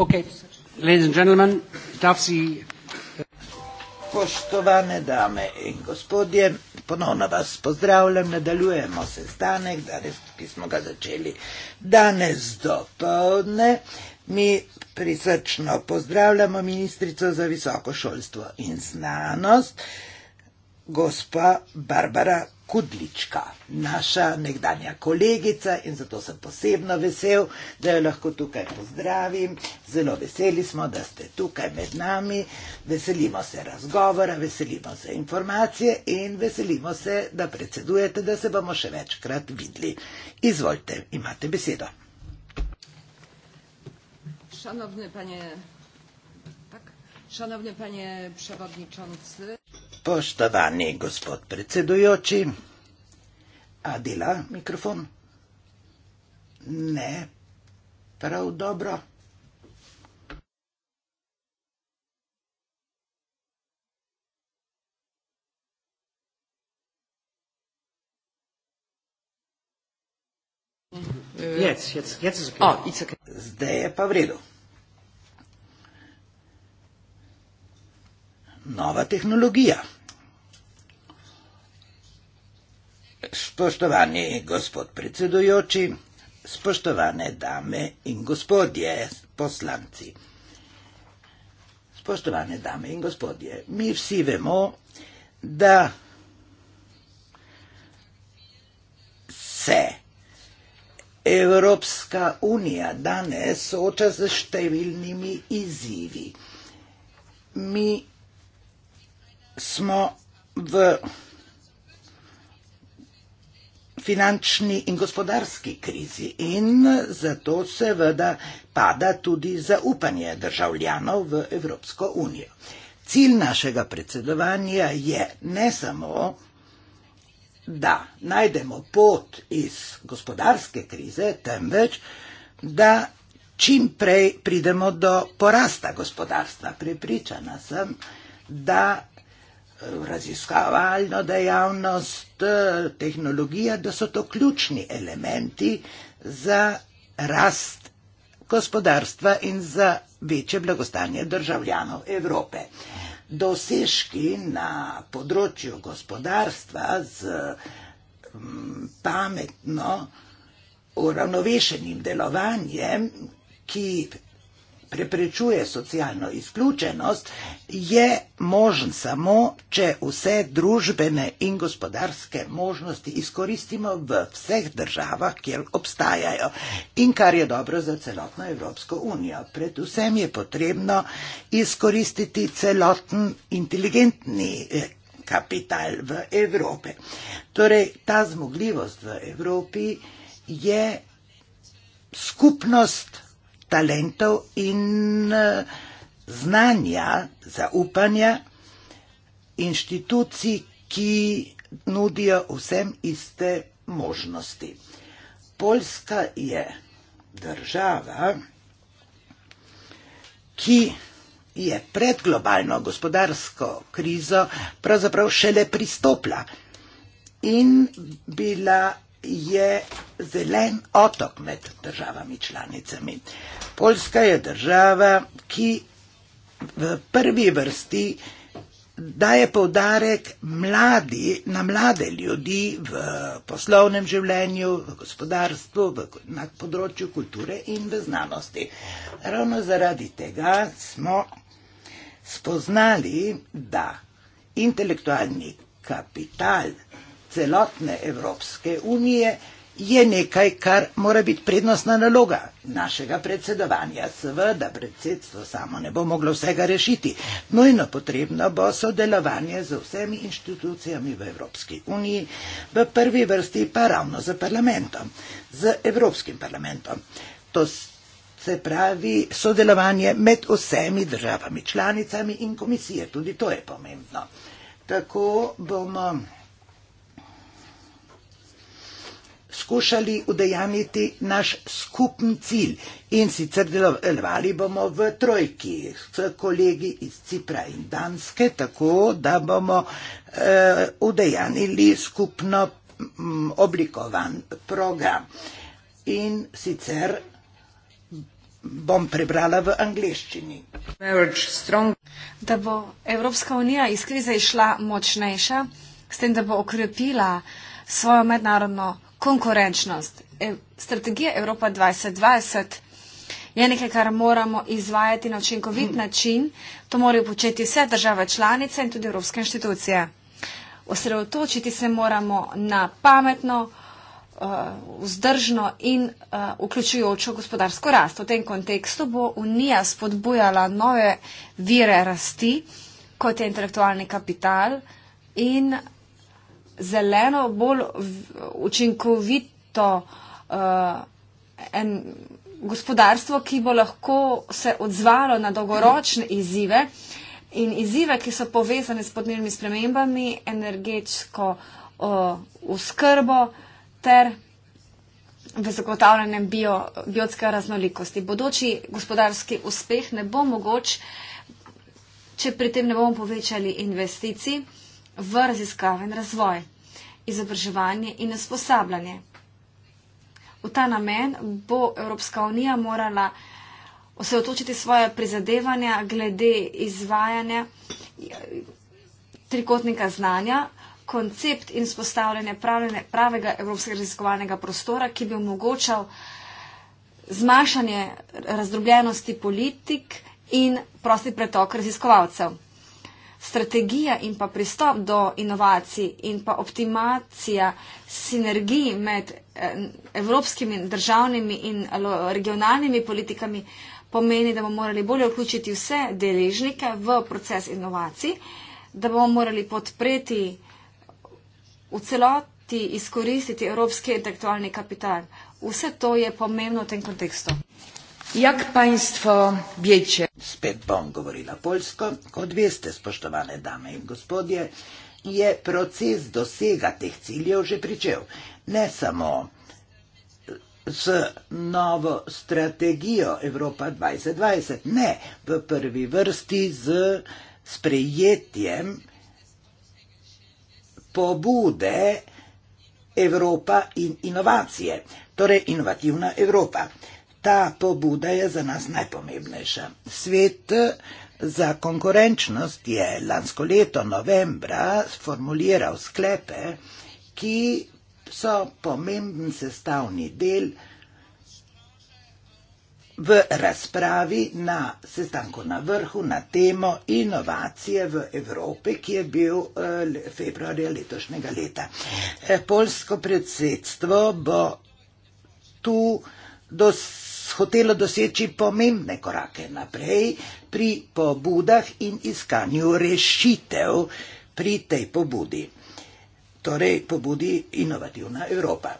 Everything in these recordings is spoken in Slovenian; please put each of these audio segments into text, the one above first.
Okay. Ladies and gentlemen, darf sie... Poštovane dame in gospodje, ponovno vas pozdravljam, nadaljujemo sestanek, danes, ki smo ga začeli danes do povdne. Mi prisrčno pozdravljamo ministrico za visoko šolstvo in znanost, gospa Barbara Kudlička, naša nekdanja kolegica in zato sem posebno vesel, da jo lahko tukaj pozdravim. Zelo veseli smo, da ste tukaj med nami, veselimo se razgovora, veselimo se informacije in veselimo se, da predsedujete, da se bomo še večkrat videli. Izvolite, imate besedo. Szanowny panie Шановне пане преводничонце. Поштовани господ председујочи. Адила, микрофон. Не, прав добро. Yes, yes, yes, it's okay. Oh, it's okay. Zdaj je pa v redu. nova tehnologija. Spoštovani gospod predsedujoči, spoštovane dame in gospodje poslanci. Spoštovane dame in gospodje, mi vsi vemo, da se Evropska unija danes sooča z številnimi izzivi. Mi smo v finančni in gospodarski krizi in zato seveda pada tudi zaupanje državljanov v Evropsko unijo. Cilj našega predsedovanja je ne samo, da najdemo pot iz gospodarske krize, temveč, da čim prej pridemo do porasta gospodarstva. Prepričana sem, da raziskovalno dejavnost, tehnologija, da so to ključni elementi za rast gospodarstva in za večje blagostanje državljanov Evrope. Dosežki na področju gospodarstva z mm, pametno uravnovešenim delovanjem, ki preprečuje socialno izključenost, je možen samo, če vse družbene in gospodarske možnosti izkoristimo v vseh državah, kjer obstajajo in kar je dobro za celotno Evropsko unijo. Predvsem je potrebno izkoristiti celoten inteligentni eh, kapital v Evropi. Torej, ta zmogljivost v Evropi je skupnost talentov in eh, znanja, zaupanja inštitucij, ki nudijo vsem iste možnosti. Poljska je država, ki je pred globalno gospodarsko krizo pravzaprav šele pristopila in bila je zelen otok med državami članicami. Poljska je država, ki v prvi vrsti daje povdarek mladi, na mlade ljudi v poslovnem življenju, v gospodarstvu, v, na področju kulture in v znanosti. Ravno zaradi tega smo spoznali, da intelektualni kapital celotne Evropske unije, je nekaj, kar mora biti prednostna naloga našega predsedovanja. Seveda predsedstvo samo ne bo moglo vsega rešiti. Nujno potrebno bo sodelovanje z vsemi inštitucijami v Evropski uniji, v prvi vrsti pa ravno z parlamentom, z Evropskim parlamentom. To se pravi sodelovanje med vsemi državami, članicami in komisije. Tudi to je pomembno. Tako bomo. skušali udejaniti naš skupni cilj in sicer delovali bomo v trojki s kolegi iz Cipra in Danske, tako da bomo eh, udejanili skupno m, mm, oblikovan program. In sicer bom prebrala v angleščini. Da bo Evropska unija iz krize išla močnejša, s tem, da bo okrepila svojo mednarodno konkurenčnost. E, strategija Evropa 2020 je nekaj, kar moramo izvajati na učinkovit način. To morajo početi vse države članice in tudi evropske inštitucije. Osredotočiti se moramo na pametno, eh, vzdržno in eh, vključujočo gospodarsko rast. V tem kontekstu bo Unija spodbujala nove vire rasti, kot je intelektualni kapital in zeleno, bolj učinkovito uh, en, gospodarstvo, ki bo lahko se odzvalo na dolgoročne izzive in izzive, ki so povezane s podnebnimi spremembami, energetsko uh, eh, uskrbo ter v zagotavljanjem bio, biotske raznolikosti. Bodoči gospodarski uspeh ne bo mogoč, če pri tem ne bomo povečali investicij v raziskave in razvoj, izobraževanje in usposabljanje. V ta namen bo Evropska unija morala osredotočiti svoje prizadevanja glede izvajanja trikotnika znanja, koncept in spostavljanje pravega evropskega raziskovalnega prostora, ki bi omogočal zmanjšanje razdrobljenosti politik in prosti pretok raziskovalcev strategija in pa pristop do inovacij in pa optimacija sinergij med eh, evropskimi državnimi in regionalnimi politikami pomeni, da bomo morali bolje vključiti vse deležnike v proces inovacij, da bomo morali podpreti v celoti izkoristiti evropski intelektualni kapital. Vse to je pomembno v tem kontekstu. Jak państwo wiecie? Spet bom govorila polsko. Kot veste, spoštovane dame in gospodje, je proces dosega teh ciljev že pričel. Ne samo s novo strategijo Evropa 2020, ne v prvi vrsti z sprejetjem pobude Evropa in inovacije, torej inovativna Evropa ta pobuda je za nas najpomembnejša. Svet eh, za konkurenčnost je lansko leto novembra sformuliral sklepe, ki so pomemben sestavni del v razpravi na sestanku na vrhu na temo inovacije v Evropi, ki je bil eh, februarja letošnjega leta. Eh, polsko predsedstvo bo tu dosedalo hotela doseči pomembne korake naprej pri pobudah in iskanju rešitev pri tej pobudi. Torej, pobudi inovativna Evropa.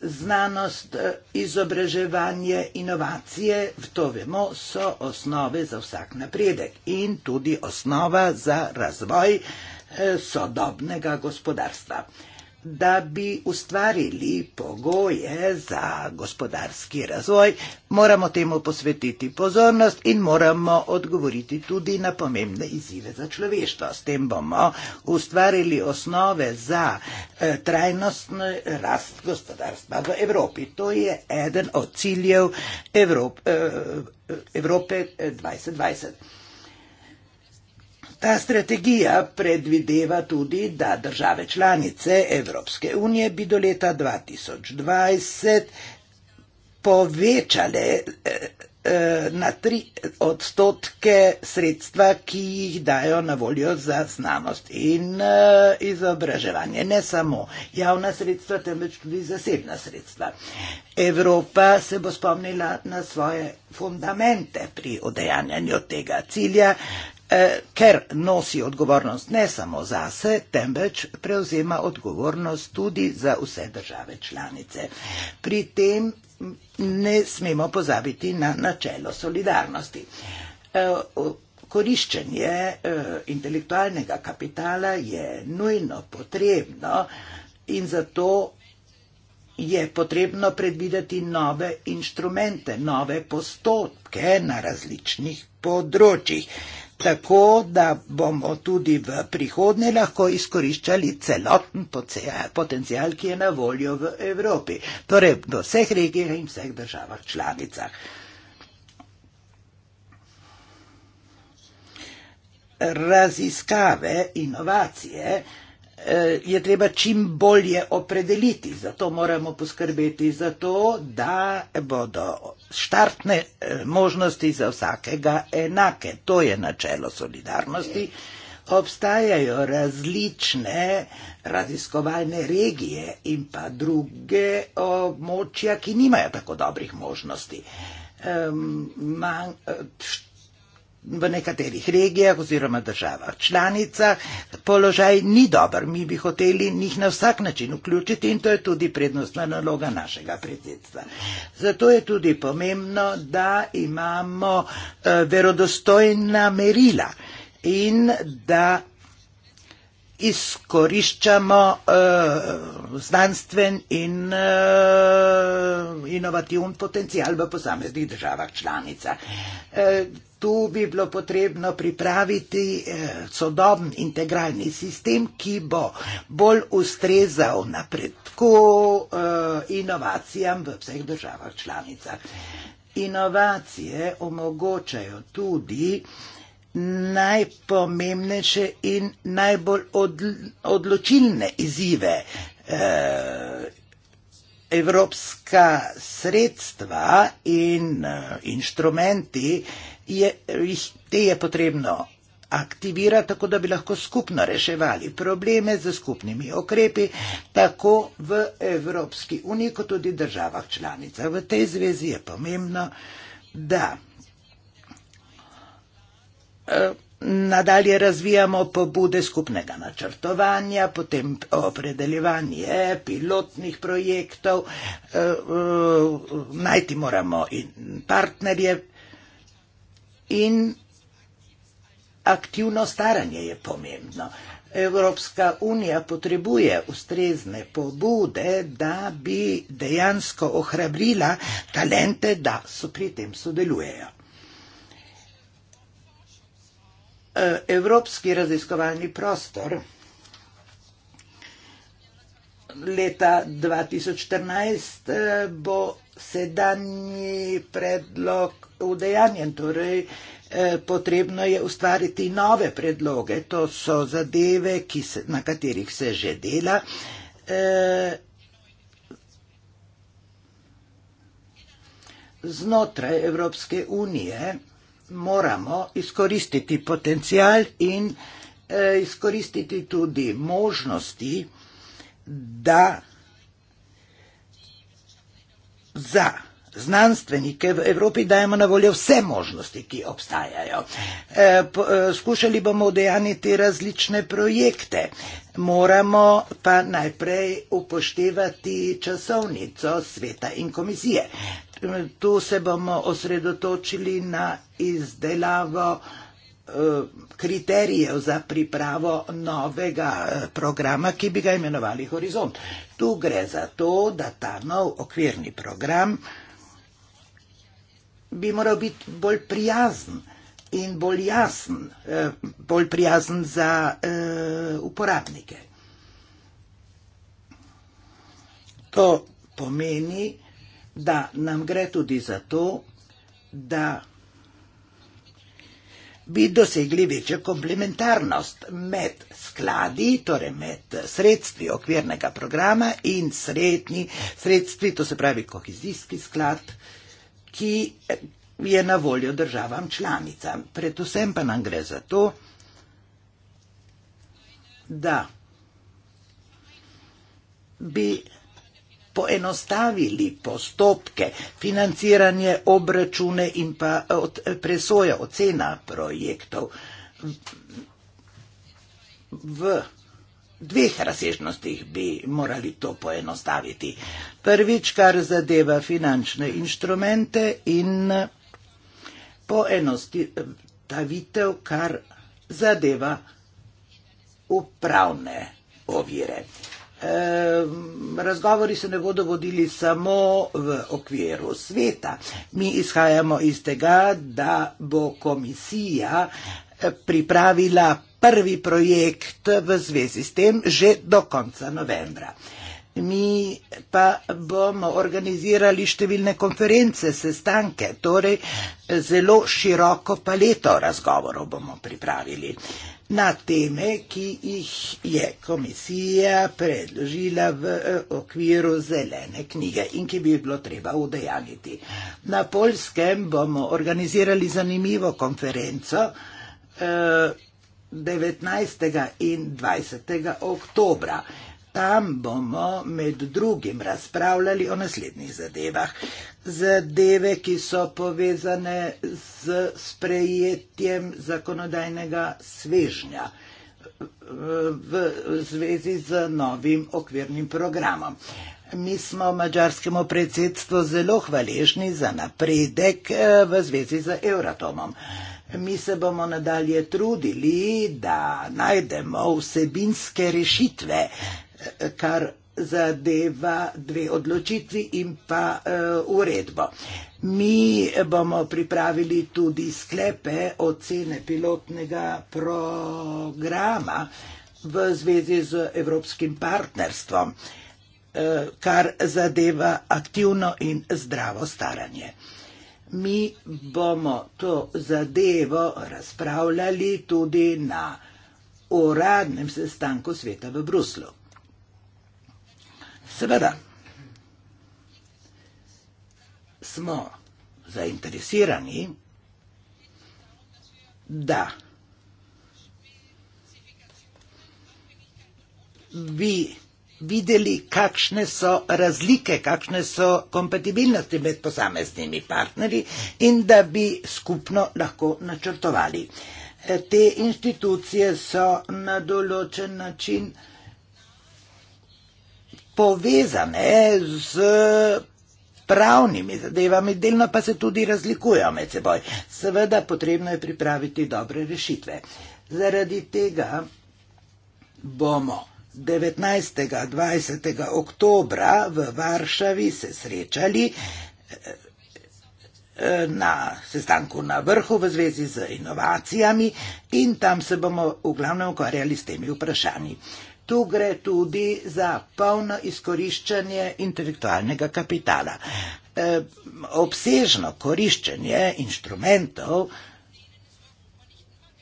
Znanost, eh, izobraževanje, inovacije, v to vemo, so osnove za vsak napredek in tudi osnova za razvoj eh, sodobnega gospodarstva da bi ustvarili pogoje za gospodarski razvoj, moramo temu posvetiti pozornost in moramo odgovoriti tudi na pomembne izzive za človeštvo. S tem bomo ustvarili osnove za eh, trajnostno rast gospodarstva v Evropi. To je eden od ciljev Evrop, eh, Evrope 2020. Eh, Ta strategija predvideva tudi, da države članice Evropske unije bi do leta 2020 povečale eh, eh, na tri odstotke sredstva, ki jih dajo na voljo za znanost in eh, izobraževanje. Ne samo javna sredstva, temveč tudi zasebna sredstva. Evropa se bo spomnila na svoje fundamente pri odejanjanju tega cilja, Eh, ker nosi odgovornost ne samo zase, temveč prevzema odgovornost tudi za vse države članice. Pri tem ne smemo pozabiti na načelo solidarnosti. Eh, koriščenje eh, intelektualnega kapitala je nujno potrebno in zato je potrebno predvideti nove inštrumente, nove postopke na različnih področjih tako da bomo tudi v prihodnje lahko izkoriščali celoten potencijal, ki je na voljo v Evropi, torej v vseh regijah in vseh državah članicah. Raziskave, inovacije, Eh, je treba čim bolje opredeliti. Zato moramo poskrbeti za to, da bodo štartne eh, možnosti za vsakega enake. To je načelo solidarnosti. Obstajajo različne raziskovalne regije in pa druge območja, ki nimajo tako dobrih možnosti. Um, man, št, eh, v nekaterih regijah oziroma državah članicah položaj ni dober. Mi bi hoteli njih na vsak način vključiti in to je tudi prednostna naloga našega predsedstva. Zato je tudi pomembno, da imamo eh, verodostojna merila in da izkoriščamo uh, znanstven in uh, inovativen potencial v posameznih državah članica. Uh, tu bi bilo potrebno pripraviti uh, sodoben integralni sistem, ki bo bolj ustrezal napredku uh, inovacijam v vseh državah članica. Inovacije omogočajo tudi uh, najpomembnejše in najbolj odločilne izzive. Eh, evropska sredstva in eh, inštrumenti, je, jih, te je potrebno aktivirati, tako da bi lahko skupno reševali probleme z skupnimi okrepi, tako v Evropski uniji, kot tudi državah članicah. V tej zvezi je pomembno, da Nadalje razvijamo pobude skupnega načrtovanja, potem opredeljevanje pilotnih projektov, eh, eh, najti moramo in partnerje in aktivno staranje je pomembno. Evropska unija potrebuje ustrezne pobude, da bi dejansko ohrabrila talente, da so pri tem sodelujejo. Eh, evropski raziskovalni prostor. Leta 2014 eh, bo sedanji predlog udejanjen, torej eh, potrebno je ustvariti nove predloge, to so zadeve, na katerih se že dela. Znotraj Evropske unije moramo izkoristiti potencial in eh, izkoristiti tudi možnosti, da za znanstvenike v Evropi dajemo na voljo vse možnosti, ki obstajajo. E, po, e, skušali bomo udejaniti različne projekte, moramo pa najprej upoštevati časovnico sveta in komisije. Tu se bomo osredotočili na izdelavo eh, kriterijev za pripravo novega eh, programa, ki bi ga imenovali Horizont. Tu gre za to, da ta nov okvirni program bi moral biti bolj prijazen in bolj jasen, eh, bolj prijazen za uporabnike. To pomeni, da da nam gre tudi za to, da bi dosegli večjo komplementarnost med skladi, torej med sredstvi okvirnega programa in srednji sredstvi, to se pravi kohezijski sklad, ki je na voljo državam članicam. Predvsem pa nam gre za to, da bi poenostavili postopke, financiranje, obračune in pa od, presoja, ocena projektov v dveh razsežnostih bi morali to poenostaviti. Prvič, kar zadeva finančne inštrumente in poenostavitev, kar zadeva upravne ovire. Razgovori se ne bodo vodili samo v okviru sveta. Mi izhajamo iz tega, da bo komisija eh, pripravila prvi projekt v zvezi s tem že do konca novembra. Mi pa bomo organizirali številne konference, sestanke, torej eh, zelo široko paleto razgovorov bomo pripravili na teme, ki jih je komisija predložila v eh, okviru zelene knjige in ki bi bilo treba udejaviti. Na Polskem bomo organizirali zanimivo konferenco 19. Eh, in 20. oktobra. Tam bomo med drugim razpravljali o naslednjih zadevah. Zadeve, ki so povezane z sprejetjem zakonodajnega svežnja v zvezi z novim okvirnim programom. Mi smo mađarskemu predsedstvu zelo hvaležni za napredek eh, v zvezi z Euratomom. Mi se bomo nadalje trudili, da najdemo vsebinske rešitve, kar zadeva dve odločitvi in pa uh, uredbo. Mi bomo pripravili tudi sklepe ocene pilotnega programa v zvezi z evropskim partnerstvom, uh, kar zadeva aktivno in zdravo staranje. Mi bomo to zadevo razpravljali tudi na uradnem sestanku sveta v Bruslu. Seveda smo zainteresirani, da bi videli, kakšne so razlike, kakšne so kompatibilnosti med posameznimi partnerji in da bi skupno lahko načrtovali. E, te institucije so na določen način povezane z pravnimi zadevami, delno pa se tudi razlikujejo med seboj. Seveda potrebno je pripraviti dobre rešitve. Zaradi tega bomo 19. in 20. oktobra v Varšavi se srečali na sestanku na vrhu v zvezi z inovacijami in tam se bomo v glavnem ukvarjali s temi vprašanji tu gre tudi za polno izkoriščanje intelektualnega kapitala. E, obsežno koriščenje inštrumentov,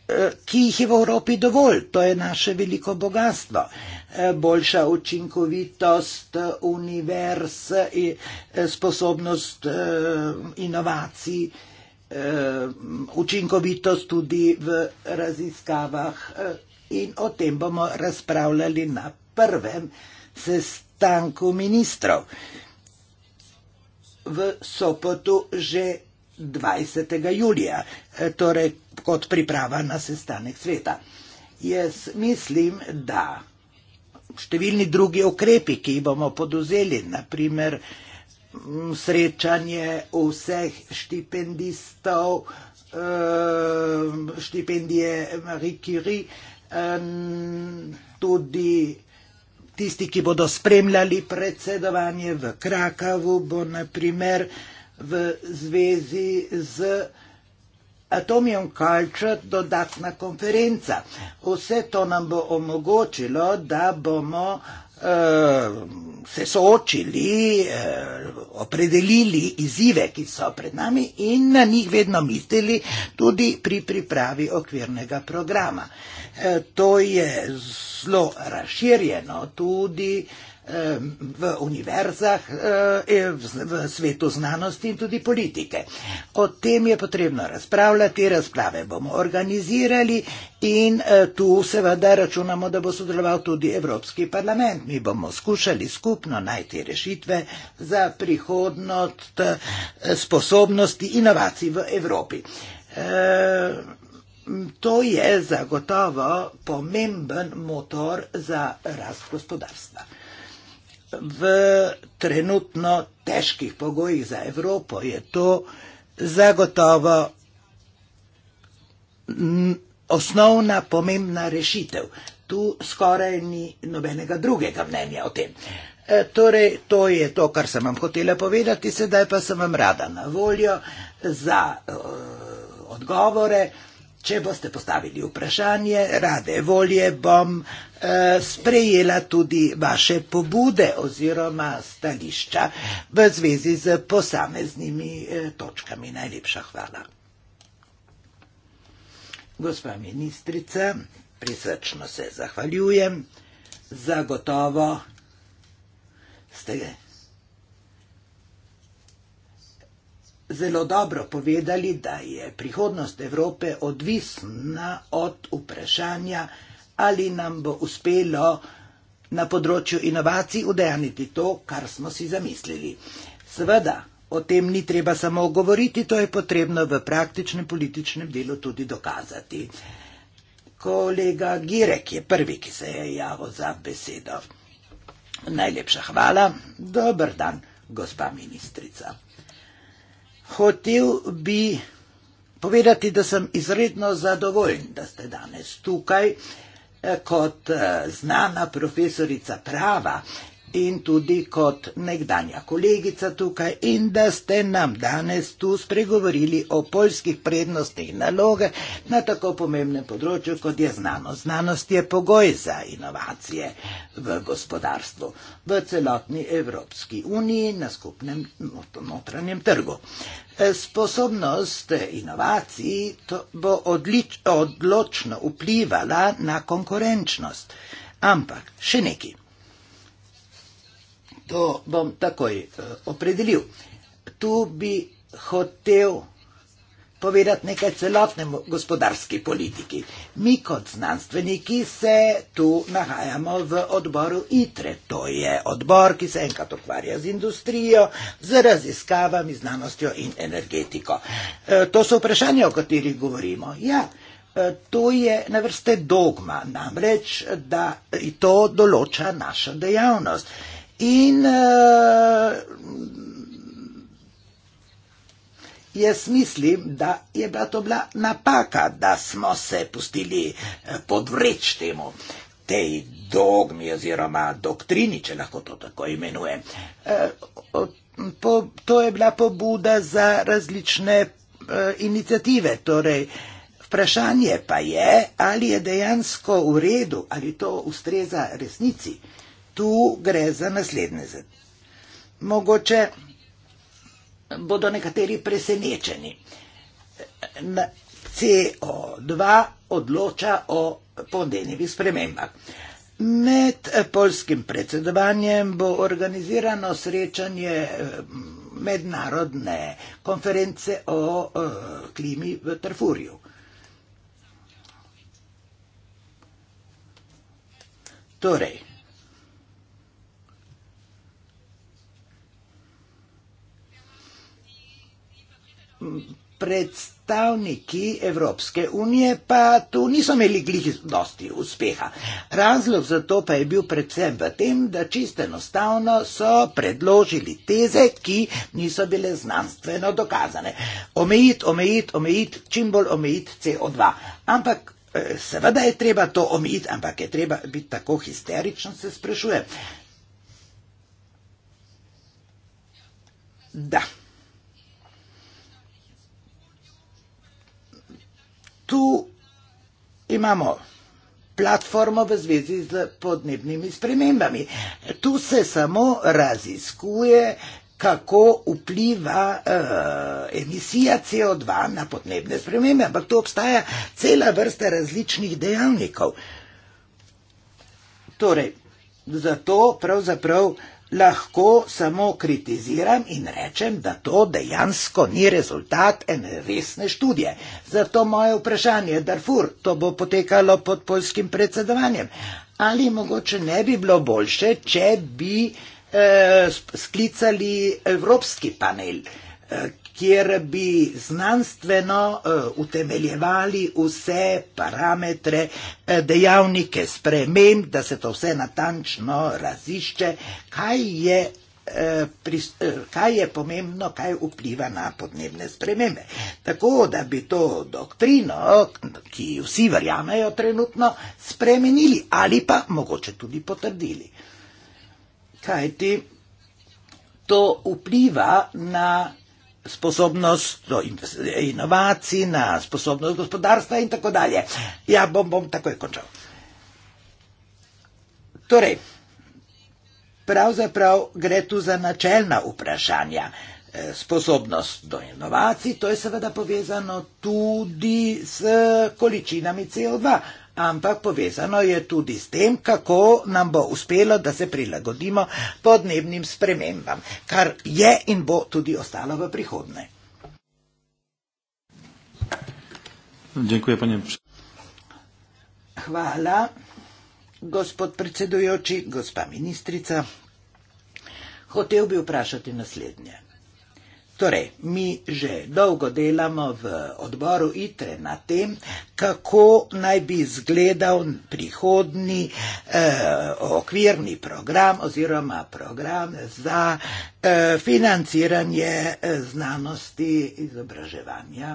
e, ki jih je v Evropi dovolj, to je naše veliko bogatstvo. E, boljša učinkovitost univerz, e, sposobnost inovacij, učinkovitost tudi v raziskavah in o tem bomo razpravljali na prvem sestanku ministrov v Sopotu že 20. julija, e, torej kot priprava na sestanek sveta. Jaz mislim, da številni drugi okrepi, ki jih bomo poduzeli, naprimer srečanje vseh štipendistov, e, štipendije Marie Curie, tudi tisti, ki bodo spremljali predsedovanje v Krakavu, bo naprimer v zvezi z Atomijom Culture dodatna konferenca. Vse to nam bo omogočilo, da bomo uh, Eh, se soočili, eh, opredelili izzive, ki so pred nami in na njih vedno mislili tudi pri pripravi okvirnega programa. Eh, to je zelo razširjeno tudi Eh, v univerzah, eh, v svetu znanosti in tudi politike. O tem je potrebno razpravljati, razprave bomo organizirali in eh, tu seveda računamo, da bo sodeloval tudi Evropski parlament. Mi bomo skušali skupno najti rešitve za prihodnost sposobnosti inovacij v Evropi. To je zagotovo pomemben motor za rast gospodarstva v trenutno težkih pogojih za Evropo je to zagotovo osnovna pomembna rešitev. Tu skoraj ni nobenega drugega mnenja o tem. E, torej, to je to, kar sem vam hotela povedati, sedaj pa sem vam rada na voljo za uh, odgovore. Če boste postavili vprašanje, rade volje bom uh, Eh, sprejela tudi vaše pobude oziroma stališča v zvezi z posameznimi eh, točkami. Najlepša hvala. Gospa ministrica, prisrčno se zahvaljujem. Zagotovo ste zelo dobro povedali, da je prihodnost Evrope odvisna od vprašanja, ali nam bo uspelo na področju inovacij udejaniti to, kar smo si zamislili. Seveda, o tem ni treba samo govoriti, to je potrebno v praktičnem političnem delu tudi dokazati. Kolega Girek je prvi, ki se je javil za besedo. Najlepša hvala. Dobr dan, gospa ministrica. Hotev bi povedati, da sem izredno zadovoljen, da ste danes tukaj kot eh, znana profesorica prava in tudi kot nekdanja kolegica tukaj in da ste nam danes tu spregovorili o poljskih prednostih naloge na tako pomembnem področju, kot je znanost. Znanost je pogoj za inovacije v gospodarstvu, v celotni Evropski uniji, na skupnem not notranjem trgu. Sposobnost inovacij bo odlič, odločno vplivala na konkurenčnost. Ampak še nekaj. To bom takoj eh, opredelil. Tu bi hotel povedati nekaj celotnemu gospodarski politiki. Mi kot znanstveniki se tu nahajamo v odboru ITRE. To je odbor, ki se enkrat ukvarja z industrijo, z raziskavami, znanostjo in energetiko. Eh, to so vprašanja, o katerih govorimo. Ja, eh, to je na vrste dogma, namreč, da to določa naša dejavnost. In uh, jaz mislim, da je bila to bila napaka, da smo se pustili eh, podvreč temu, tej dogmi oziroma doktrini, če lahko to tako imenuje. Uh, po, to je bila pobuda za različne uh, inicijative. Torej, vprašanje pa je, ali je dejansko v redu, ali to ustreza resnici. Uh, tu gre za naslednje. Mogoče bodo nekateri presenečeni. CO2 odloča o pondeljnih spremembah. Med polskim predsedovanjem bo organizirano srečanje eh, mednarodne konference o eh, klimi v Tarfurju. Torej, predstavniki Evropske unije pa tu niso imeli glih dosti uspeha. Razlog za to pa je bil predvsem v tem, da čisto enostavno so predložili teze, ki niso bile znanstveno dokazane. Omejit, omejit, omejit, čim bolj omejit CO2. Ampak eh, seveda je treba to omejit, ampak je treba biti tako histeričen, se sprašuje. Da. tu imamo platformo v zvezi z podnebnimi spremembami. Tu se samo raziskuje, kako vpliva uh, emisija CO2 na podnebne spremembe, ampak tu obstaja cela vrsta različnih dejavnikov. Torej, zato pravzaprav. Uh, lahko samo kritiziram in rečem, da to dejansko ni rezultat ene resne študije. Zato moje vprašanje, Darfur, to bo potekalo pod polskim predsedovanjem. Ali mogoče ne bi bilo boljše, če bi eh, sklicali Evropski panel, eh, kjer bi znanstveno uh, utemeljevali vse parametre, eh, dejavnike sprememb, da se to vse natančno razišče, kaj je, uh, pri, uh, kaj je pomembno, kaj vpliva na podnebne spremembe. Tako da bi to doktrino, ki vsi verjamejo trenutno, spremenili ali pa mogoče tudi potrdili. Kaj ti? To vpliva na sposobnost inovacij, na sposobnost gospodarstva in tako dalje. Ja, bom, bom takoj končal. Torej, pravzaprav gre tu za načeljna vprašanja. E, sposobnost do inovacij, to je seveda povezano tudi s količinami CO2, ampak povezano je tudi s tem, kako nam bo uspelo, da se prilagodimo podnebnim spremembam, kar je in bo tudi ostalo v prihodnje. Dziękuję, panie... Hvala, gospod predsedujoči, gospa ministrica. Hotel bi vprašati naslednje. Torej, mi že dolgo delamo v odboru ITRE na tem, kako naj bi izgledal prihodni eh, okvirni program oziroma program za eh, financiranje eh, znanosti in izobraževanja.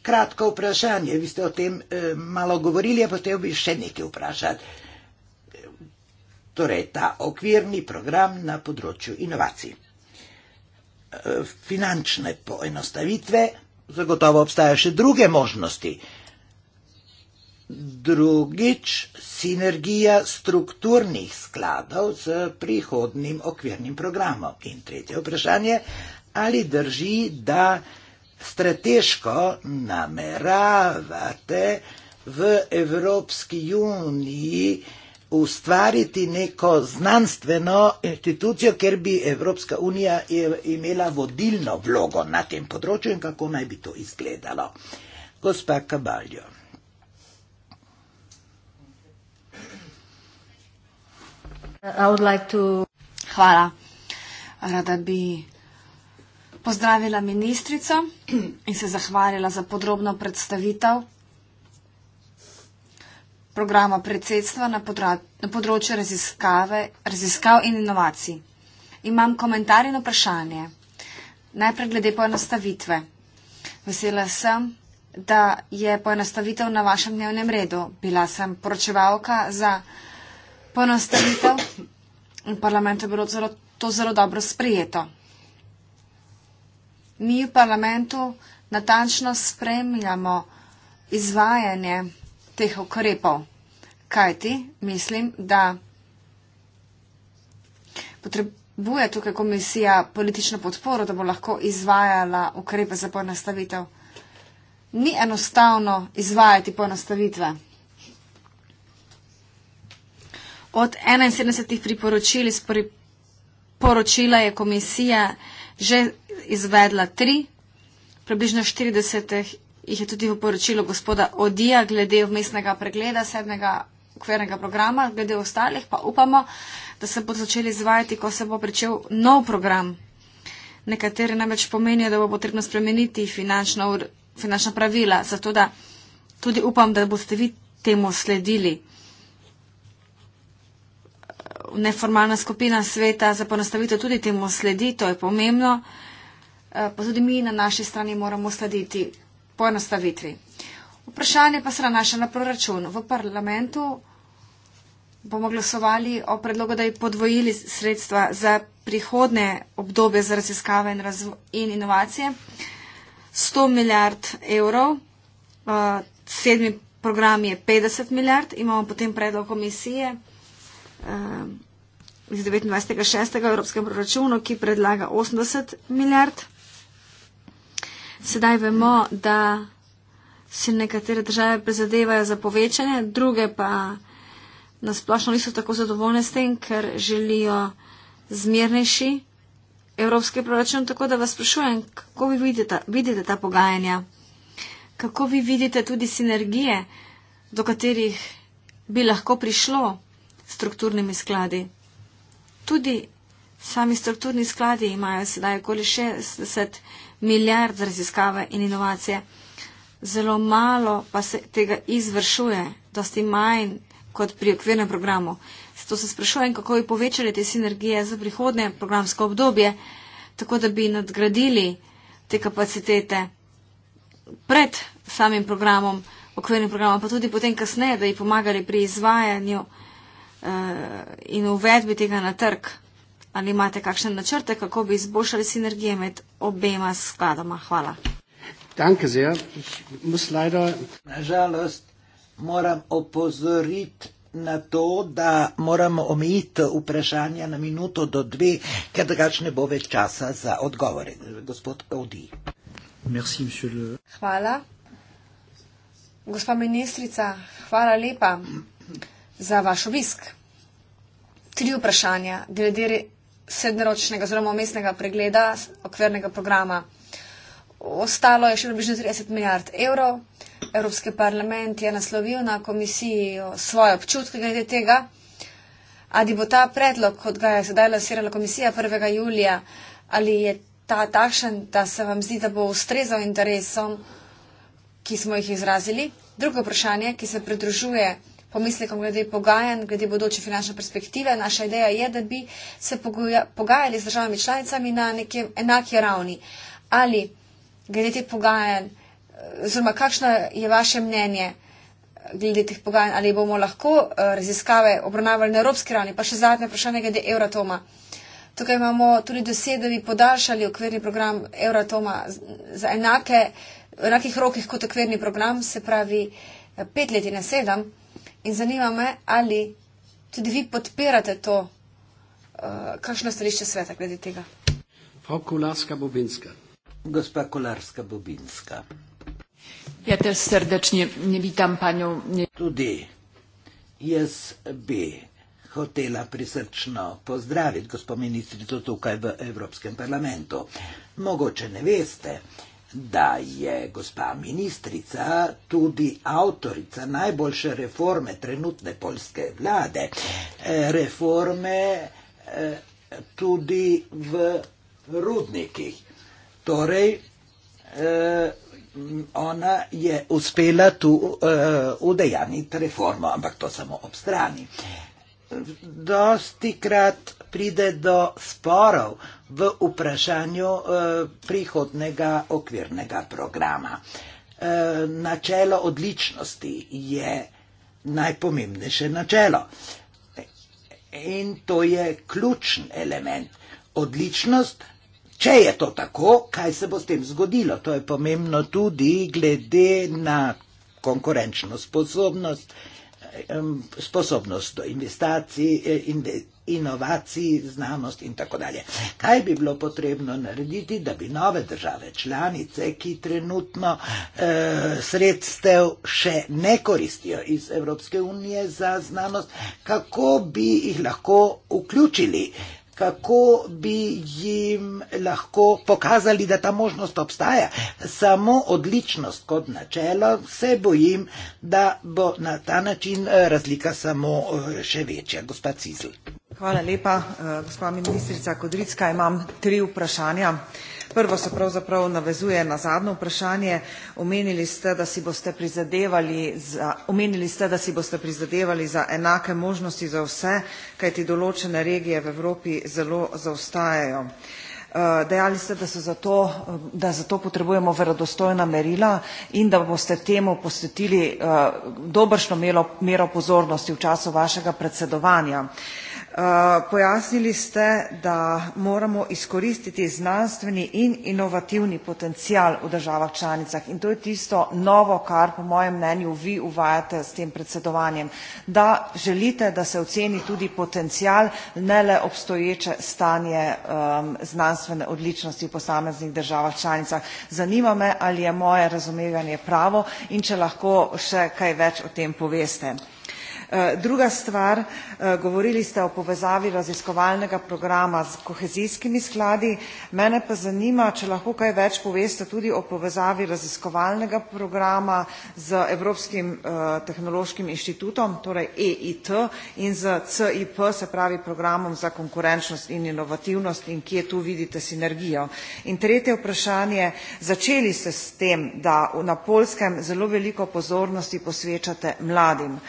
Kratko vprašanje, vi ste o tem eh, malo govorili, a potem bi še nekaj vprašati. Torej, ta okvirni program na področju inovacij finančne poenostavitve, zagotovo obstajajo še druge možnosti. Drugič, sinergija strukturnih skladov z prihodnim okvirnim programom. In tretje vprašanje, ali drži, da strateško nameravate v Evropski uniji uh, ustvariti neko znanstveno institucijo, ker bi Evropska unija imela vodilno vlogo na tem področju in kako naj bi to izgledalo. Gospa Kabaljo. Like to... Hvala. Rada bi pozdravila ministrico in se zahvalila za podrobno predstavitev programa predsedstva na, na področju raziskav in inovacij. Imam komentar in vprašanje. Najprej glede poenostavitve. Vesela sem, da je poenostavitev na vašem dnevnem redu. Bila sem poročevalka za poenostavitev in parlament je bilo zelo, to zelo dobro sprejeto. Mi v parlamentu natančno spremljamo izvajanje teh ukrepov. Kaj ti mislim, da potrebuje tukaj komisija politično podporo, da bo lahko izvajala ukrepe za ponastavitev? Ni enostavno izvajati ponastavitve. Od 71 priporočil iz poročila je komisija že izvedla tri, približno 40 jih je tudi v poročilu gospoda Odija glede vmesnega pregleda sedmega okvirnega programa, glede ostalih pa upamo, da se bodo začeli izvajati, ko se bo pričel nov program. Nekateri namreč pomenijo, da bo potrebno spremeniti finančna, ur, finančna pravila, zato da tudi upam, da boste vi temu sledili. Neformalna skupina sveta za ponastavitev tudi temu sledi, to je pomembno, eh, pa tudi mi na naši strani moramo slediti poenostavitvi. Vprašanje pa se nanaša na proračun. V parlamentu bomo glasovali o predlogu, da bi podvojili sredstva za prihodne obdobje za raziskave in, in inovacije. 100 milijard evrov, eh, sedmi program je 50 milijard, imamo potem predlog komisije eh, iz 29.6. v Evropskem proračunu, ki predlaga 80 milijard. Sedaj vemo, da se nekatere države prizadevajo za povečanje, druge pa nasplošno niso tako zadovoljne s tem, ker želijo zmirnejši evropski proračun. Tako da vas sprašujem, kako vi vidite ta, vidite ta pogajanja, kako vi vidite tudi sinergije, do katerih bi lahko prišlo strukturnimi skladi. Tudi sami strukturni skladi imajo sedaj okoli 60 milijard za raziskave in inovacije. Zelo malo pa se tega izvršuje, dosti manj kot pri okvirnem programu. Zato se sprašujem, kako bi povečali te sinergije za prihodnje programsko obdobje, tako da bi nadgradili te kapacitete pred samim programom, okvirnim programom, pa tudi potem kasneje, da bi pomagali pri izvajanju uh, in uvedbi tega na trg. Ali imate kakšne načrte, kako bi izboljšali sinergije med obema skladoma? Hvala. Danke sehr. Ich muss leider. Na žalost moram opozoriti na to, da moramo omejiti vprašanja na minuto do dve, ker drugač ne bo več časa za odgovore. Gospod Audi. Merci, monsieur le... Hvala. Gospa ministrica, hvala lepa za vaš obisk. Tri vprašanja. Glede sedmeročnega oziroma omestnega pregleda okvirnega programa. Ostalo je še približno 30 milijard evrov. Evropski parlament je naslovil na komisiji svoje občutke glede tega, ali bo ta predlog, kot ga je sedaj lasirala komisija 1. julija, ali je ta takšen, da se vam zdi, da bo ustrezal interesom, ki smo jih izrazili. Drugo vprašanje, ki se pridružuje pomislekom glede pogajanj, glede bodoče finančne perspektive. Naša ideja je, da bi se pogajali z državami članicami na nekem enaki ravni. Ali glede teh pogajanj, oziroma kakšno je vaše mnenje glede teh pogajanj, ali bomo lahko eh, raziskave obravnavali na evropski ravni, pa še zadnje vprašanje glede Euratoma. Tukaj imamo tudi dosed, da bi podaljšali okvirni program Euratoma za enake, enakih rokih kot okvirni program, se pravi eh, pet let in sedem. In zanima me, ali tudi vi podpirate to, uh, kakšno stališče sveta glede tega. Fokularska Bobinska. Gospa Kolarska Bobinska. Ja, te srdečne, ne vidim, panjo. Ne. Tudi jaz bi hotela prisrčno pozdraviti gospod ministrico tukaj v Evropskem parlamentu. Mogoče ne veste, uh, da je gospa ministrica tudi avtorica najboljše reforme trenutne poljske vlade, eh, reforme eh, tudi v rudnikih. Torej, eh, ona je uspela tu udejaniti reformo, ampak to samo ob strani. Dosti krat pride do sporov, v vprašanju eh, prihodnega okvirnega programa. Eh, načelo odličnosti je najpomembnejše načelo in to je ključen element. Odličnost, če je to tako, kaj se bo s tem zgodilo? To je pomembno tudi glede na konkurenčno sposobnost, eh, sposobnost do investicij, inovacij, znanost in tako dalje. Kaj bi bilo potrebno narediti, da bi nove države članice, ki trenutno eh, sredstev še ne koristijo iz Evropske unije za znanost, kako bi jih lahko vključili? kako bi jim lahko pokazali, da ta možnost obstaja. Samo odličnost kot načelo se bojim, da bo na ta način eh, razlika samo eh, še večja. Gospod Cizl. Hvala lepa. Eh, gospa ministrica Kodrička, imam tri vprašanja. Prvo se pravzaprav navezuje na zadnje vprašanje. Omenili ste, da si boste prizadevali za, omenili ste, da si boste prizadevali za enake možnosti za vse, kajti določene regije v Evropi zelo zaostajajo. Eh, dejali ste, da, so zato, da zato potrebujemo verodostojna merila in da boste temu posvetili eh, dobršno mero pozornosti v času vašega predsedovanja. Eh, pojasnili ste, da moramo izkoristiti znanstveni in inovativni potencial v državah članicah in to je tisto novo, kar po mojem mnenju vi uvajate s tem predsedovanjem, da želite, da se oceni tudi potencial, ne le obstoječe stanje znanstvene odličnosti v posameznih državah članicah. Zanima me, ali je moje razumevanje pravo in če lahko še kaj več o tem poveste. Eh, druga stvar, eh, govorili ste o povezavi raziskovalnega programa z kohezijskimi skladi. Mene pa zanima, če lahko kaj več poveste tudi o povezavi raziskovalnega programa z Evropskim eh, tehnološkim inštitutom, torej EIT, in z CIP, se pravi programom za konkurenčnost in inovativnost in kje tu vidite sinergijo. In tretje vprašanje, začeli ste s tem, da na Poljskem zelo veliko pozornosti posvečate mladim.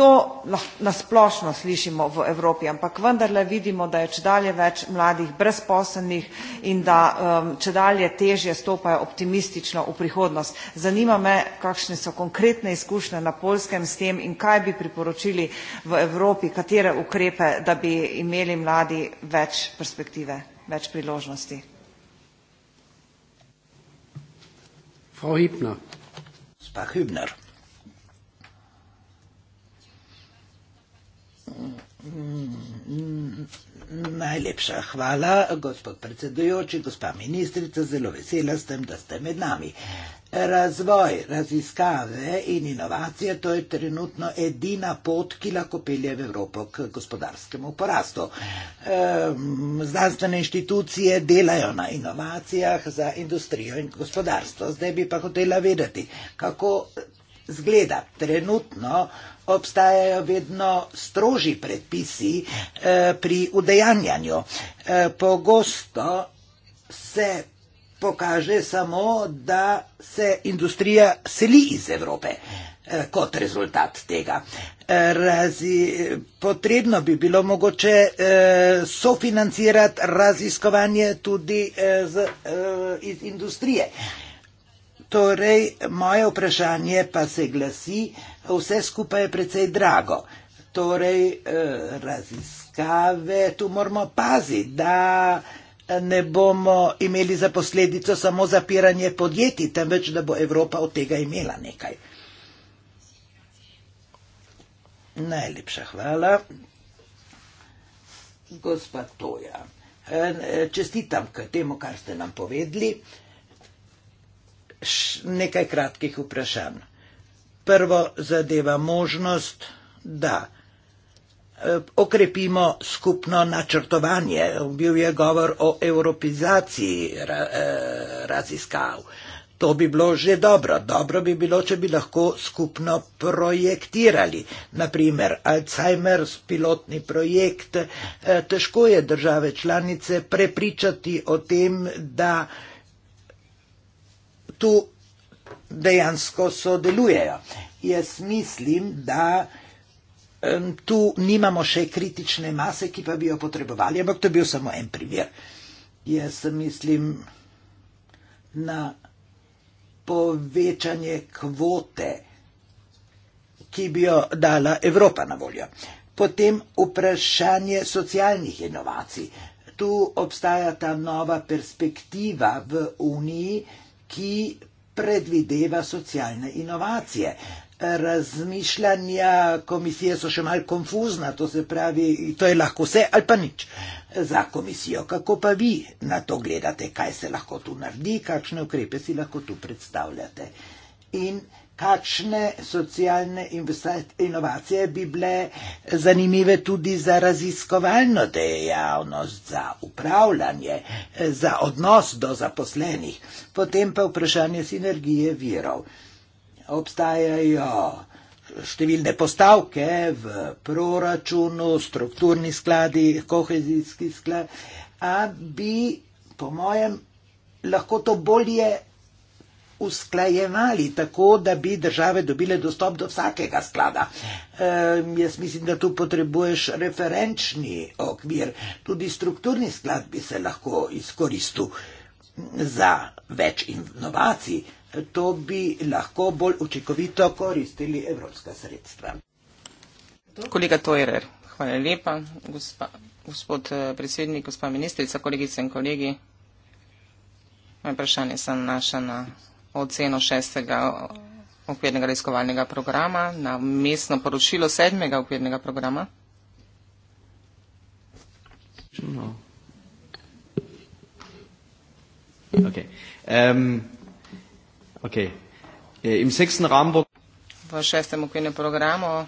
To nasplošno slišimo v Evropi, ampak vendarle vidimo, da je čedalje več mladih brezposelnih in da um, čedalje težje stopajo optimistično v prihodnost. Zanima me, kakšne so konkretne izkušnje na polskem s tem in kaj bi priporočili v Evropi, katere ukrepe, da bi imeli mladi več perspektive, več priložnosti. Frau Hübner. Spah Hübner. Najlepša hvala, gospod predsedujoči, gospa ministrica, zelo vesela sem, da ste med nami. Razvoj, raziskave in inovacije, to je trenutno edina pot, ki lahko pelje v Evropo k gospodarskemu porastu. Znanstvene inštitucije delajo na inovacijah za industrijo in gospodarstvo. Zdaj bi pa hotela vedeti, kako zgleda trenutno obstajajo vedno stroži predpisi eh, pri udejanjanju. Eh, pogosto se pokaže samo, da se industrija seli iz Evrope eh, kot rezultat tega. Razi, potrebno bi bilo mogoče eh, sofinancirati raziskovanje tudi eh, z, eh, iz industrije. Torej, moje vprašanje pa se glasi, eh, vse skupaj je precej drago. Torej, eh, raziskave, tu moramo paziti, da eh, ne bomo imeli za posledico samo zapiranje podjetij, temveč da bo Evropa od tega imela nekaj. Najlepša hvala. Gospa Toja, eh, čestitam k temu, kar ste nam povedali. Nekaj kratkih vprašanj prvo zadeva možnost, da eh, okrepimo skupno načrtovanje. Bil je govor o evropizaciji ra, eh, raziskav. To bi bilo že dobro. Dobro bi bilo, če bi lahko skupno projektirali. Naprimer, Alzheimer's pilotni projekt. Eh, težko je države članice prepričati o tem, da tu dejansko sodelujejo. Jaz mislim, da um, tu nimamo še kritične mase, ki pa bi jo potrebovali, ampak to je bil samo en primer. Jaz mislim na povečanje kvote, ki bi jo dala Evropa na voljo. Potem vprašanje socialnih inovacij. Tu obstaja ta nova perspektiva v Uniji, ki predvideva socialne inovacije. Razmišljanja komisije so še mal konfuzna, to se pravi, to je lahko vse ali pa nič. Za komisijo, kako pa vi na to gledate, kaj se lahko tu naredi, kakšne ukrepe si lahko tu predstavljate. In kakšne socialne inovacije bi bile zanimive tudi za raziskovalno dejavnost, za upravljanje, za odnos do zaposlenih, potem pa vprašanje sinergije virov. Obstajajo številne postavke v proračunu, strukturni skladi, kohezijski sklad, a bi, po mojem, lahko to bolje usklajevali tako, da bi države dobile dostop do vsakega sklada. E, jaz mislim, da tu potrebuješ referenčni okvir, tudi strukturni sklad bi se lahko izkoristil za več inovacij. To bi lahko bolj učinkovito koristili evropska sredstva. Kolega Tojerer, hvala lepa. Gospa, gospod eh, predsednik, gospa ministrica, kolegice in kolegi. Moje vprašanje se nanaša na oceno šestega okvirnega raziskovalnega programa na mestno poročilo sedmega okvirnega programa. No. Okay. Um, okay. Eh, Im sexten Rahmen V šestem okvirnem programu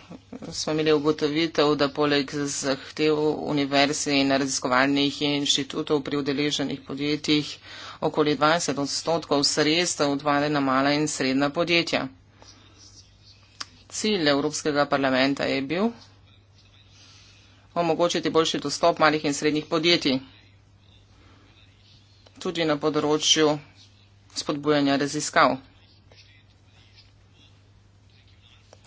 smo imeli ugotovitev, da poleg zahtev univerz in raziskovalnih inštitutov pri udeleženih podjetjih okoli 20 odstotkov sredstev odvalena mala in srednja podjetja. Cilj Evropskega parlamenta je bil omogočiti boljši dostop malih in srednjih podjetij tudi na področju spodbujanja raziskav.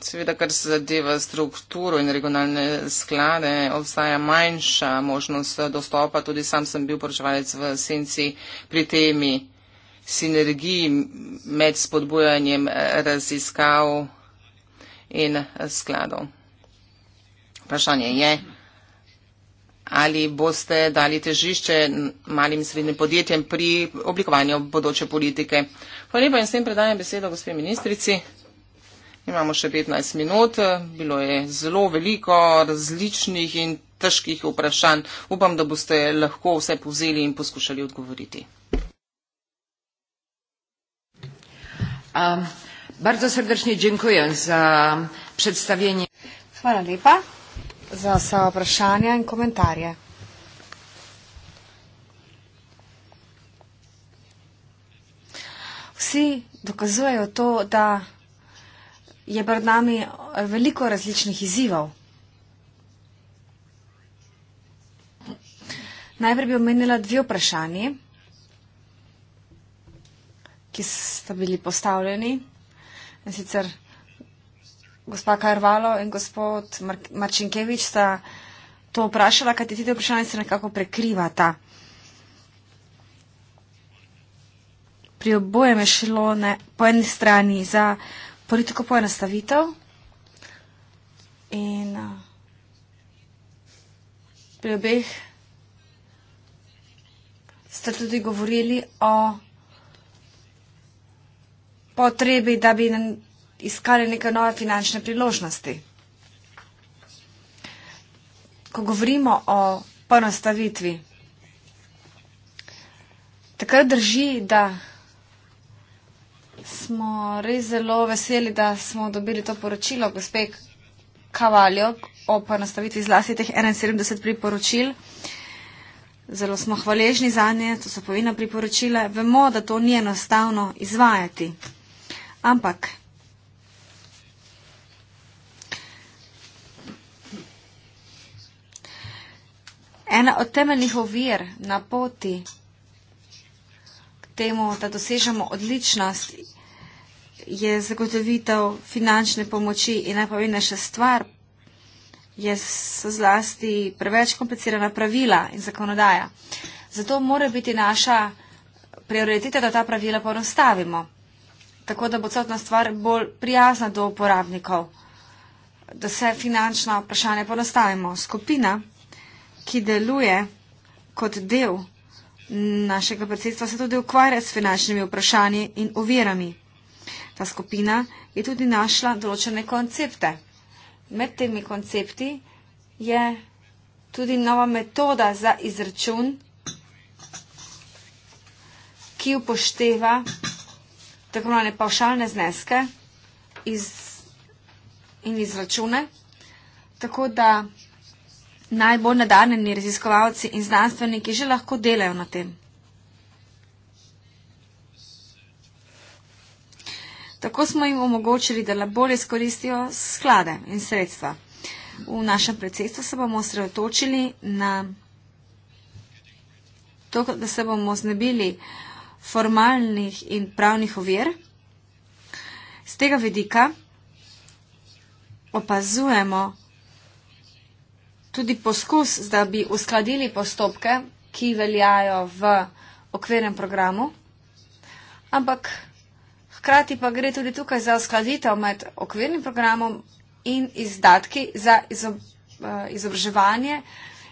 Seveda, kar se zadeva strukturo in regionalne sklade, obstaja manjša možnost dostopa. Tudi sam sem bil poročevalec v senci pri temi sinergiji med spodbujanjem raziskav in skladov. Vprašanje je, ali boste dali težišče malim in srednjim podjetjem pri oblikovanju bodoče politike. Hvala lepa in s tem predajam besedo gospe ministrici. Imamo še 15 minut, bilo je zelo veliko različnih in težkih vprašanj. Upam, da boste lahko vse povzeli in poskušali odgovoriti. Um, bardzo srdečne dziękuję za predstavljanje. Hvala lepa za vse vprašanja in komentarje. Vsi dokazujejo to, da je pred nami veliko različnih izzivov. Najprej bi omenila dve vprašanji, ki sta bili postavljeni. In sicer gospa Karvalo in gospod Mar Marčinkevič sta to vprašala, kaj ti te vprašanje se nekako prekrivata. Pri obojem je šlo ne, po eni strani za politiko poenostavitev in eh, pri obeh ste tudi govorili o potrebi, da bi iskali neke nove finančne priložnosti. Ko govorimo o poenostavitvi, takrat drži, da smo res zelo veseli, da smo dobili to poročilo gospe Kavaljo o ponastavitvi zlasti teh 71 priporočil. Zelo smo hvaležni za nje, to so povina priporočila. Vemo, da to ni enostavno izvajati. Ampak ena od temeljnih ovir na poti k temu, da dosežemo odličnost je zagotovitev finančne pomoči in najpomembnejša stvar je so zlasti preveč komplicirana pravila in zakonodaja. Zato mora biti naša prioriteta, da ta pravila porostavimo, tako da bo celotna stvar bolj prijazna do uporabnikov, da se finančna vprašanja porostavimo. Skupina, ki deluje kot del našega predsedstva, se tudi ukvarja s finančnimi vprašanji in uvirami. Ta skupina je tudi našla določene koncepte. Med temi koncepti je tudi nova metoda za izračun, ki upošteva tako mene pavšalne zneske iz, in izračune, tako da najbolj nadarneni raziskovalci in znanstveniki že lahko delajo na tem. Tako smo jim omogočili, da lahko bolje skoristijo sklade in sredstva. V našem predsedstvu se bomo osredotočili na to, da se bomo znebili formalnih in pravnih ovir. Z tega vedika opazujemo tudi poskus, da bi uskladili postopke, ki veljajo v okvirnem programu, ampak hkrati pa gre tudi tukaj za uskladitev med okvirnim programom in izdatki za izob, eh, izobraževanje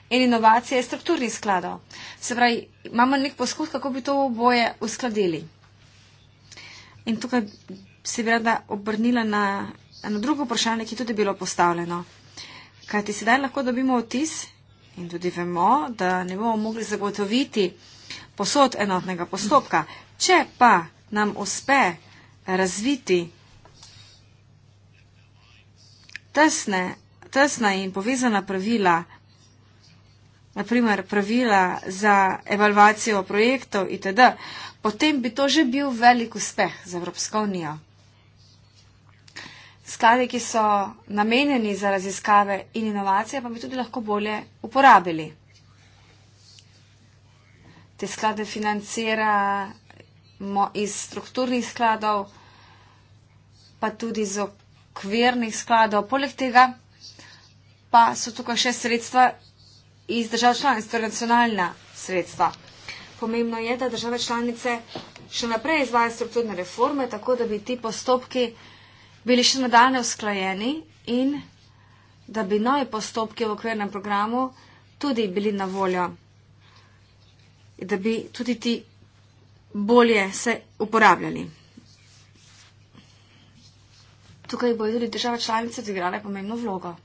in inovacije strukturnih skladov. Se pravi, imamo nek poskus, kako bi to oboje uskladili. In tukaj se bi rada obrnila na eno drugo vprašanje, ki je tudi bilo postavljeno. Kaj ti sedaj lahko dobimo vtis in tudi vemo, da ne bomo mogli zagotoviti posod enotnega postopka. Če pa nam uspe razviti tesne, tesna in povezana pravila, naprimer pravila za evalvacijo projektov itd., potem bi to že bil velik uspeh za Evropsko unijo. Sklade, ki so namenjeni za raziskave in inovacije, pa bi tudi lahko bolje uporabili. Te sklade financira iz strukturnih skladov, pa tudi iz okvirnih skladov. Poleg tega pa so tukaj še sredstva iz držav članic, torej nacionalna sredstva. Pomembno je, da države članice še naprej izvaja strukturne reforme, tako da bi ti postopki bili še nadaljne usklajeni in da bi novi postopki v okvirnem programu tudi bili na voljo. Da bi tudi ti bolje se uporabljali. Tukaj bo tudi država članica odigrala pomembno vlogo.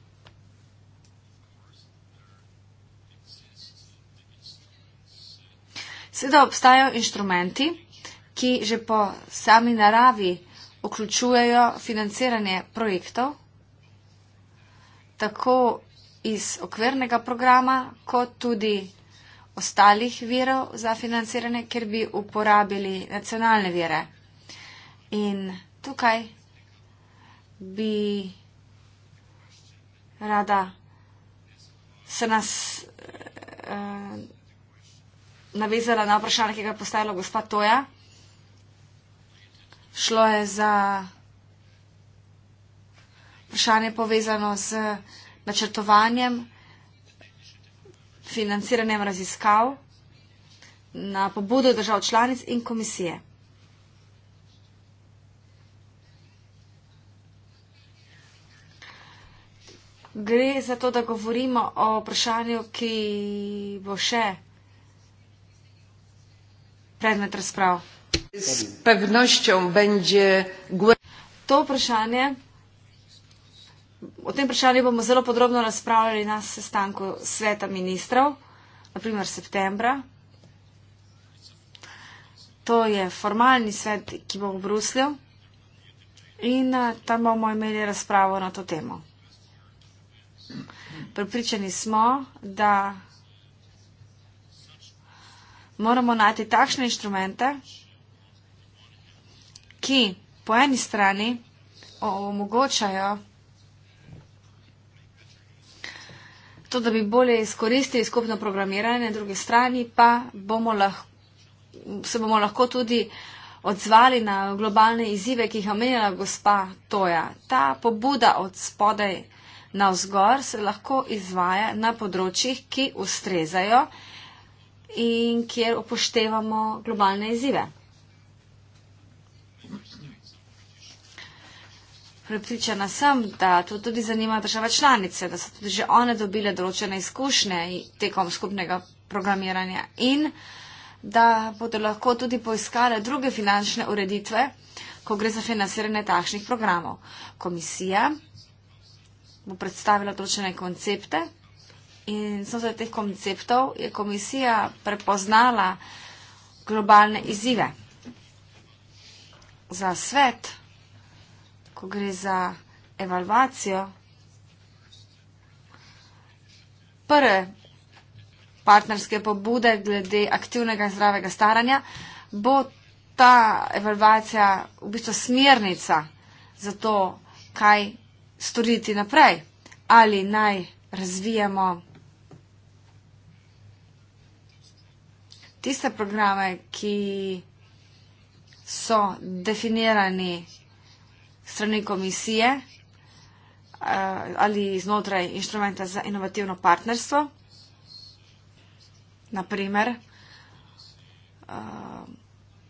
Seveda obstajajo inštrumenti, ki že po sami naravi vključujejo financiranje projektov, tako iz okvirnega programa, kot tudi ostalih virov za financiranje, ker bi uporabili nacionalne vire. In tukaj bi rada se nas eh, navezala na vprašanje, ki ga je postavila gospa Toja. Šlo je za vprašanje povezano z načrtovanjem financiranjem raziskav na pobudo držav članic in komisije. Gre za to, da govorimo o vprašanju, ki bo še predmet razprav. S pevnostjo bo to vprašanje. O tem vprašanju bomo zelo podrobno razpravljali na sestanku sveta ministrov, naprimer septembra. To je formalni svet, ki bo v Bruslju in eh, tam bomo imeli razpravo na to temo. Pripričani smo, da moramo najti takšne inštrumente, ki po eni strani omogočajo, To, da bi bolje izkoristili skupno programiranje, na drugi strani pa bomo lahko, se bomo lahko tudi odzvali na globalne izzive, ki jih je omenjala gospa Toja. Ta pobuda od spodaj na vzgor se lahko izvaja na področjih, ki ustrezajo in kjer upoštevamo globalne izzive. Pripričana sem, da to tudi zanima država članice, da so tudi že one dobile določene izkušnje tekom skupnega programiranja in da bodo lahko tudi poiskale druge finančne ureditve, ko gre za financiranje takšnih programov. Komisija bo predstavila določene koncepte in znotraj teh konceptov je komisija prepoznala globalne izzive. Za svet ko gre za evalvacijo, prve partnerske pobude glede aktivnega in zdravega staranja, bo ta evalvacija v bistvu smernica za to, kaj storiti naprej. Ali naj razvijamo tiste programe, ki so definirani strani komisije eh, ali znotraj inštrumenta za inovativno partnerstvo, naprimer eh,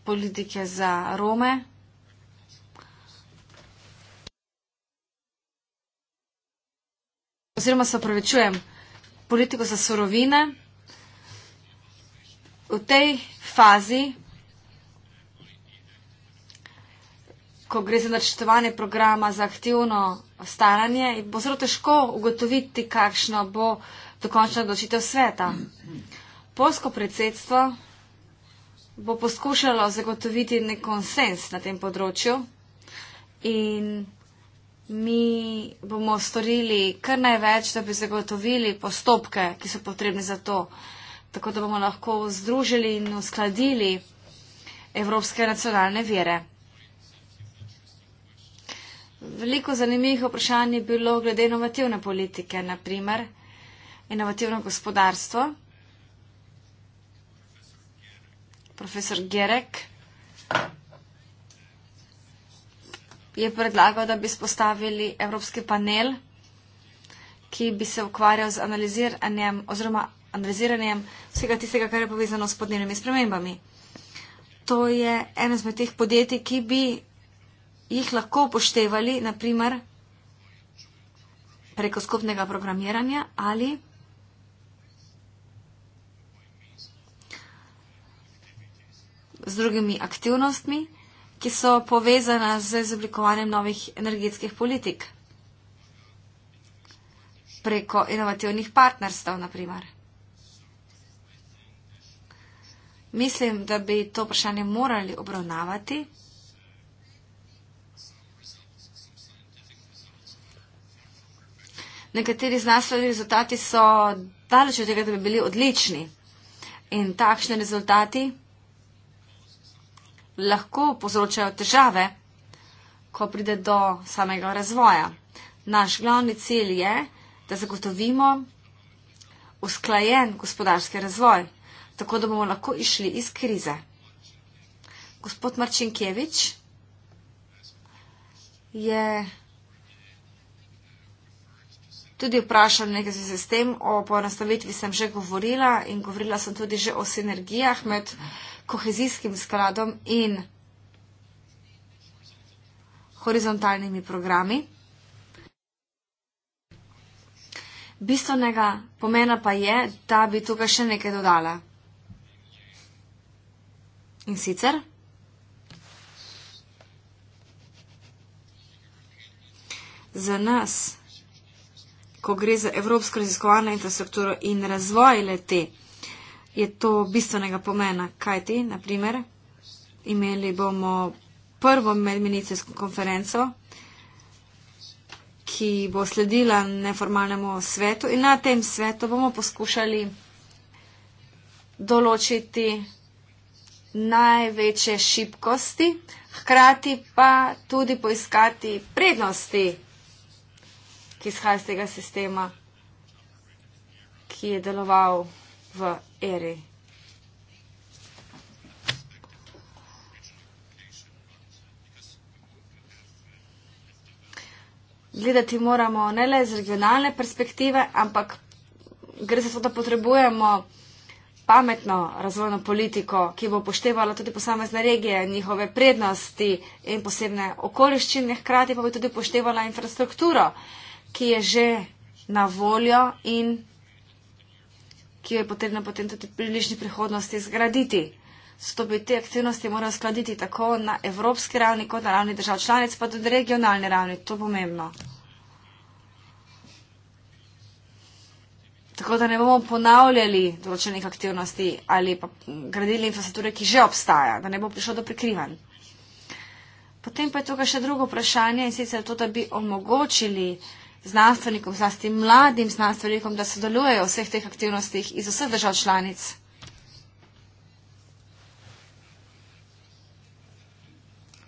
politike za Rome, oziroma se opravičujem, politiko za surovine, v tej fazi ko gre za načrtovanje programa za aktivno staranje, bo zelo težko ugotoviti, kakšno bo dokončna odločitev sveta. Polsko predsedstvo bo poskušalo zagotoviti nek konsens na tem področju in mi bomo storili kar največ, da bi zagotovili postopke, ki so potrebni za to, tako da bomo lahko združili in uskladili evropske nacionalne vire. Veliko zanimivih vprašanj je bilo glede inovativne politike, naprimer inovativno gospodarstvo. Profesor Gerek je predlagal, da bi spostavili evropski panel, ki bi se ukvarjal z analiziranjem oziroma analiziranjem vsega tistega, kar je povezano s podnebnimi spremembami. To je eno zmed teh podjetij, ki bi jih lahko upoštevali, naprimer, preko skupnega programiranja ali z drugimi aktivnostmi, ki so povezane z izoblikovanjem novih energetskih politik. Preko inovativnih partnerstv, naprimer. Mislim, da bi to vprašanje morali obravnavati. nekateri znanstveni rezultati so daleč od tega, da bi bili odlični. In takšni rezultati lahko povzročajo težave, ko pride do samega razvoja. Naš glavni cilj je, da zagotovimo usklajen gospodarski razvoj, tako da bomo lahko išli iz krize. Gospod Marčinkevič je. Yeah tudi vprašali nekaj z tem, o poenostavitvi sem že govorila in govorila sem tudi že o sinergijah med kohezijskim skladom in horizontalnimi programi. Bistvenega pomena pa je, da bi tukaj še nekaj dodala. In sicer. Za nas, ko gre za evropsko raziskovalno infrastrukturo in razvoj lete, je to bistvenega pomena. Kaj ti, naprimer, imeli bomo prvo medministrsko konferenco, ki bo sledila neformalnemu svetu in na tem svetu bomo poskušali določiti največje šibkosti, hkrati pa tudi poiskati prednosti ki izhaja iz tega sistema, ki je deloval v eri. Gledati moramo ne le iz regionalne perspektive, ampak gre za to, da potrebujemo pametno razvojno politiko, ki bo poštevala tudi posamezne regije, njihove prednosti in posebne okoliščine, hkrati pa bo tudi poštevala infrastrukturo. Uh, ki je že na voljo in ki jo je potrebno potem tudi v približni prihodnosti zgraditi. Zato bi te aktivnosti morali skladiti tako na evropski ravni, kot na ravni držav članic, pa tudi regionalni ravni. To je pomembno. Tako da ne bomo ponavljali določenih aktivnosti ali pa gradili infrastrukture, ki že obstaja, da ne bo prišlo do prikrivanj. Potem pa je tukaj še drugo vprašanje in sicer to, da bi omogočili uh, znanstvenikom, zlasti mladim znanstvenikom, da sodelujejo v vseh teh aktivnostih iz vseh držav članic.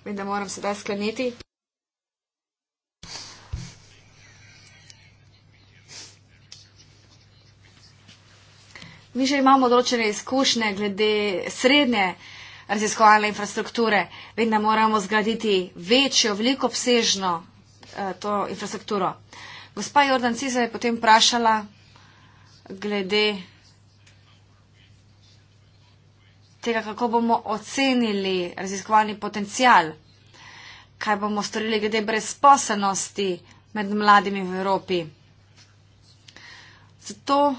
Vem, da moram sedaj skleniti. Mi že imamo določene izkušnje glede srednje raziskovalne infrastrukture, vedno moramo zgraditi večjo, veliko obsežno eh, to infrastrukturo. Gospa Jordan Ciza je potem vprašala glede tega, kako bomo ocenili raziskovalni potencial, kaj bomo storili glede brezposelnosti med mladimi v Evropi. Zato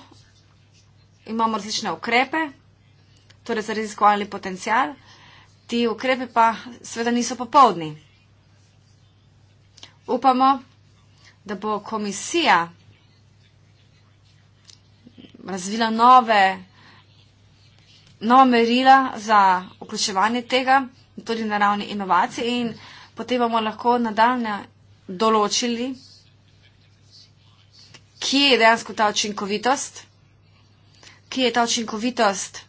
imamo različne ukrepe, torej za raziskovalni potencial, ti ukrepe pa sveda niso popolni. Upamo, da bo komisija razvila nove, nova merila za vključevanje tega, tudi na ravni inovacij in potem bomo lahko nadaljne določili, kje je dejansko ta učinkovitost, kje je ta učinkovitost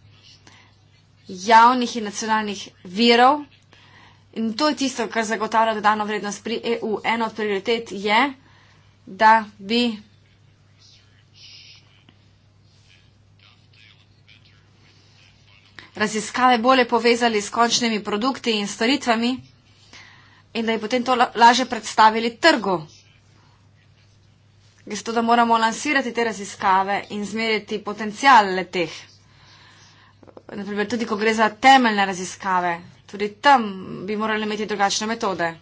javnih in nacionalnih virov. In to je tisto, kar zagotavlja dodano vrednost pri EU. Eno od prioritet je, Da, bi. Raziskave bolje povezali s končnimi produkti in storitvami in da je potem to laže predstavili trgu. Gre za to, da moramo lansirati te raziskave in zmeriti potencijal le teh. Naprimer, tudi ko gre za temeljne raziskave, tudi tam bi morali imeti drugačne metode.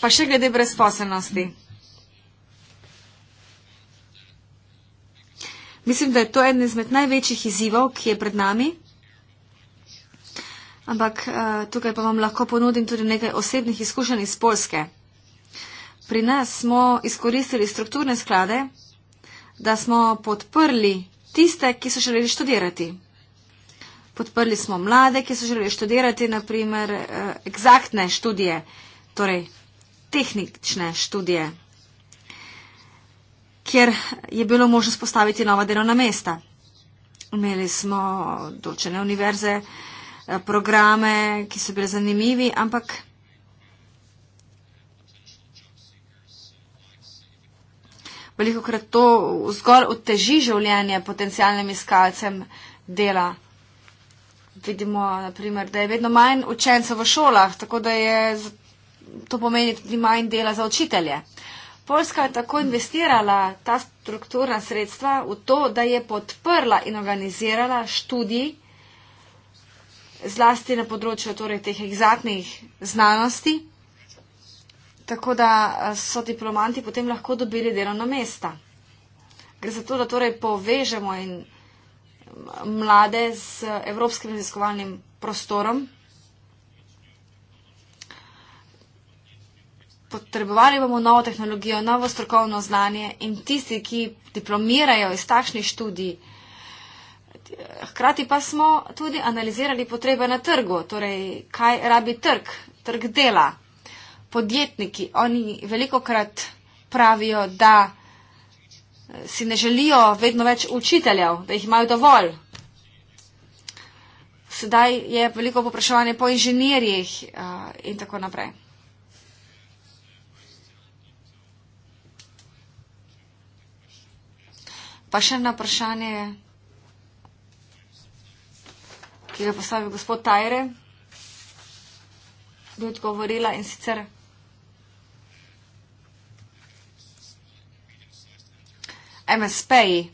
Pa še glede brezposelnosti. Mislim, da je to eden izmed največjih izzivov, ki je pred nami. Ampak eh, tukaj pa vam lahko ponudim tudi nekaj osebnih izkušenj iz Polske. Pri nas smo izkoristili strukturne sklade, da smo podprli tiste, ki so želeli študirati. Podprli smo mlade, ki so želeli študirati, naprimer, egzaktne eh, študije, torej tehnične študije, kjer je bilo možno spostaviti nova delovna mesta. Imeli smo določene univerze, eh, programe, ki so bili zanimivi, ampak veliko krat to zgolj oteži življenje potencijalnim iskalcem dela. Vidimo, naprimer, da je vedno manj učencev v šolah, tako da je zato to pomeni tudi manj dela za učitelje. Poljska je tako investirala ta strukturna sredstva v to, da je podprla in organizirala študij zlasti na področju torej, teh egzatnih znanosti, tako da so diplomanti potem lahko dobili delovno mesta. Gre za to, da torej povežemo in mlade z evropskim raziskovalnim prostorom. potrebovali bomo novo tehnologijo, novo strokovno znanje in tisti, ki diplomirajo iz takšnih študij. Hkrati pa smo tudi analizirali potrebe na trgu, torej kaj rabi trg, trg dela. Podjetniki, oni veliko krat pravijo, da eh, si ne želijo vedno več učiteljev, da jih imajo dovolj. Sedaj je veliko poprašovanje po inženirjih uh, in tako naprej. Pa še na vprašanje, ki ga postavi gospod Tajre, bi odgovorila in sicer. MSP. -ji.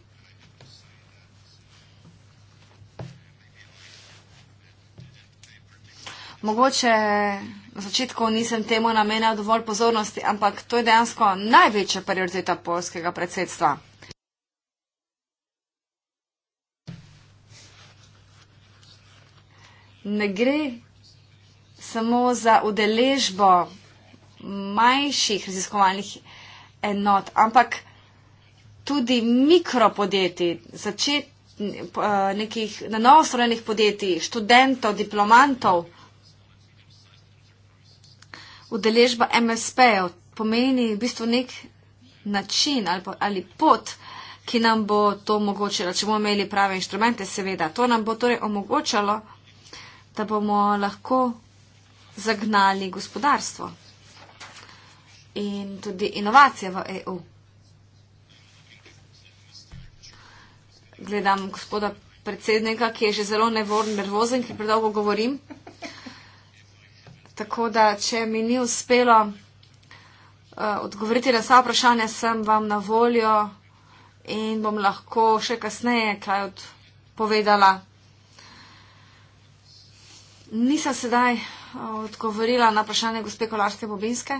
Mogoče na začetku nisem temu namenil dovolj pozornosti, ampak to je dejansko največja prioriteta polskega predsedstva. ne gre samo za udeležbo manjših raziskovalnih enot, ampak tudi mikropodjetij, eh, nekih na novo stvorenih podjetij, študentov, diplomantov. Udeležba MSP-jev pomeni v bistvu nek način ali, po, ali pot, ki nam bo to omogočilo, če bomo imeli prave inštrumente, seveda. To nam bo torej omogočalo da bomo lahko zagnali gospodarstvo in tudi inovacije v EU. Gledam gospoda predsednika, ki je že zelo nevoren, nervozen, ker predolgo govorim. Tako da, če mi ni uspelo uh, odgovoriti na vsa vprašanja, sem vam na voljo in bom lahko še kasneje kaj odpovedala. Nisem sedaj eh, odgovorila na vprašanje gospe Kolarske Bobinske,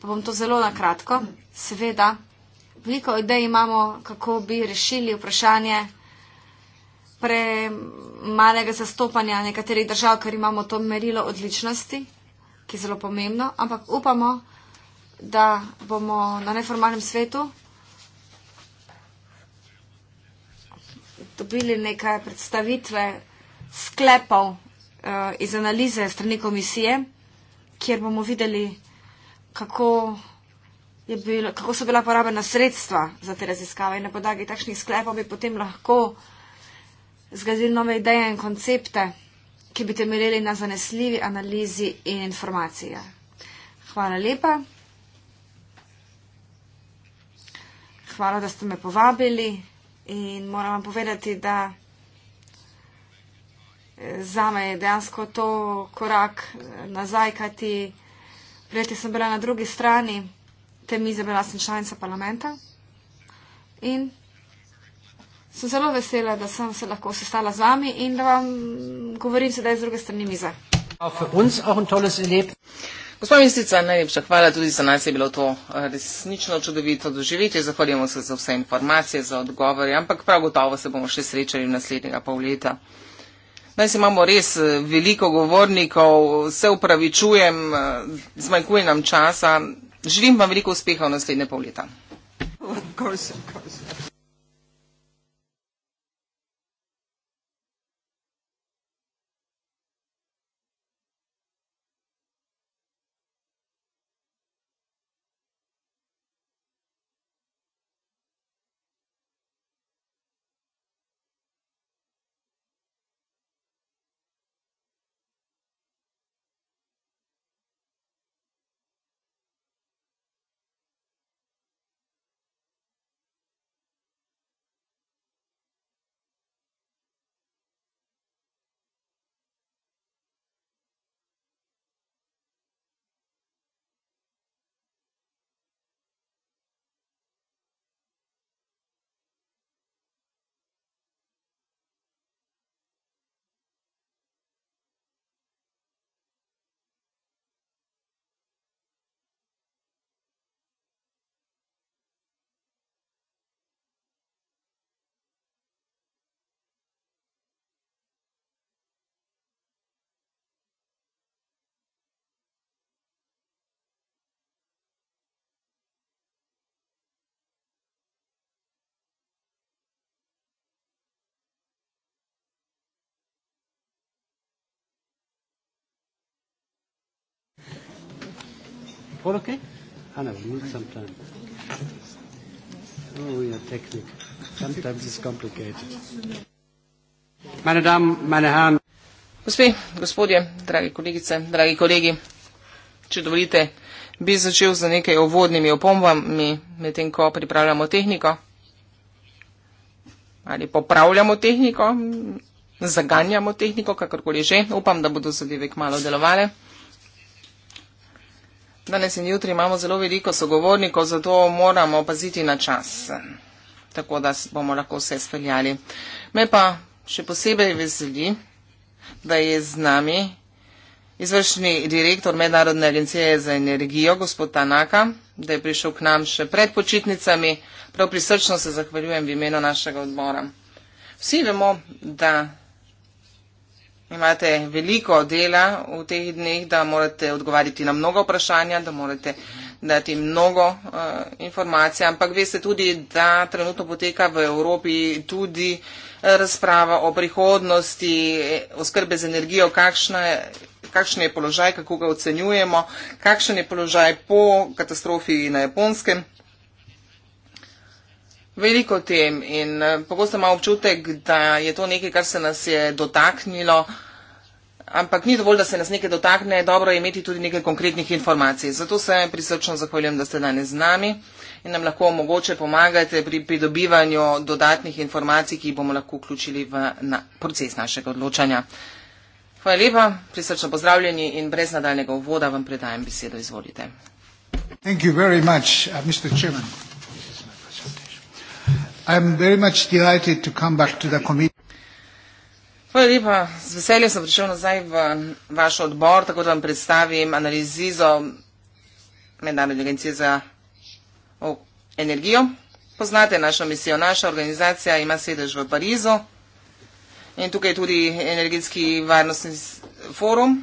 pa bom to zelo na kratko. Seveda, veliko idej imamo, kako bi rešili vprašanje premalega zastopanja nekaterih držav, ker imamo to merilo odličnosti, ki je zelo pomembno, ampak upamo, da bomo na neformalnem svetu dobili nekaj predstavitve sklepov, Eh, iz analize strani komisije, kjer bomo videli, kako, bil, kako so bila porabena sredstva za te raziskave. In na podlagi takšnih sklepov bi potem lahko zgradili nove ideje in koncepte, ki bi temeljili na zanesljivi analizi in informacije. Hvala lepa. Hvala, da ste me povabili in moram vam povedati, da za me je dejansko to korak eh, nazaj, kajti prijeti sem bila na drugi strani te mize, bila sem članica parlamenta in sem zelo vesela, da sem se lahko sestala z vami in da vam govorim sedaj z druge strani mize. Gospod ministrica, najlepša hvala, tudi za nas je bilo to eh, resnično čudovito doživetje. Zahvaljujemo se za vse informacije, za odgovore, ampak prav gotovo se bomo še srečali v naslednjega pol leta. Danes imamo res eh, veliko govornikov, se upravičujem, eh, zmanjkuje nam časa. Želim vam veliko uspeha v naslednje pol leta. Of course, of course. Pol okay? Anna, we need no, some time. Oh, we are ja, technic. Sometimes it's complicated. Meine Damen, meine Herren. Gospe, gospodje, dragi kolegice, dragi kolegi, če dovolite, bi začel z nekaj ovodnimi opombami, medtem ko pripravljamo tehniko. Ali popravljamo tehniko, zaganjamo tehniko, kakorkoli že. Upam, da bodo zadeve kmalo delovale. Danes in jutri imamo zelo veliko sogovornikov, zato moramo paziti na čas, tako da bomo lahko vse speljali. Me pa še posebej veseli, da je z nami izvršni direktor Mednarodne agencije za energijo, gospod Tanaka, da je prišel k nam še pred počitnicami. Prav prisrčno se zahvaljujem v imenu našega odbora. Vsi vemo, da imate veliko dela v teh dneh, da morate odgovarjati na mnogo vprašanja, da morate dati mnogo uh, informacij, ampak veste tudi, da trenutno poteka v Evropi tudi eh, razprava o prihodnosti eh, oskrbe z energijo, kakšna je kakšen je položaj, kako ga ocenjujemo, kakšen je položaj po katastrofi na Japonskem. Veliko tem in pogosto imamo občutek, da je to nekaj, kar se nas je dotaknilo uh, Ampak ni dovolj, da se nas nekaj dotakne, dobro je imeti tudi nekaj konkretnih informacij. Zato se prisrčno zahvaljujem, da ste danes z nami in nam lahko mogoče pomagate pri pridobivanju dodatnih informacij, ki jih bomo lahko vključili v na proces našega odločanja. Hvala lepa, prisrčno pozdravljeni in brez nadaljnega uvoda vam predajem besedo. Izvolite. Hvala lepa. Z veseljem sem prišel nazaj v vaš odbor, tako da vam predstavim analizizo Mednarodne agencije za energijo. Poznate našo misijo. Naša organizacija ima sedež v Parizu in tukaj je tudi energetski varnostni forum.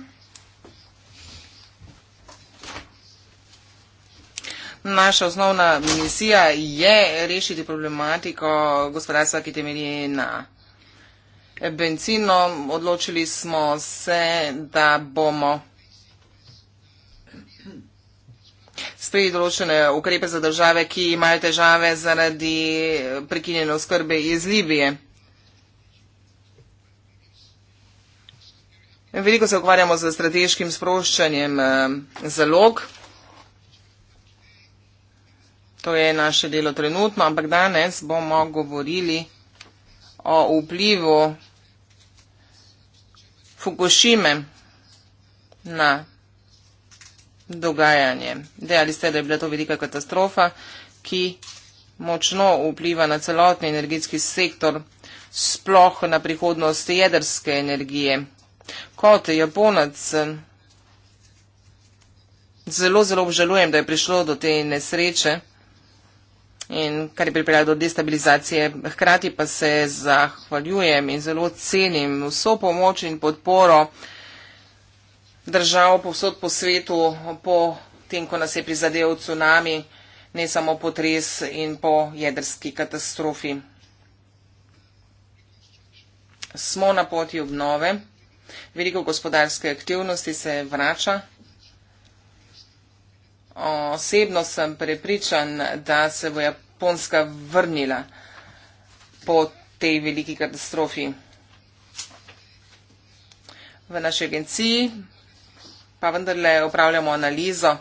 Naša osnovna misija je rešiti problematiko gospodarstva, ki temelji na energijo bencinom. Odločili smo se, da bomo sprejeli določene ukrepe za države, ki imajo težave zaradi prekinjene oskrbe iz Libije. Veliko se ukvarjamo z strateškim sproščanjem eh, zalog. To je naše delo trenutno, ampak danes bomo govorili o vplivu Fukushime na dogajanje. Dejali ste, da je bila to velika katastrofa, ki močno vpliva na celotni energetski sektor, sploh na prihodnost jedrske energije. Kot Japonac zelo, zelo obžalujem, da je prišlo do te nesreče in kar je pripeljalo do destabilizacije. Hkrati pa se zahvaljujem in zelo cenim vso pomoč in podporo držav povsod po svetu po tem, ko nas je prizadel tsunami, ne samo potres in po jedrski katastrofi. Smo na poti obnove. Veliko gospodarske aktivnosti se vrača Osebno sem prepričan, da se bo Japonska vrnila po tej veliki katastrofi. V naši agenciji pa vendarle upravljamo analizo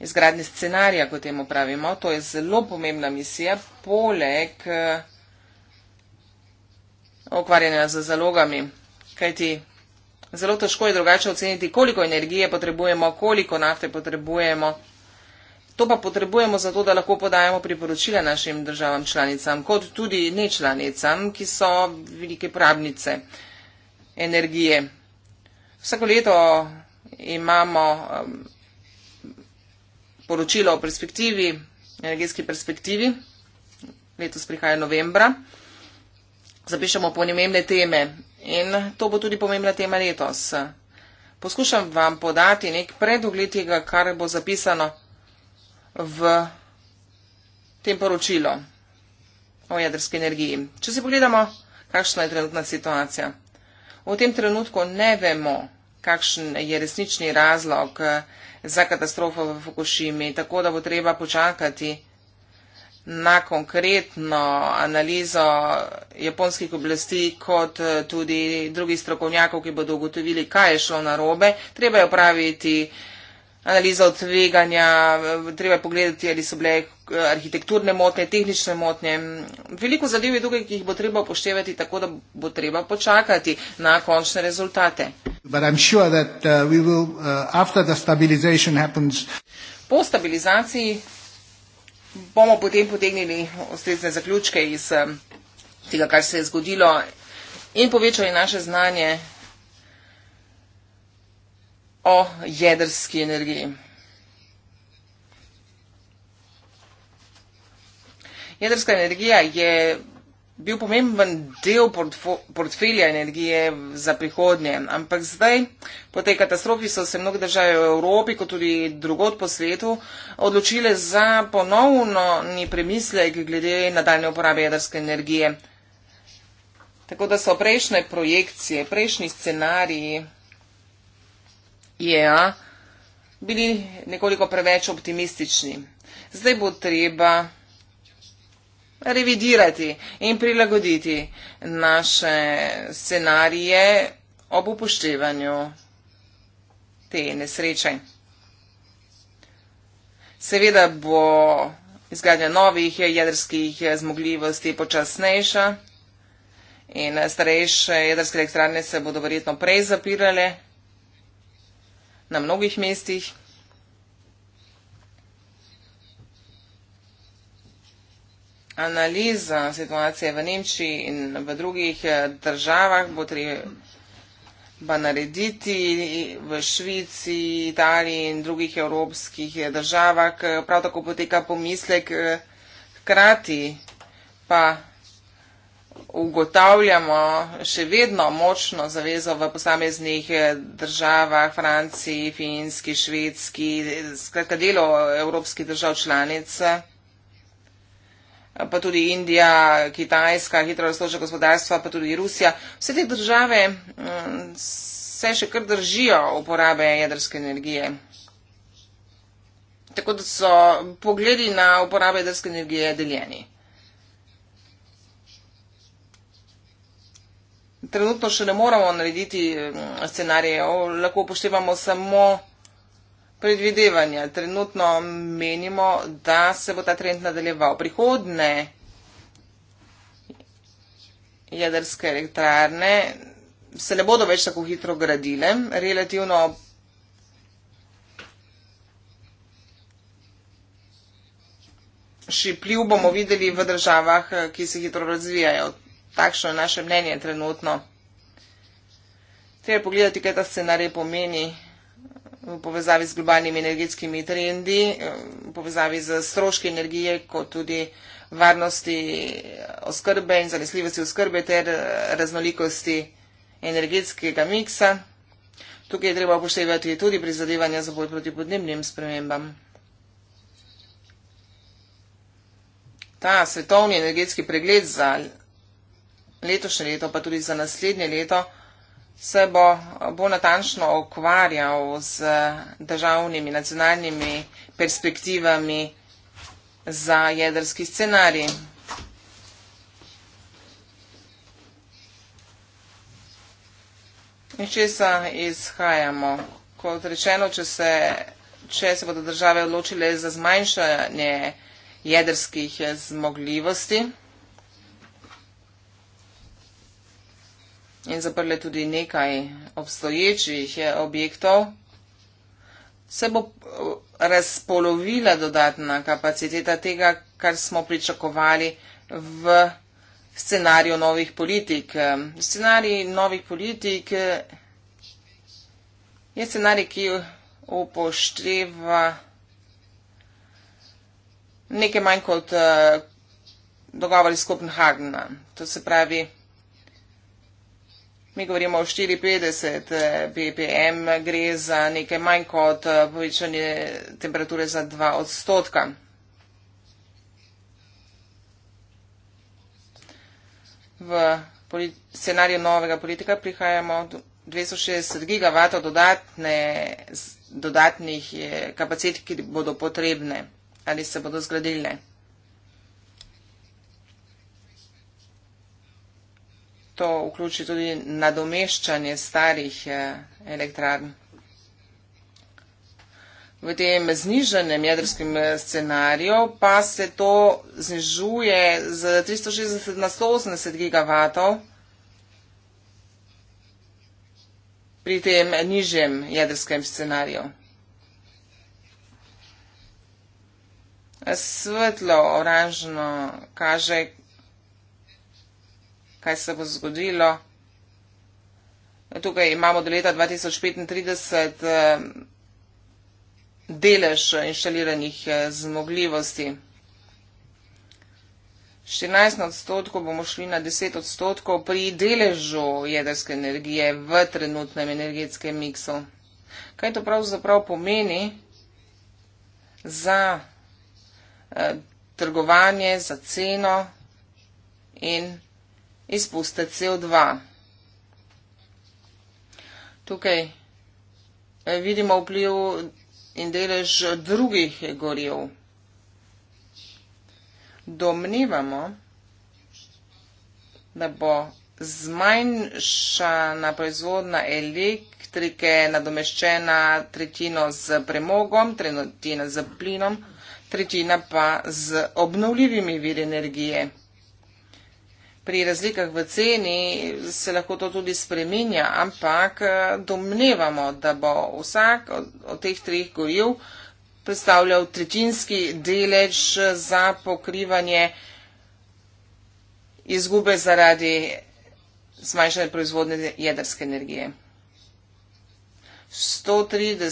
izgradnje scenarija, kot temu pravimo. To je zelo pomembna misija, poleg eh, ukvarjanja z zalogami. Kajti Zelo težko je drugače oceniti, koliko energije potrebujemo, koliko nafte potrebujemo. To pa potrebujemo zato, da lahko podajamo priporočila našim državam članicam, kot tudi nečlanicam, ki so velike pravnice energije. Vsako leto imamo um, poročilo o perspektivi, energetski perspektivi. Letos prihaja novembra. Zapišemo pomembne teme In to bo tudi pomembna tema letos. Poskušam vam podati nek predogled tega, kar bo zapisano v tem poročilu o jedrski energiji. Če si pogledamo, kakšna je trenutna situacija. V tem trenutku ne vemo, kakšen je resnični razlog za katastrofo v Fukushimi, tako da bo treba počakati na konkretno analizo japonskih oblasti kot eh, tudi drugih strokovnjakov, ki bodo ugotovili, kaj je šlo na robe. Treba je opraviti analizo odveganja, eh, treba je pogledati, ali so bile eh, arhitekturne motnje, tehnične motnje. Veliko zadev je tukaj, ki jih bo treba upoštevati, tako da bo treba počakati na končne rezultate. Sure that, uh, will, uh, po stabilizaciji bomo potem potegnili ustrezne zaključke iz eh, tega, kar se je zgodilo in povečali naše znanje o jedrski energiji. Jedrska energija je bil pomemben del portfo, portfelja energije za prihodnje. Ampak zdaj, po tej katastrofi, so se mnogi države v Evropi, kot tudi drugot po svetu, odločile za ponovno ni premislek glede nadaljne uporabe jedrske energije. Tako da so prejšnje projekcije, prejšnji scenariji IEA bili nekoliko preveč optimistični. Zdaj bo treba revidirati in prilagoditi naše scenarije ob upoštevanju te nesreče. Seveda bo izgradnja novih jedrskih zmogljivosti počasnejša in starejše jedrske elektrarne se bodo verjetno prej zapirale na mnogih mestih. analiz situacije v Nemčiji in v drugih eh, državah bo treba narediti v Švici, Italiji in drugih evropskih eh, državah. Prav tako poteka pomislek, eh, hkrati pa ugotavljamo še vedno močno zavezo v posameznih državah, Franciji, Finjski, Švedski, skratka delo evropskih držav članic pa tudi Indija, Kitajska, hitro razloča gospodarstva, pa tudi Rusija. Vse te države mm, se še kar držijo uporabe jedrske energije. Tako da so pogledi na uporabo jedrske energije deljeni. Trenutno še ne moramo narediti mm, scenarijev, lahko upoštevamo samo predvidevanja. Trenutno menimo, da se bo ta trend nadaljeval. Prihodne jedrske elektrarne se ne bodo več tako hitro gradile. Relativno šipljiv bomo videli v državah, ki se hitro razvijajo. Takšno je naše mnenje trenutno. Treba pogledati, kaj ta scenarij pomeni v povezavi z globalnimi energetskimi trendi, eh, v povezavi z stroški energije, kot tudi varnosti oskrbe in zanesljivosti oskrbe ter eh, raznolikosti energetskega miksa. Tukaj je treba upoštevati tudi prizadevanja za boj proti podnebnim spremembam. Ta svetovni energetski pregled za letošnje leto, pa tudi za naslednje leto, se bo bolj natančno ukvarjal z državnimi nacionalnimi perspektivami za jedrski scenarij. In če se izhajamo, kot rečeno, če se, če se bodo države odločile za zmanjšanje jedrskih zmogljivosti, in zaprli tudi nekaj obstoječih eh, objektov, se bo eh, razpolovila dodatna kapaciteta tega, kar smo pričakovali v scenariju novih politik. Eh, scenarij novih politik je scenarij, ki upošteva nekaj manj kot dogovori skupnega Hagna. To se pravi, mi govorimo o 54 eh, ppm, gre za nekaj manj kot eh, povečanje temperature za 2 odstotka. V scenariju novega politika prihajamo 260 gigavatov dodatne, dodatnih eh, kapacit, ki bodo potrebne ali se bodo zgradile. to vključi tudi nadomeščanje starih eh, elektrarn. V tem zniženem jedrskem eh, scenariju pa se to znižuje z 360 na 180 GW pri tem nižjem jedrskem scenariju. Svetlo oranžno kaže, kaj se bo zgodilo. Tukaj imamo do leta 2035 eh, delež inštaliranih eh, zmogljivosti. 14 odstotkov bomo šli na 10 odstotkov pri deležu jedrske energije v trenutnem energetskem miksu. Kaj to pravzaprav pomeni za eh, trgovanje, za ceno in trgovanje? izpuste CO2. Tukaj eh, vidimo vpliv in delež drugih gorjev. Domnevamo, da bo zmanjšana proizvodna elektrike nadomeščena tretjino z premogom, tretjina z plinom, tretjina pa z obnovljivimi viri energije pri razlikah v ceni se lahko to tudi spreminja, ampak eh, domnevamo, da bo vsak od, od teh treh gojiv predstavljal tretjinski delež eh, za pokrivanje izgube zaradi zmanjšanja proizvodne jedrske energije. 130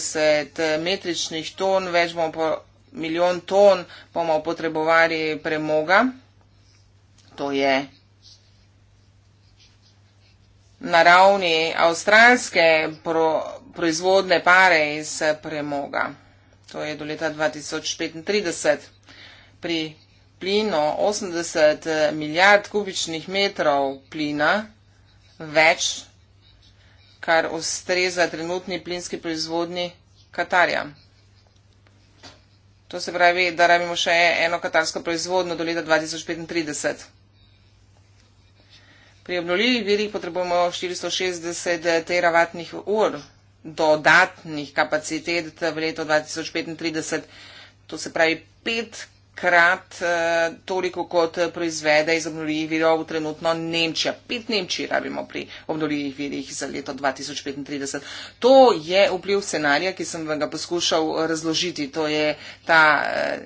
eh, metričnih ton, več bomo po milijon ton, bomo potrebovali premoga. To je na ravni avstralske pro, proizvodne pare iz premoga. To je do leta 2035. Pri plinu 80 milijard kubičnih metrov plina več, kar ustreza trenutni plinski proizvodni Katarja. To se pravi, da rabimo še eno katarsko proizvodno do leta 2035. Pri obnovljivih virih potrebujemo 460 teravatnih ur dodatnih kapacitet v leto 2035. To se pravi petkrat eh, toliko, kot proizvede iz obnovljivih virov trenutno Nemčija. Pet Nemčij rabimo pri obnovljivih virih za leto 2035. To je vpliv scenarija, ki sem vam ga poskušal razložiti. To je ta eh,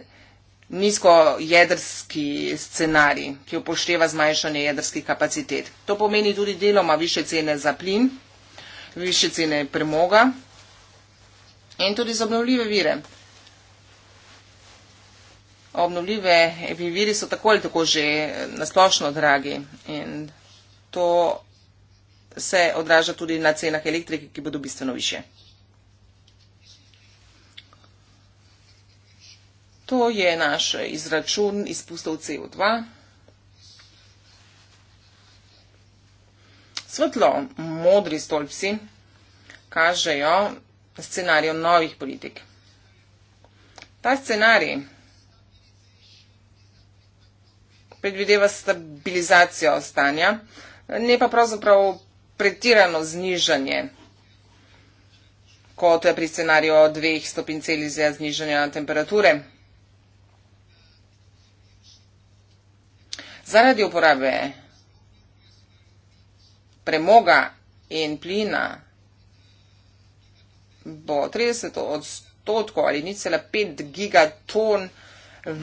nizkojedrski scenarij, ki upošteva zmanjšanje jedrskih kapacitet. To pomeni tudi deloma više cene za plin, više cene premoga in tudi za obnovljive vire. Obnovljive viri so tako ali tako že nasplošno dragi in to se odraža tudi na cenah elektrike, ki bodo bistveno više. To je naš izračun izpustov CO2. Svetlo modri stolpci kažejo scenarijo novih politik. Ta scenarij predvideva stabilizacijo stanja, ne pa pravzaprav pretirano znižanje, kot je pri scenariju dveh stopinj celizija znižanja temperature. zaradi uporabe premoga in plina bo 30 odstotkov ali nič cela 5 gigaton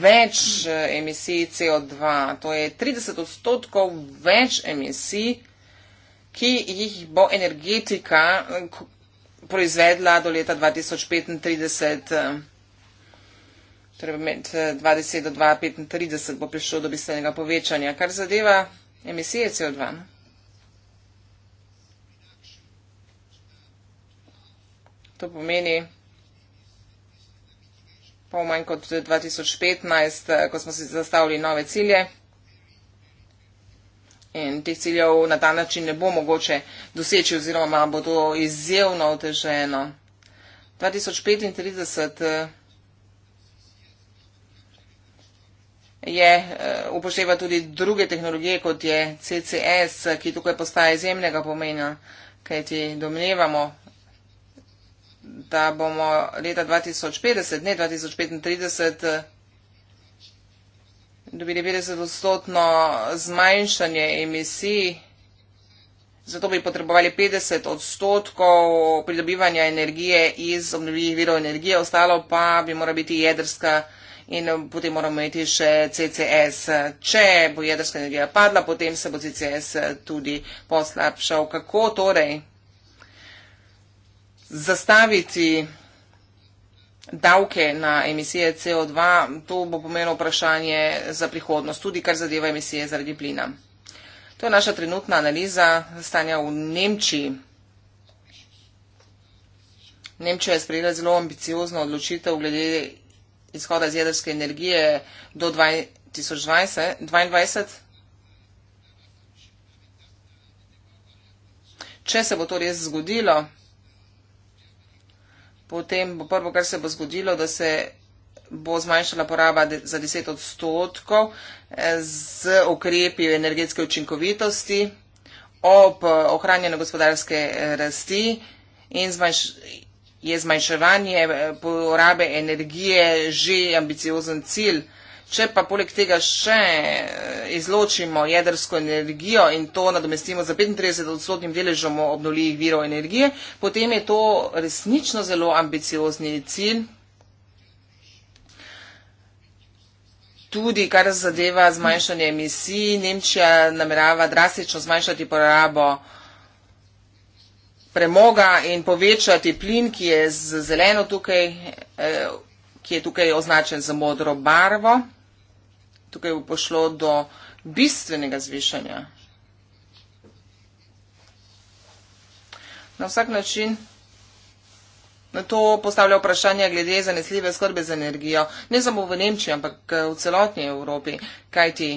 več eh, emisij CO2. To je 30 odstotkov več emisij, ki jih bo energetika eh, proizvedla do leta 2035 torej med 20 eh, do 2035 bo prišlo do bistvenega povečanja, kar zadeva emisije CO2. To pomeni, pa v manj kot 2015, eh, ko smo si zastavili nove cilje in teh ciljev na ta način ne bo mogoče doseči oziroma bo to izjevno oteženo. 2035 je eh, upošteva tudi druge tehnologije, kot je CCS, ki tukaj postaja izjemnega pomena, kajti domnevamo, da bomo leta 2050, ne 2035, dobili 50-odstotno zmanjšanje emisij, zato bi potrebovali 50 odstotkov pridobivanja energije iz obnovljivih virov energije, ostalo pa bi mora biti jedrska energija in eh, potem moramo imeti še CCS. Če bo jedrska energija padla, potem se bo CCS eh, tudi poslabšal. Kako torej zastaviti davke na emisije CO2, to bo pomeno vprašanje za prihodnost, tudi kar zadeva emisije zaradi plina. To je naša trenutna analiza stanja v Nemčiji. Nemčija je sprejela zelo ambiciozno odločitev glede izhoda iz jedrske energije do 2022. Če se bo to res zgodilo, potem bo prvo, kar se bo zgodilo, da se bo zmanjšala poraba za 10 odstotkov eh, z ukrepi energetske učinkovitosti ob ohranjanju gospodarske eh, rasti in zmanjšanju je zmanjševanje eh, porabe energije že ambiciozen cilj. Če pa poleg tega še eh, izločimo jedrsko energijo in to nadomestimo za 35 odstotnim deležem obnovljivih virov energije, potem je to resnično zelo ambiciozni cilj. Tudi kar zadeva zmanjšanje emisij, Nemčija namerava drastično zmanjšati porabo uh, premoga in povečati plin, ki je z zeleno tukaj, eh, ki je tukaj označen za modro barvo. Tukaj bo pošlo do bistvenega zvišanja. Na vsak način. Na to postavlja vprašanje glede zanesljive skrbe za energijo, ne samo v Nemčiji, ampak eh, v celotni Evropi. Kaj ti?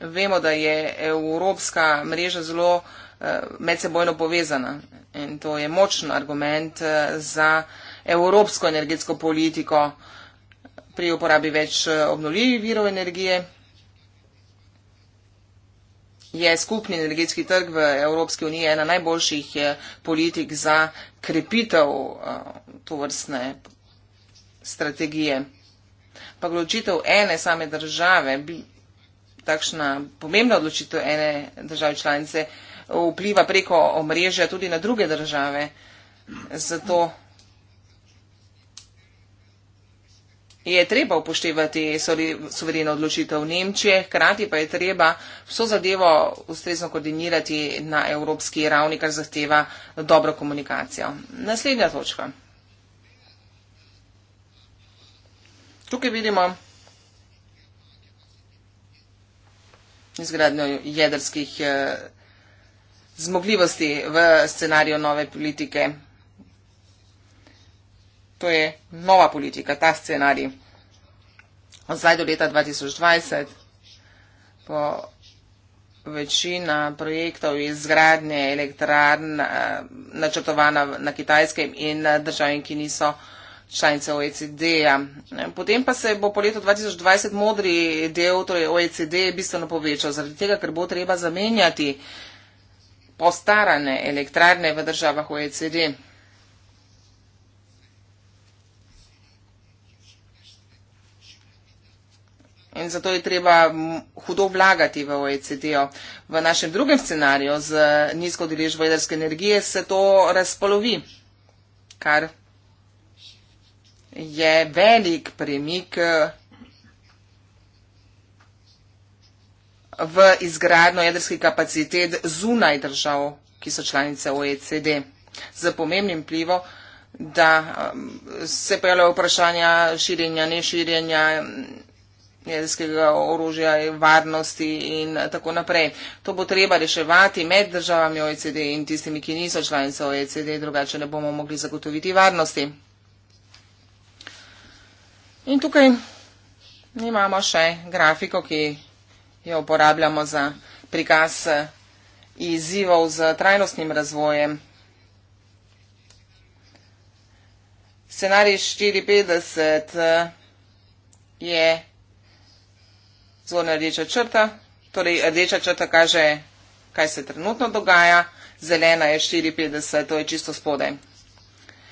Vemo, da je evropska mreža zelo uh, Eh, medsebojno povezana. In to je močen argument eh, za evropsko energetsko politiko pri uporabi več eh, obnovljivih virov energije. Je skupni energetski trg v Evropski uniji ena najboljših politik za krepitev to vrstne strategije. Pa odločitev ene same države, takšna pomembna odločitev ene države članice, vpliva preko omrežja tudi na druge države. Zato je treba upoštevati suvereno odločitev Nemčije, hkrati pa je treba vso zadevo ustrezno koordinirati na evropski ravni, kar zahteva dobro komunikacijo. Naslednja točka. Tukaj vidimo izgradnjo jedrskih eh, zmogljivosti v scenariju nove politike. To je nova politika, ta scenarij. Od zdaj do leta 2020, po večina projektov izgradnje elektrarn eh, načrtovana na kitajskem in eh, državim, ki niso članice OECD-ja. Potem pa se bo po letu 2020 modri del, torej OECD, bistveno povečal, zaradi tega, ker bo treba zamenjati uh, postarane elektrarne v državah OECD. In zato je treba hudo vlagati v OECD-o. V našem drugem scenariju z nizko deležbo jedrske energije se to razpolovi, kar je velik premik v izgradno jedrskih kapacitet zunaj držav, ki so članice OECD. Z pomembnim plivo, da um, se pojavljajo vprašanja širjenja, ne širjenja jedrskega orožja, varnosti in tako naprej. To bo treba reševati med državami OECD in tistimi, ki niso članice OECD, drugače ne bomo mogli zagotoviti varnosti. In tukaj imamo še grafiko, ki jo uporabljamo za prikaz eh, izzivov z trajnostnim razvojem. Scenarij 54 eh, je zvona rdeča črta, torej rdeča črta kaže, kaj se trenutno dogaja, zelena je 54, to je čisto spodaj.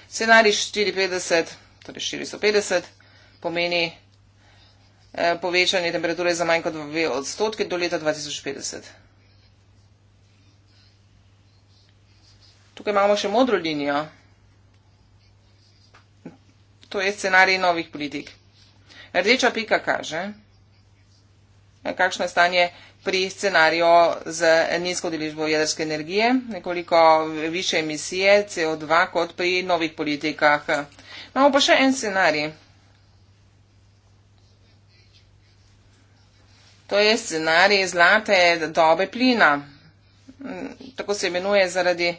Scenarij 54, torej 450, pomeni Eh, povečanje temperature za manj kot dve odstotke do leta 2050. Tukaj imamo še modro linijo. To je scenarij novih politik. Rdeča pika kaže, eh, kakšno je stanje pri scenariju z nizko deležbo jedrske energije, nekoliko više emisije CO2 kot pri novih politikah. Imamo pa še en scenarij. To je scenarij zlate dobe plina. Tako se imenuje zaradi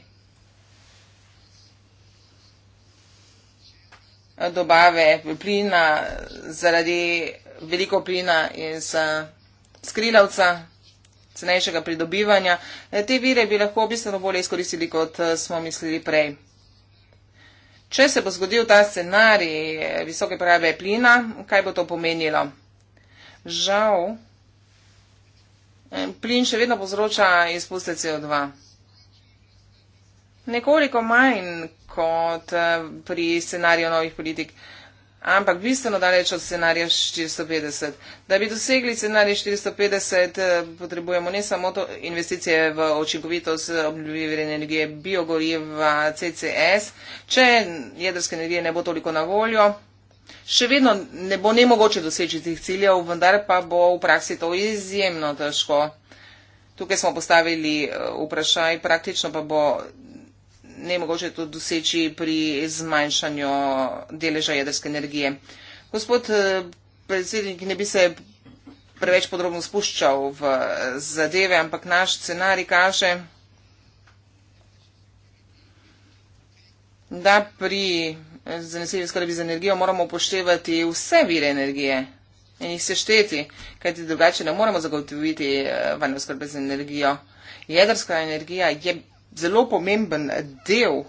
dobave plina, zaradi veliko plina iz eh, skrilavca, cenejšega pridobivanja. Eh, te vire bi lahko bistveno bolje izkoristili, kot eh, smo mislili prej. Če se bo zgodil ta scenarij visoke porabe plina, kaj bo to pomenilo? Žal. Eh, plin še vedno povzroča izpuste CO2. Nekoliko manj kot eh, pri scenariju novih politik, ampak bistveno daleč od scenarija 450. Da bi dosegli scenarij 450, eh, potrebujemo ne samo to investicije v očinkovitost obnovljive energije, biogoriva, CCS, če jedrske energije ne bo toliko na voljo. Še vedno ne bo ne mogoče doseči teh ciljev, vendar pa bo v praksi to izjemno težko. Tukaj smo postavili eh, vprašaj, praktično pa bo ne mogoče to doseči pri zmanjšanju deleža jedrske energije. Gospod eh, predsednik, ne bi se preveč podrobno spuščal v eh, zadeve, ampak naš scenarij kaže, da pri zanesljivi skrbi za energijo, moramo upoštevati vse vire energije in jih sešteti, kajti drugače ne moremo zagotoviti eh, varne skrbe za energijo. Jedrska energija je zelo pomemben del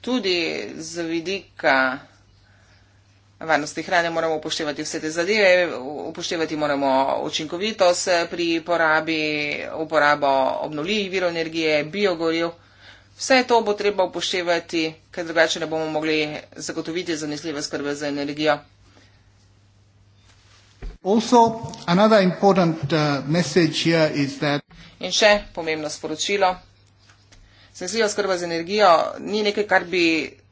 tudi z vidika varnosti hrane moramo upoštevati vse te zadeve, upoštevati moramo učinkovitost pri porabi, uporabo obnovljivih virov energije, biogoriv. Vse to bo treba upoštevati, ker drugače ne bomo mogli zagotoviti zanesljive skrbe za energijo. Also, another important uh, message here is that. In še pomembno sporočilo. Zanesljiva skrba za energijo ni nekaj, kar bi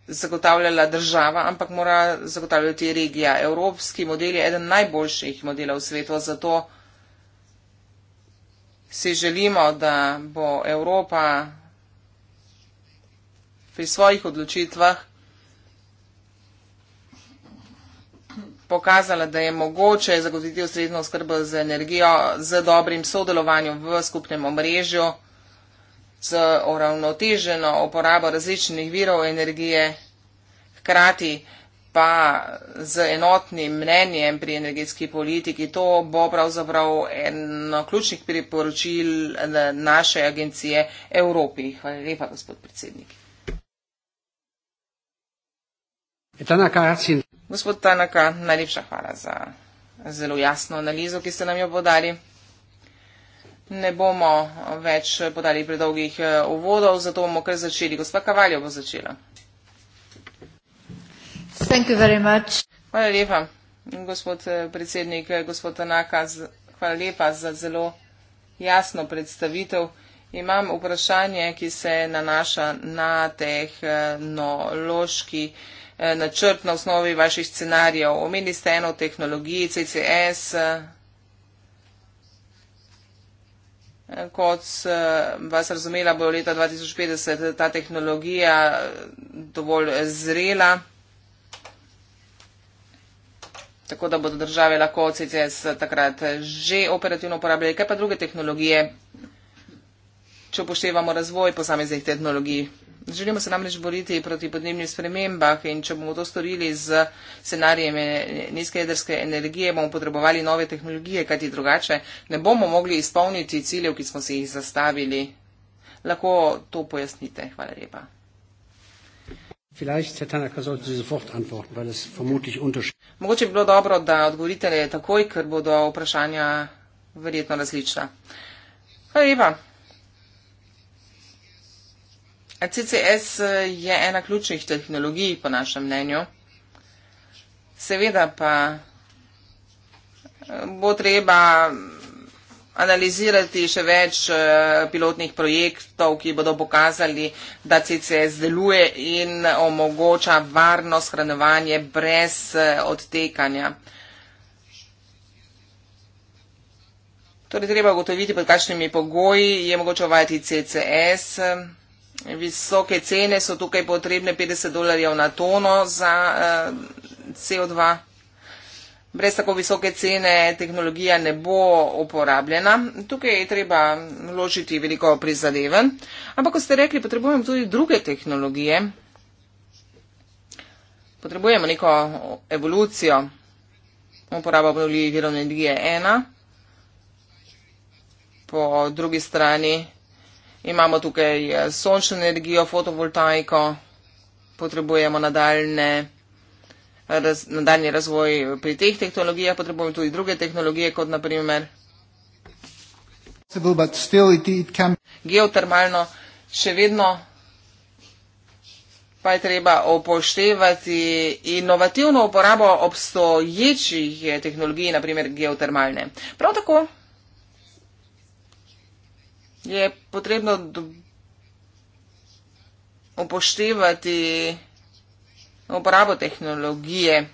zagotavljala država, ampak mora zagotavljati regija. Evropski model je eden najboljših modelov v svetu, zato si želimo, da bo Evropa pri svojih odločitvah pokazala, da je mogoče zagotoviti ustrezno oskrbo z energijo, z dobrim sodelovanjem v skupnem omrežju, z uravnoteženo uporabo različnih virov energije, hkrati pa z enotnim mnenjem pri energetski politiki. To bo pravzaprav eno ključnih priporočil eh, naše agencije Evropi. Hvala lepa, gospod predsednik. E, Tanaka Acin. Gospod Tanaka, najlepša hvala za zelo jasno analizo, ki ste nam jo podali. Ne bomo več podali predolgih eh, uvodov, zato bomo kar začeli. Gospa Kavaljo bo začela. Hvala lepa, gospod eh, predsednik, eh, gospod Tanaka, hvala lepa za zelo jasno predstavitev. Imam vprašanje, ki se nanaša na tehnološki. No, Eh, načrt na osnovi vaših scenarijev. Omeni ste eno tehnologij, CCS, eh, eh, kot vas razumela, bo leta 2050 ta tehnologija dovolj zrela, tako da bodo države lahko CCS takrat že operativno uporabljali. Kaj pa druge tehnologije, če upoštevamo razvoj posameznih tehnologij? Želimo se namreč boriti proti podnebnim spremembah in če bomo to storili z scenarijem nizke jedrske energije, bomo potrebovali nove tehnologije, kajti drugače ne bomo mogli izpolniti ciljev, ki smo si jih zastavili. Lahko to pojasnite. Hvala lepa. Mogoče bi bilo dobro, da odgovorite takoj, ker bodo vprašanja verjetno različna. Hvala lepa. CCS eh, je ena ključnih tehnologij, po našem mnenju. Seveda pa eh, bo treba analizirati še več eh, pilotnih projektov, ki bodo pokazali, da CCS deluje in omogoča varno shranjevanje brez odtekanja. Torej, treba ugotoviti, pod kakšnimi pogoji je mogoče uvajati CCS visoke cene so tukaj potrebne 50 dolarjev na tono za uh, eh, CO2. Brez tako visoke cene tehnologija ne bo uporabljena. Tukaj je treba ložiti veliko prizadeven. Ampak, kot ste rekli, potrebujemo tudi druge tehnologije. Potrebujemo neko evolucijo. Uporaba obnovljivih virov energije je ena. Po drugi strani Imamo tukaj eh, sončno energijo, fotovoltaiko, potrebujemo nadaljne, raz, nadaljni razvoj pri teh tehnologijah, potrebujemo tudi druge tehnologije, kot naprimer geotermalno, še vedno pa je treba upoštevati inovativno uporabo obstoječih eh, tehnologij, naprimer geotermalne. Prav tako je potrebno upoštevati uporabo tehnologije.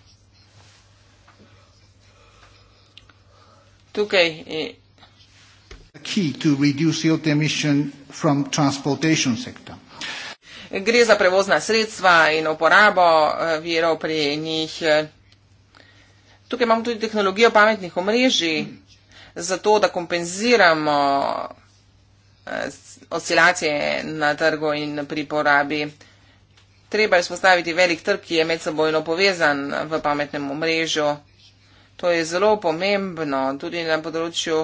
Tukaj je. Key to reduce CO2 emission from transportation sector. Gre za prevozna sredstva in uporabo eh, virov pri njih. Tukaj imamo tudi tehnologijo pametnih omrežij, zato da kompenziramo Eh, oscilacije na trgu in pri porabi. Treba je spostaviti velik trg, ki je medsebojno povezan v pametnem omrežju. To je zelo pomembno, tudi na področju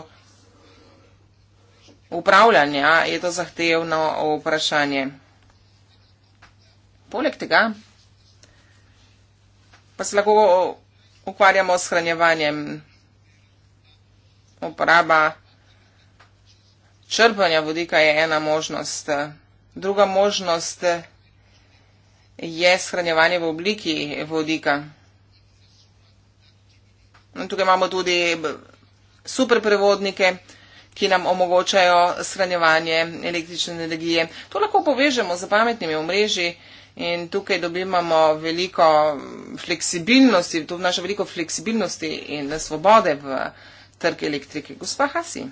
upravljanja je to zahtevno vprašanje. Poleg tega pa se lahko ukvarjamo s hranjevanjem. Uporaba črpanja vodika je ena možnost. Druga možnost je shranjevanje v obliki vodika. No, tukaj imamo tudi super prevodnike, ki nam omogočajo shranjevanje električne energije. To lahko povežemo z pametnimi omrežji in tukaj dobimo veliko fleksibilnosti, to vnaša veliko fleksibilnosti in svobode v trg elektrike. Gospa Hasi.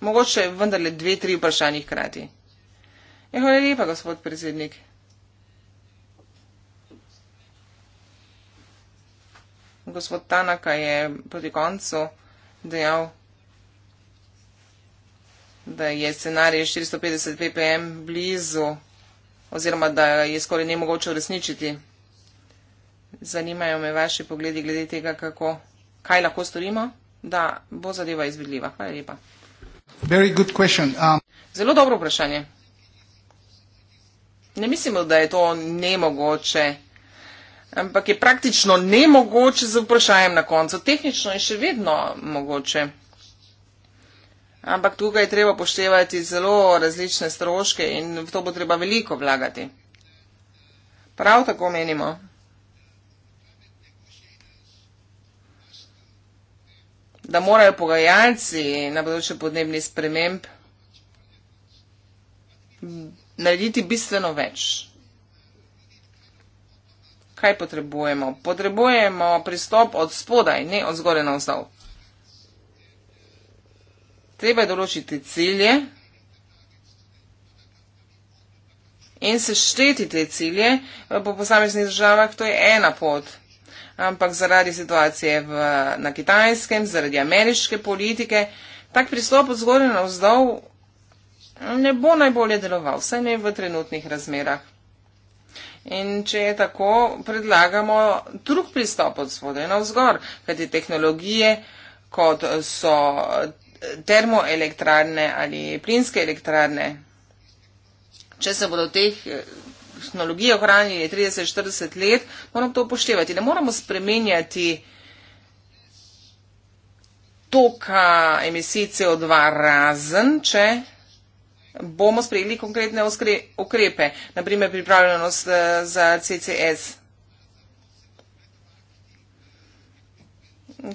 Mogoče vendarle dve, tri vprašanje hkrati. Ja, hvala lepa, gospod predsednik. Gospod Tanaka je proti koncu dejal, da je scenarij 450 ppm blizu oziroma da je skoraj nemogoče uresničiti. Zanimajo me vaše pogledi glede tega, kako, kaj lahko storimo, da bo zadeva izvedljiva. Hvala lepa. Um, zelo dobro vprašanje. Ne mislimo, da je to nemogoče, ampak je praktično nemogoče z vprašanjem na koncu. Tehnično je še vedno mogoče. Ampak tukaj je treba poštevati zelo različne stroške in v to bo treba veliko vlagati. Prav tako menimo. da morajo pogajalci na področju podnebnih sprememb narediti bistveno več. Kaj potrebujemo? Potrebujemo pristop od spodaj, ne od zgore na vzdolj. Treba je določiti cilje in se šteti te cilje eh, po posameznih državah, to je ena pot ampak zaradi situacije v, na kitajskem, zaradi ameriške politike, tak pristop od zgoraj na vzdolj ne bo najbolje deloval, vsaj ne v trenutnih razmerah. In če je tako, predlagamo drug pristop od spodaj na vzgor, kajti tehnologije, kot so termoelektrarne ali plinske elektrarne, če se bodo teh tehnologije ohranjene 30-40 let, moramo to upoštevati. Ne moramo spremenjati toka emisij CO2 razen, če bomo sprejeli konkretne ukrepe, naprimer pripravljenost eh, za CCS.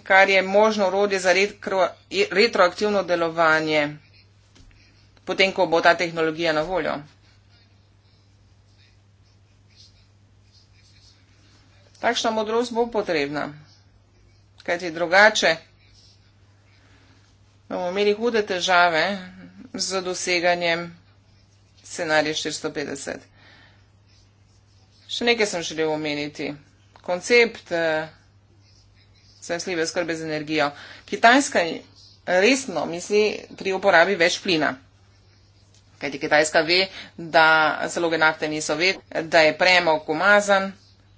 kar je možno urodje za retro, retroaktivno delovanje, potem ko bo ta tehnologija na voljo. Takšna modrost bo potrebna, kajti drugače bomo imeli hude težave z doseganjem scenarija 450. Še nekaj sem želel omeniti. Koncept eh, sensljive skrbe z energijo. Kitajska resno misli pri uporabi več plina. Kajti Kitajska ve, da zaloge nafte niso ve, da je premog umazan.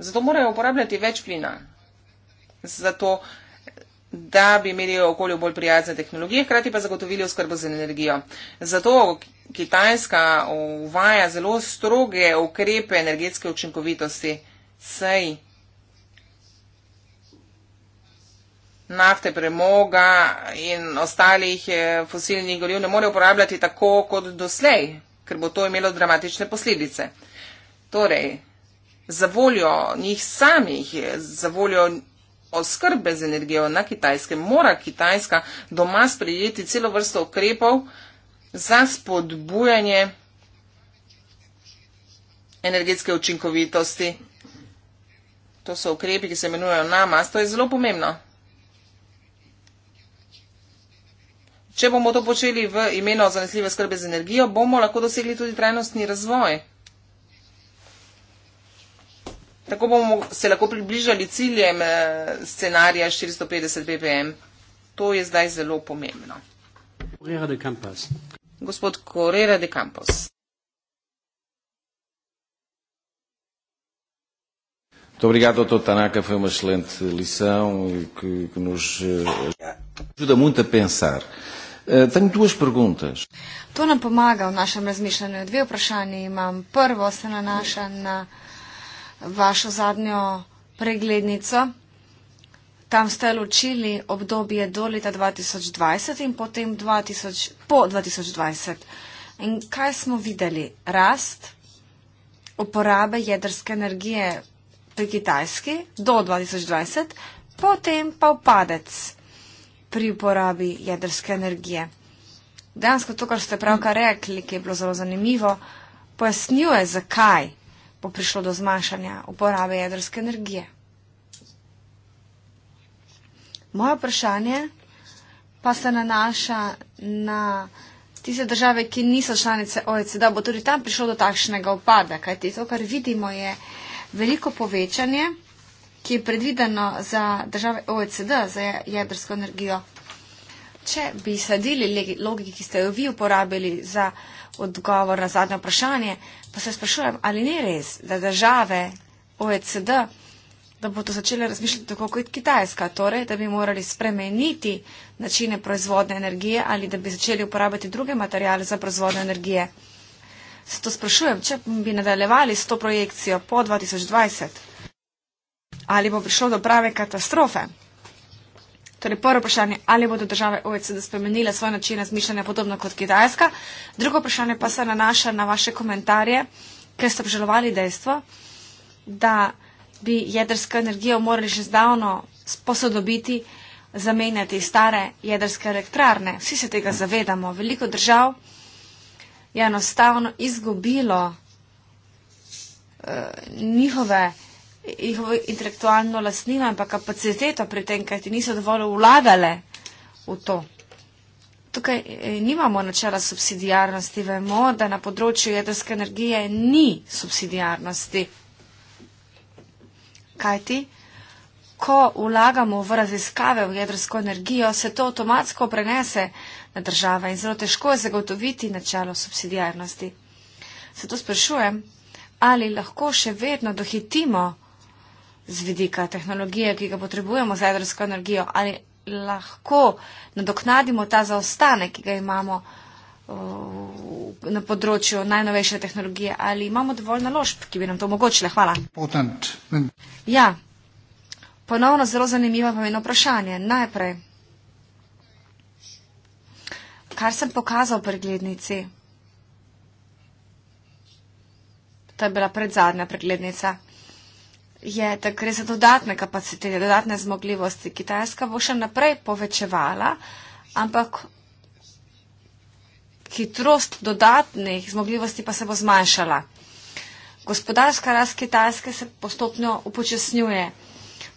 Zato morajo uporabljati več plina. Zato, da bi imeli okolju bolj prijazne tehnologije, hkrati pa zagotovili oskrbo z energijo. Zato Kitajska uvaja zelo stroge ukrepe energetske učinkovitosti, saj nafte, premoga in ostalih eh, fosilnih goriv ne more uporabljati tako kot doslej, ker bo to imelo dramatične posledice. Torej, za voljo njih samih, za voljo oskrbe z energijo na Kitajskem, mora Kitajska doma sprejeti celo vrsto ukrepov za spodbujanje energetske učinkovitosti. To so ukrepi, ki se imenujejo namas, to je zelo pomembno. Če bomo to počeli v imenu zanesljive skrbe z energijo, bomo lahko dosegli tudi trajnostni razvoj. Tako bomo se lahko približali ciljem eh, scenarija 450 ppm. To je zdaj zelo pomembno. Gospod Correra de Campos. Obrigado, doutor Tanaka. Foi uma excelente lição e que, que nos eh, ajuda muito a pensar. Eh, tenho duas perguntas. To nam pomaga v našem razmišljanju. Dve vprašanje imam. Prvo se nanaša na, na vašo zadnjo preglednico. Tam ste ločili obdobje do leta 2020 in potem 2000, po 2020. In kaj smo videli? Rast uporabe jedrske energije pri Kitajski do 2020, potem pa upadec pri uporabi jedrske energije. Dejansko to, kar ste pravkar rekli, ki je bilo zelo zanimivo, pojasnjuje, zakaj bo prišlo do zmanjšanja uporabe jedrske energije. Moje vprašanje pa se nanaša na tiste države, ki niso članice OECD, da bo tudi tam prišlo do takšnega upada, kajti to, kar vidimo, je veliko povečanje, ki je predvideno za države OECD za jedrsko energijo. Če bi sledili logiki, ki ste jo vi uporabili za odgovor na zadnje vprašanje, pa se sprašujem, ali ni res, da države OECD, da bodo začele razmišljati tako kot Kitajska, torej, da bi morali spremeniti načine proizvodne energije ali da bi začeli uporabljati druge materijale za proizvodne energije. Se to sprašujem, če bi nadaljevali s to projekcijo po 2020, ali bo prišlo do prave katastrofe? Torej, prvo vprašanje, ali bodo države OECD spremenile svoj način razmišljanja podobno kot Kitajska. Drugo vprašanje pa se nanaša na vaše komentarje, ker ste obžalovali dejstvo, da bi jedrsko energijo morali že zdavno sposodobiti, zamenjati stare jedrske elektrarne. Vsi se tega zavedamo. Veliko držav je enostavno izgubilo uh, njihove njihovo intelektualno lastnino in pa kapaciteto pri tem, kajti niso dovolj vlagale v to. Tukaj e, nimamo načela subsidijarnosti, vemo, da na področju jedrske energije ni subsidijarnosti. Kajti, ko vlagamo v raziskave v jedrsko energijo, se to avtomatsko prenese na države in zelo težko je zagotoviti načelo subsidijarnosti. Zato sprašujem, ali lahko še vedno dohitimo z vidika tehnologije, ki ga potrebujemo za jedrsko energijo, ali lahko nadoknadimo ta zaostanek, ki ga imamo uh, na področju najnovejše tehnologije, ali imamo dovolj naložb, ki bi nam to omogočile. Hvala. Ja, ponovno zelo zanimivo pa je eno vprašanje. Najprej, kar sem pokazal preglednici, to je bila predzadnja preglednica je, da gre za dodatne kapacitete, dodatne zmogljivosti. Kitajska bo še naprej povečevala, ampak hitrost dodatnih zmogljivosti pa se bo zmanjšala. Gospodarska rast Kitajske se postopno upočasnjuje.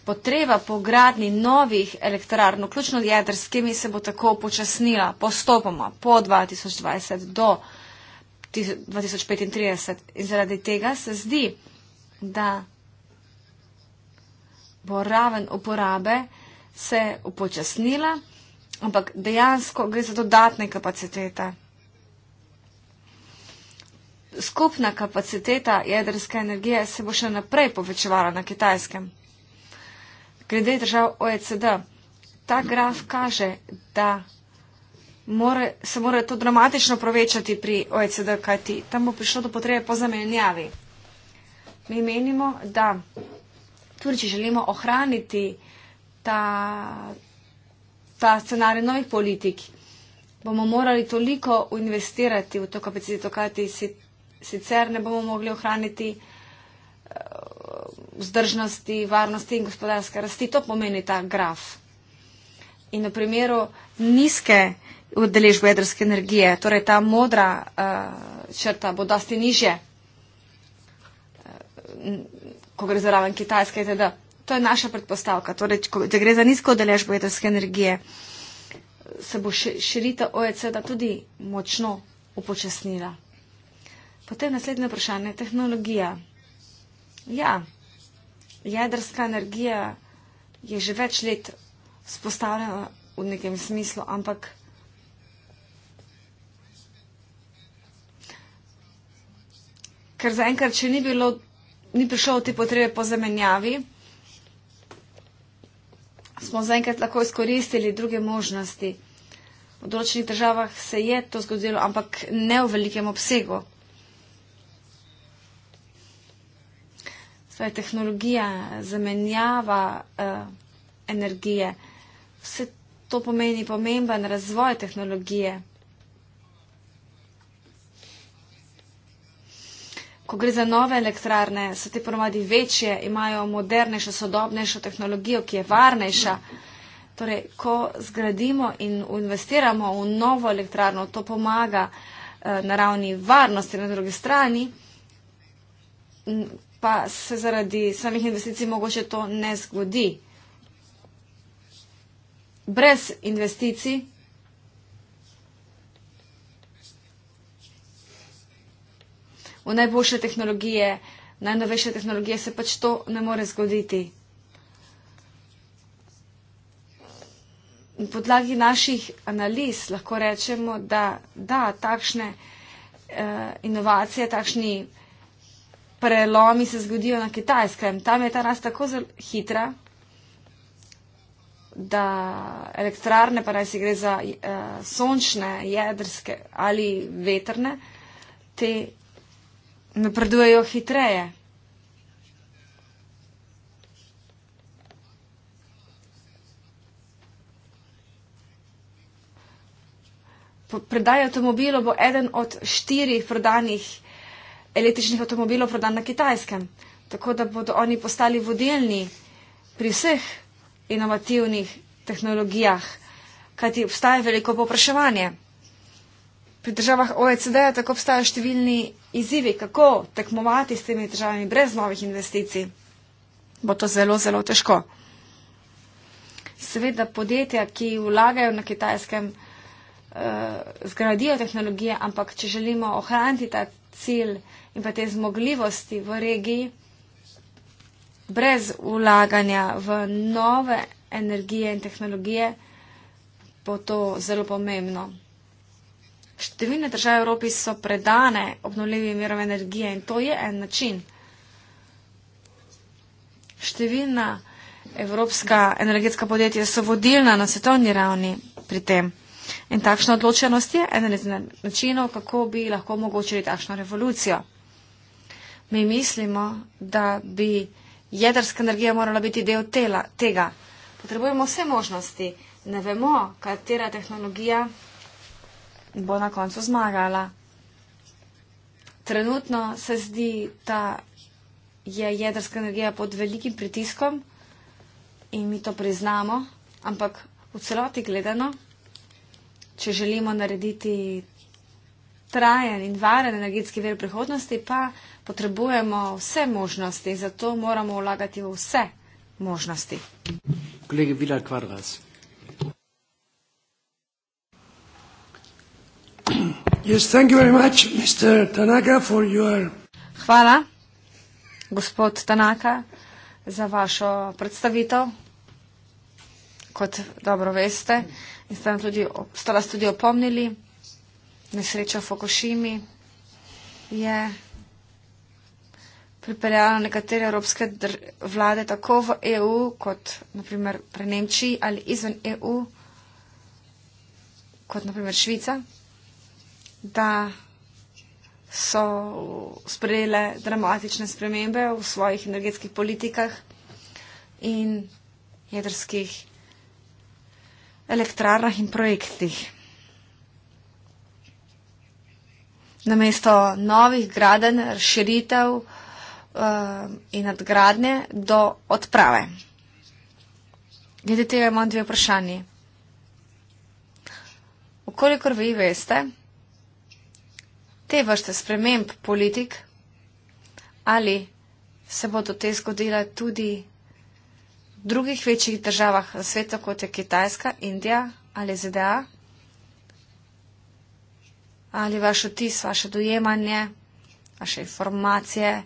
Potreba po gradni novih elektrarn, vključno jedrskimi, se bo tako upočasnila postopoma po 2020 do 2035. In zaradi tega se zdi, da bo raven uporabe se upočasnila, ampak dejansko gre za dodatne kapacitete. Skupna kapaciteta jedrske energije se bo še naprej povečevala na kitajskem. Glede držav OECD, ta graf kaže, da more, se mora to dramatično povečati pri OECD, kajti tam bo prišlo do potrebe po zamenjavi. Mi menimo, da tudi če želimo ohraniti ta, ta scenarij novih politik, bomo morali toliko investirati v to kapaciteto, kajti sicer ne bomo mogli ohraniti eh, vzdržnosti, varnosti in gospodarske rasti. To pomeni ta graf. In v primeru nizke udeležbe jedrske energije, torej ta modra uh, črta bo dosti niže. Eh, ko gre za raven Kitajske, da to je naša predpostavka. Torej, če gre za nizko deležbo jedrske energije, se bo širita e OECD tudi močno upočasnila. Potem naslednje vprašanje, tehnologija. Ja, jedrska energija je že več let spostavljena v nekem smislu, ampak. Ker zaenkrat, če ni bilo ni prišel te potrebe po zamenjavi, smo zaenkrat lahko izkoristili druge možnosti. V določenih državah se je to zgodilo, ampak ne v velikem obsegu. Svoje torej, tehnologija, zamenjava eh, energije, vse to pomeni pomemben razvoj tehnologije. Ko gre za nove elektrarne, so te ponovadi večje, imajo modernejšo, sodobnejšo tehnologijo, ki je varnejša. Torej, ko zgradimo in investiramo v novo elektrarno, to pomaga eh, naravni varnosti na drugi strani, pa se zaradi samih investicij mogoče to ne zgodi. Brez investicij v najboljše tehnologije, najnovejše tehnologije, se pač to ne more zgoditi. Na podlagi naših analiz lahko rečemo, da, da takšne eh, inovacije, takšni prelomi se zgodijo na kitajskem. Tam je ta rast tako zelo hitra, da elektrarne, pa naj si gre za eh, sončne, jedrske ali vetrne, te napredujejo hitreje. Predaj avtomobilov bo eden od štirih prodanih električnih avtomobilov prodan na kitajskem, tako da bodo oni postali vodilni pri vseh inovativnih tehnologijah, kajti obstaja veliko popraševanje pri državah OECD-ja tako obstajajo številni izzivi, kako tekmovati s temi državami brez novih investicij. Bo to zelo, zelo težko. Seveda podjetja, ki vlagajo na kitajskem, eh, zgradijo tehnologije, ampak če želimo ohraniti ta cilj in pa te zmogljivosti v regiji, brez vlaganja v nove energije in tehnologije, bo to zelo pomembno. Številne države Evropi so predane obnovljivim virom energije in to je en način. Številna evropska energetska podjetja so vodilna na svetovni ravni pri tem. In takšna odločenost je en iz načinov, kako bi lahko omogočili takšno revolucijo. Mi mislimo, da bi jedrska energija morala biti del tela, tega. Potrebujemo vse možnosti. Ne vemo, katera tehnologija in bo na koncu zmagala. Trenutno se zdi, da je jedrska energija pod velikim pritiskom in mi to priznamo, ampak v celoti gledano, če želimo narediti trajen in varen energetski vir prihodnosti, pa potrebujemo vse možnosti, zato moramo vlagati v vse možnosti. Kolega Bilar Kvarvas. Yes, thank you very much, Mr. Tanaka, for your... Hvala, gospod Tanaka, za vašo predstavitev. Kot dobro veste, ste nas tudi, tudi opomnili, nesreča v Fukushimi je pripeljala nekatere evropske vlade tako v EU, kot naprimer pre Nemčiji ali izven EU, kot naprimer Švica da so sprejele dramatične spremembe v svojih energetskih politikah in jedrskih elektrarnah in projektih. Namesto novih graden, razširitev um, in nadgradnje do odprave. Glede tega imam dve vprašanje. Vkolikor vi veste, te vrste sprememb politik, ali se bodo te zgodile tudi v drugih večjih državah sveta, kot je Kitajska, Indija ali ZDA? Ali vaš otis, vaše dojemanje, vaše informacije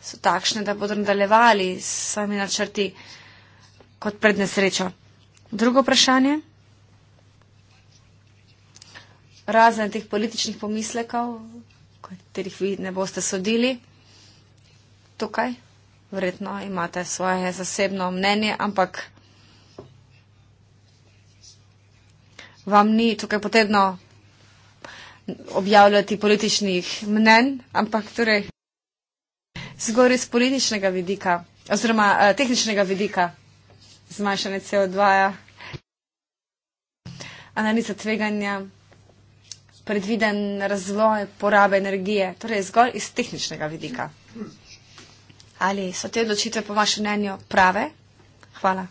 so takšne, da bodo nadaljevali s svojimi načrti kot pred nesrečo? Drugo vprašanje. Razen teh političnih pomislekov, katerih vi ne boste sodili. Tukaj verjetno imate svoje zasebno mnenje, ampak vam ni tukaj potrebno objavljati političnih mnenj, ampak torej zgolj iz političnega vidika oziroma eh, tehničnega vidika zmanjšanje CO2-ja, analiza tveganja predviden razvoj porabe energije, torej zgolj iz tehničnega vidika. Ali so te odločitve po vašem mnenju prave? Hvala.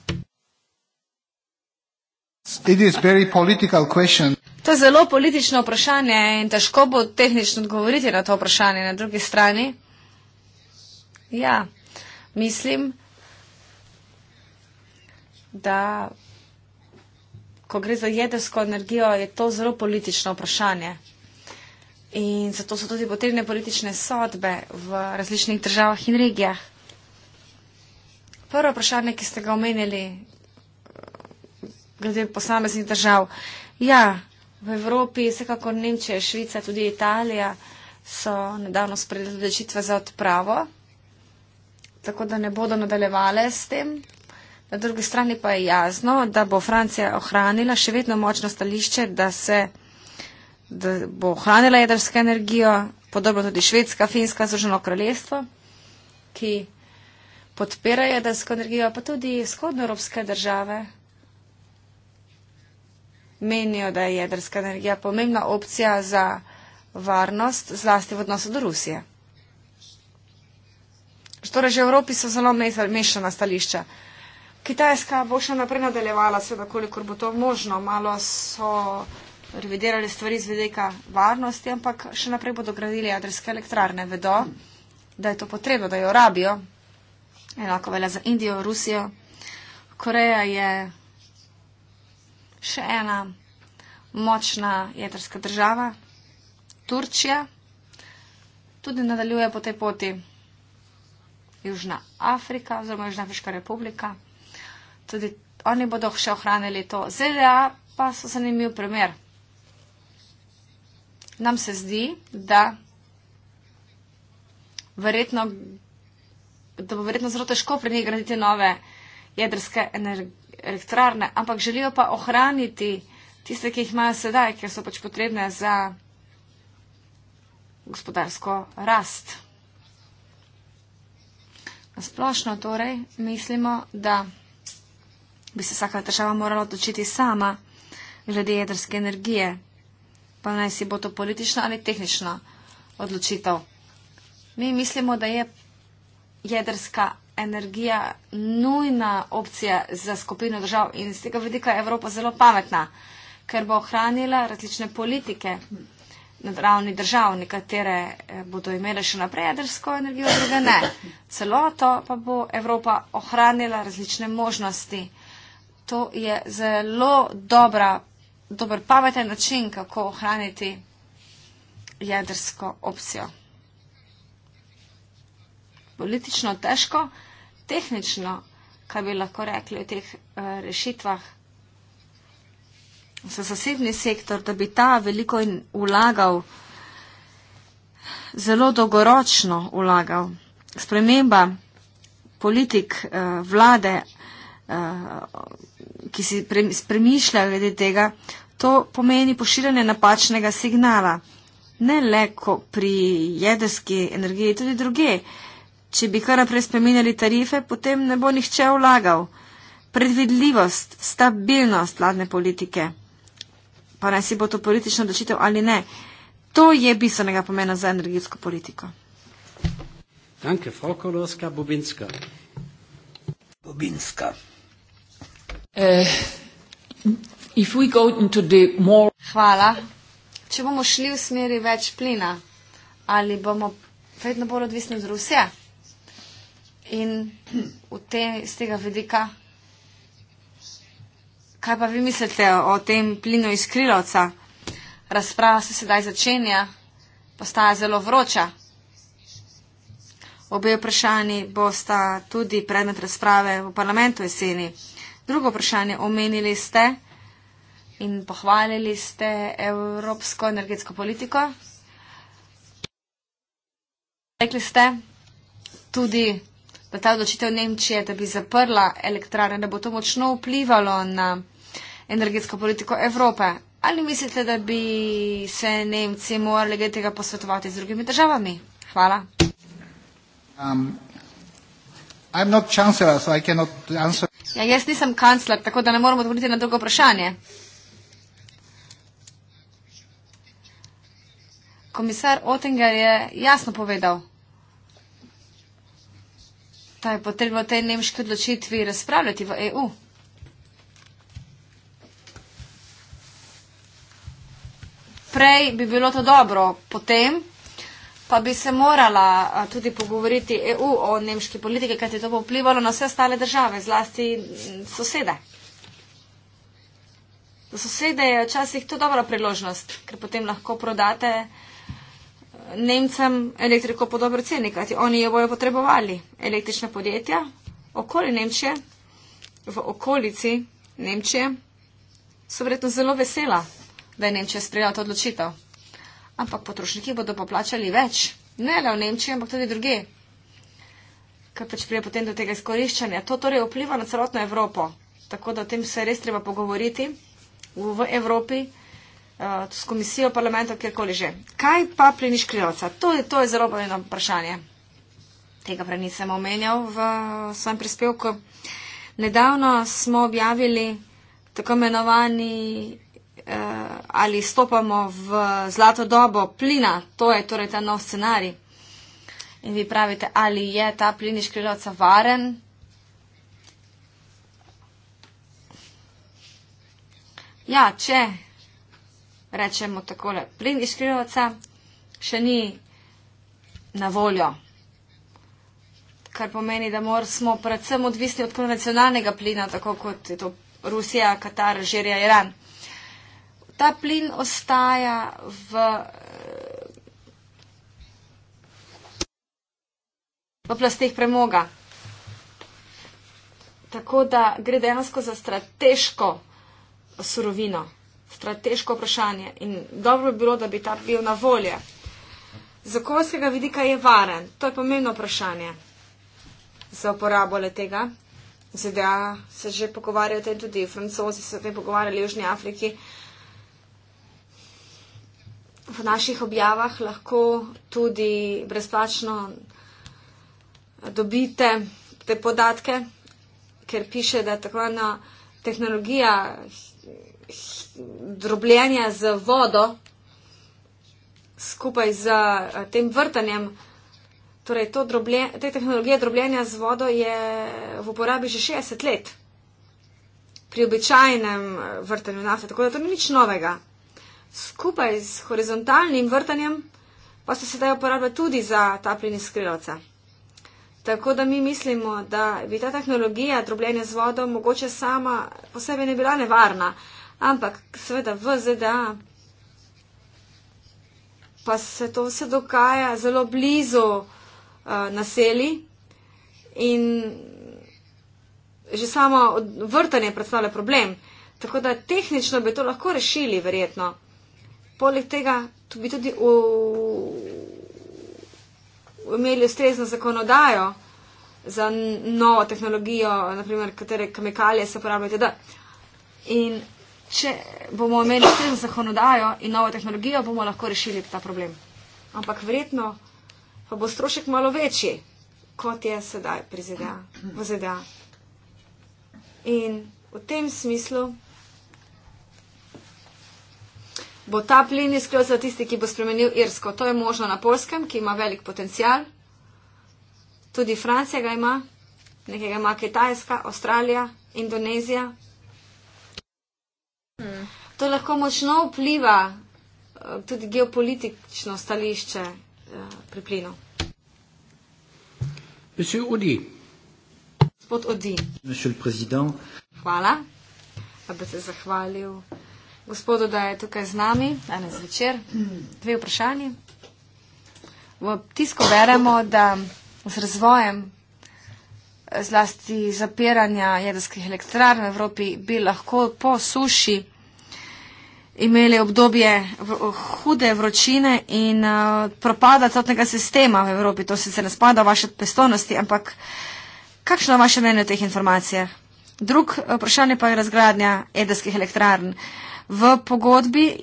To je zelo politično vprašanje in težko bo tehnično odgovoriti na to vprašanje na drugi strani. Ja, mislim, da ko gre za jedrsko energijo, je to zelo politično vprašanje. In zato so tudi potrebne politične sodbe v različnih državah in regijah. Prvo vprašanje, ki ste ga omenili, glede posameznih držav. Ja, v Evropi, vsekakor Nemčija, Švica, tudi Italija so nedavno sprejeli odločitve za odpravo, tako da ne bodo nadaljevale s tem Na drugi strani pa je jasno, da bo Francija ohranila še vedno močno stališče, da, se, da bo ohranila jedrsko energijo, podobno tudi Švedska, Finska, Združeno kraljestvo, ki podpirajo jedrsko energijo, pa tudi vzhodnoevropske države menijo, da je jedrska energija pomembna opcija za varnost, zlasti v odnosu do Rusije. Torej, že v Evropi so zelo mešana stališča. Kitajska bo še naprej nadaljevala, seveda, kolikor bo to možno. Malo so revidirali stvari z vedeka varnosti, ampak še naprej bodo gradili jadrske elektrarne. Vedo, da je to potrebno, da jo rabijo. Enako velja za Indijo, Rusijo. Koreja je še ena močna jedrska država, Turčija, tudi nadaljuje po tej poti Južna Afrika oziroma Južna Afriška republika tudi oni bodo še ohranili to. ZDA pa so zanimiv primer. Nam se zdi, da, verjetno, da bo verjetno zelo težko pri njih graditi nove jedrske elektrarne, ampak želijo pa ohraniti tiste, ki jih imajo sedaj, ker so pač potrebne za gospodarsko rast. Nasplošno torej mislimo, da bi se vsaka država morala odločiti sama glede jedrske energije, pa naj si bo to politična ali tehnična odločitev. Mi mislimo, da je jedrska energija nujna opcija za skupino držav in z tega vidika je Evropa zelo pametna, ker bo ohranila različne politike na ravni držav, nekatere eh, bodo imele še naprej jedrsko energijo, druge ne. Celoto pa bo Evropa ohranila različne možnosti to je zelo dobra, dober pameten način, kako ohraniti jedrsko opcijo. Politično težko, tehnično, kaj bi lahko rekli o teh eh, rešitvah za zasebni sektor, da bi ta veliko ulagal, zelo dolgoročno ulagal. Sprememba politik eh, vlade Eh, ki si pre, premišlja glede tega, to pomeni poširjanje napačnega signala. Ne le pri jedrski energiji, tudi druge. Če bi kar naprej spremenjali tarife, potem ne bo nihče vlagal. Predvidljivost, stabilnost vladne politike, pa naj si bo to politično odločitev ali ne, to je bistvenega pomena za energetsko politiko. Danke, Frau Kolorska, Bobinska. Bobinska. Eh, Hvala. Če bomo šli v smeri več plina, ali bomo vedno bolj odvisni od Rusije? In te, z tega vidika, kaj pa vi mislite o tem plinu iz Krilovca? Razprava se sedaj začenja, postaja zelo vroča. Obe vprašanji bosta tudi predmet razprave v parlamentu jeseni. Drugo vprašanje, omenili ste in pohvalili ste evropsko energetsko politiko. Rekli ste tudi, da ta odločitev Nemčije, da bi zaprla elektrarne, da bo to močno vplivalo na energetsko politiko Evrope. Ali mislite, da bi se Nemci morali tega posvetovati z drugimi državami? Hvala. Um. I'm not chancellor, so I cannot answer. Ja, jaz nisem kancler, tako da ne moremo odgovoriti na drugo vprašanje. Komisar Ottinger je jasno povedal, da je potrebno o tej nemški odločitvi razpravljati v EU. Prej bi bilo to dobro, potem pa bi se morala tudi pogovoriti EU o nemški politiki, kaj je to vplivalo na vse ostale države, zlasti sosede. Za sosede je včasih to dobra priložnost, ker potem lahko prodate e, Nemcem elektriko po dobro ceni, kajti oni jo bojo potrebovali. Električna podjetja okoli Nemčije, v okolici Nemčije, so verjetno zelo vesela, da je Nemčija sprejela to odločitev ampak potrošniki bodo poplačali več, ne le v Nemčiji, ampak tudi druge, kar pač prije potem do tega izkoriščanja. To torej vpliva na celotno Evropo, tako da o tem se res treba pogovoriti v Evropi, eh, s komisijo, parlamentom, kjerkoli že. Kaj pa pleniš krilovca? To, to je zelo pomembno vprašanje. Tega prej nisem omenjal v svojem prispevku. Nedavno smo objavili tako imenovani eh, ali stopamo v zlato dobo plina, to je torej ta nov scenarij. In vi pravite, ali je ta plin iz krilovca varen? Ja, če rečemo takole, plin iz krilovca še ni na voljo. Kar pomeni, da mor, smo predvsem odvisni od konvencionalnega plina, tako kot je to Rusija, Katar, Žirija, Iran ta plin ostaja v, v plasteh premoga. Tako da gre dejansko za strateško surovino, strateško vprašanje. In dobro bi bilo, da bi ta bil na volje. Z okoljskega vidika je varen. To je pomembno vprašanje za uporabo le tega. ZDA se že pogovarjajo o tem, tudi francozi se o tem pogovarjali v Južni Afriki. Uh, v naših objavah lahko tudi brezplačno dobite te podatke, ker piše, da tako ena tehnologija drobljenja z vodo skupaj z eh, tem vrtanjem, torej to droblje, te tehnologije drobljenja z vodo je v uporabi že 60 let pri običajnem eh, vrtanju nafte, tako da to ni nič novega skupaj z horizontalnim vrtanjem pa se sedaj uporablja tudi za ta plin iz skrilavca. Tako da mi mislimo, da bi ta tehnologija drobljenja z vodo mogoče sama po sebi ne bila nevarna, ampak seveda v ZDA pa se to vse dogaja zelo blizu uh, naseli in že samo vrtanje predstavlja problem. Tako da tehnično bi to lahko rešili, verjetno. Poleg tega bi tudi v, v imeli ustrezno zakonodajo za novo tehnologijo, naprimer, katere kemikalije se uporabljate. In če bomo imeli ustrezno zakonodajo in novo tehnologijo, bomo lahko rešili ta problem. Ampak verjetno pa bo strošek malo večji, kot je sedaj pri ZDA. In v tem smislu bo ta plin izkril za tisti, ki bo spremenil Irsko. To je možno na Polskem, ki ima velik potencial. Tudi Francija ga ima, nekaj ga ima Kitajska, Avstralija, Indonezija. To lahko močno vpliva eh, tudi geopolitično stališče eh, pri plinu. Monsieur Odi. Gospod Odi. Monsieur Prezident. Hvala, da bi se zahvalil gospodu, da je tukaj z nami danes večer. Dve vprašanji. V tisku beremo, da z razvojem eh, zlasti zapiranja jedrskih elektrarn v Evropi bi lahko po suši imeli obdobje hude vročine in uh, propada celotnega sistema v Evropi. To sicer ne spada v vaše pristojnosti, ampak kakšno je vaše mnenje o teh informacijah? Drug eh, vprašanje pa je razgradnja jedrskih elektrarn. Uh, v pogodbi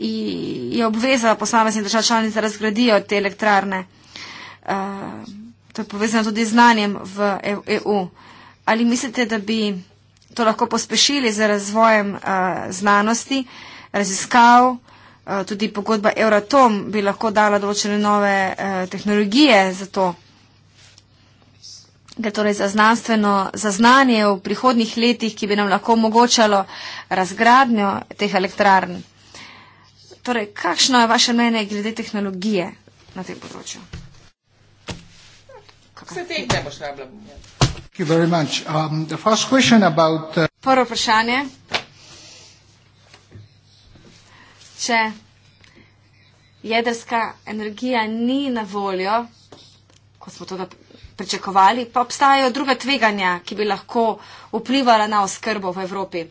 je obvezala posamezne države članice, da razgradijo te elektrarne. Eh, to je povezano tudi z znanjem v EU. E Ali mislite, da bi to lahko pospešili z razvojem eh, znanosti, raziskav, eh, tudi pogodba Euratom bi lahko dala določene nove tehnologije za to? gre torej za znanstveno zaznanje v prihodnih letih, ki bi nam lahko omogočalo razgradnjo teh elektrarn. Torej, kakšno je vaše mnenje glede tehnologije na tem področju? Um, uh, Prvo vprašanje. Če jedrska energija ni na voljo, kot smo to pričakovali, pa obstajajo druga tveganja, ki bi lahko vplivala na oskrbo v Evropi.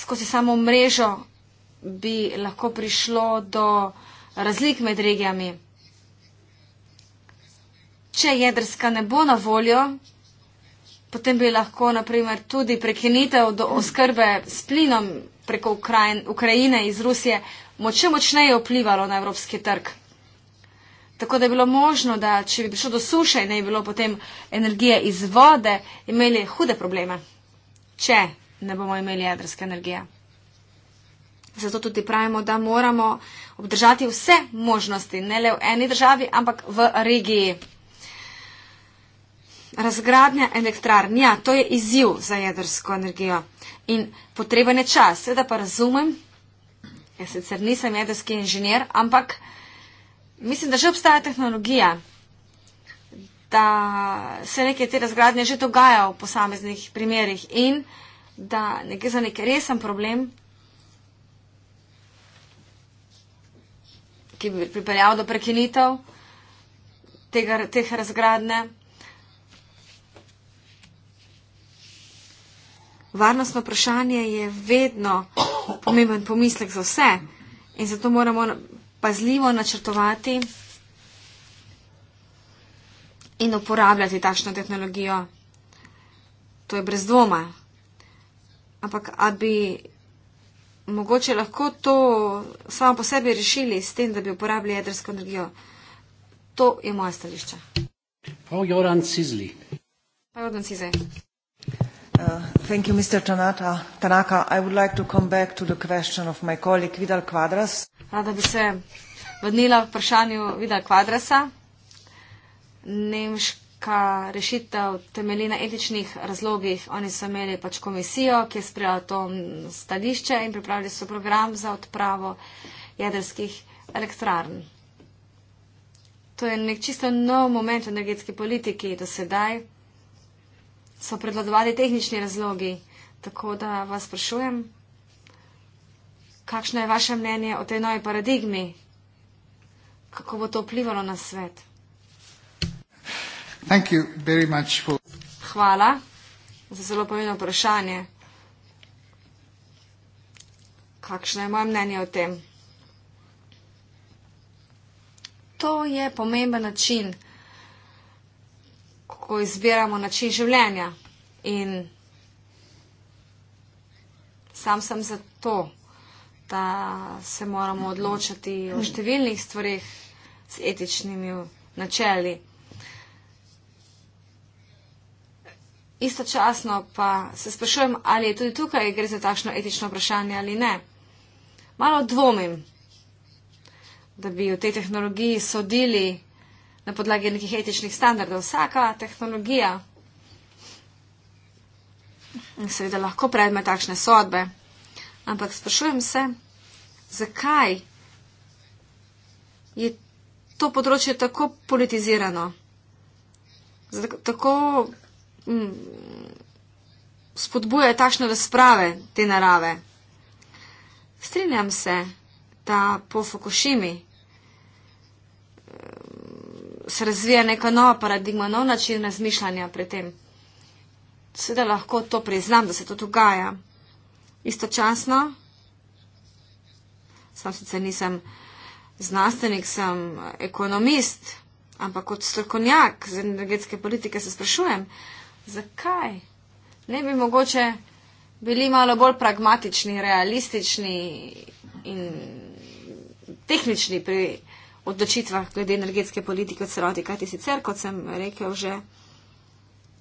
Skozi samo mrežo bi lahko prišlo do razlik med regijami. Če jedrska ne bo na voljo, potem bi lahko naprimer tudi prekinitev do oskrbe s plinom preko Ukrajine iz Rusije moče močneje vplivalo na evropski trg. Tako da je bilo možno, da če bi prišlo do suše in je bilo potem energije iz vode, imeli hude probleme, če ne bomo imeli jedrske energije. Zato tudi pravimo, da moramo obdržati vse možnosti, ne le v eni državi, ampak v regiji. Razgradnja elektrarn, ja, to je izziv za jedrsko energijo in potreben je čas. Sveda pa razumem, jaz sicer nisem jedrski inženir, ampak mislim, da že obstaja tehnologija, da se neke te razgradnje že dogajajo v posameznih primerjih in da nekje za nek resen problem, ki bi pripeljal do prekinitev tega, teh razgradnje, Varnostno vprašanje je vedno pomemben pomislek za vse in zato moramo pazljivo načrtovati in uporabljati takšno tehnologijo. To je brez dvoma. Ampak, a bi mogoče lahko to samo po sebi rešili s tem, da bi uporabljali jedrsko energijo? To je moja stališča. Paul Joran Cizli. Paul Joran Cizli. Uh, thank you, Mr. Tanaka. I would like to come back to the question of my colleague Vidal Quadras. Rada bi se vrnila k vprašanju Vida Kvadrasa. Nemška rešitev temelji na etičnih razlogih. Oni so imeli pač komisijo, ki je sprejela to stališče in pripravili so program za odpravo jedrskih elektrarn. To je nek čisto nov moment v energetski politiki. Do sedaj so predladovali tehnični razlogi. Tako da vas sprašujem kakšno je vaše mnenje o tej novi paradigmi? Kako bo to vplivalo na svet? Hvala za zelo pomembno vprašanje. Kakšno je moje mnenje o tem? To je pomemben način, ko izbiramo način življenja. In sam sem za to da se moramo odločati o številnih stvarih s etičnimi načeli. Istočasno pa se sprašujem, ali je tudi tukaj gre za takšno etično vprašanje ali ne. Malo dvomim, da bi v tej tehnologiji sodili na podlagi nekih etičnih standardov. Vsaka tehnologija je seveda lahko predmet takšne sodbe. Ampak sprašujem se, zakaj je to področje tako politizirano, tako mm, spodbuja takšne razprave te narave. Strinjam se, da po Fukushimi eh, se razvija neka nova paradigma, nov način razmišljanja pri tem. Seveda lahko to priznam, da se to dogaja istočasno. Sam sicer nisem znanstvenik, sem eh, ekonomist, ampak kot strokovnjak za energetske politike se sprašujem, zakaj ne bi mogoče bili malo bolj pragmatični, realistični in tehnični pri odločitvah glede energetske politike od celoti, kajti sicer, kot sem rekel že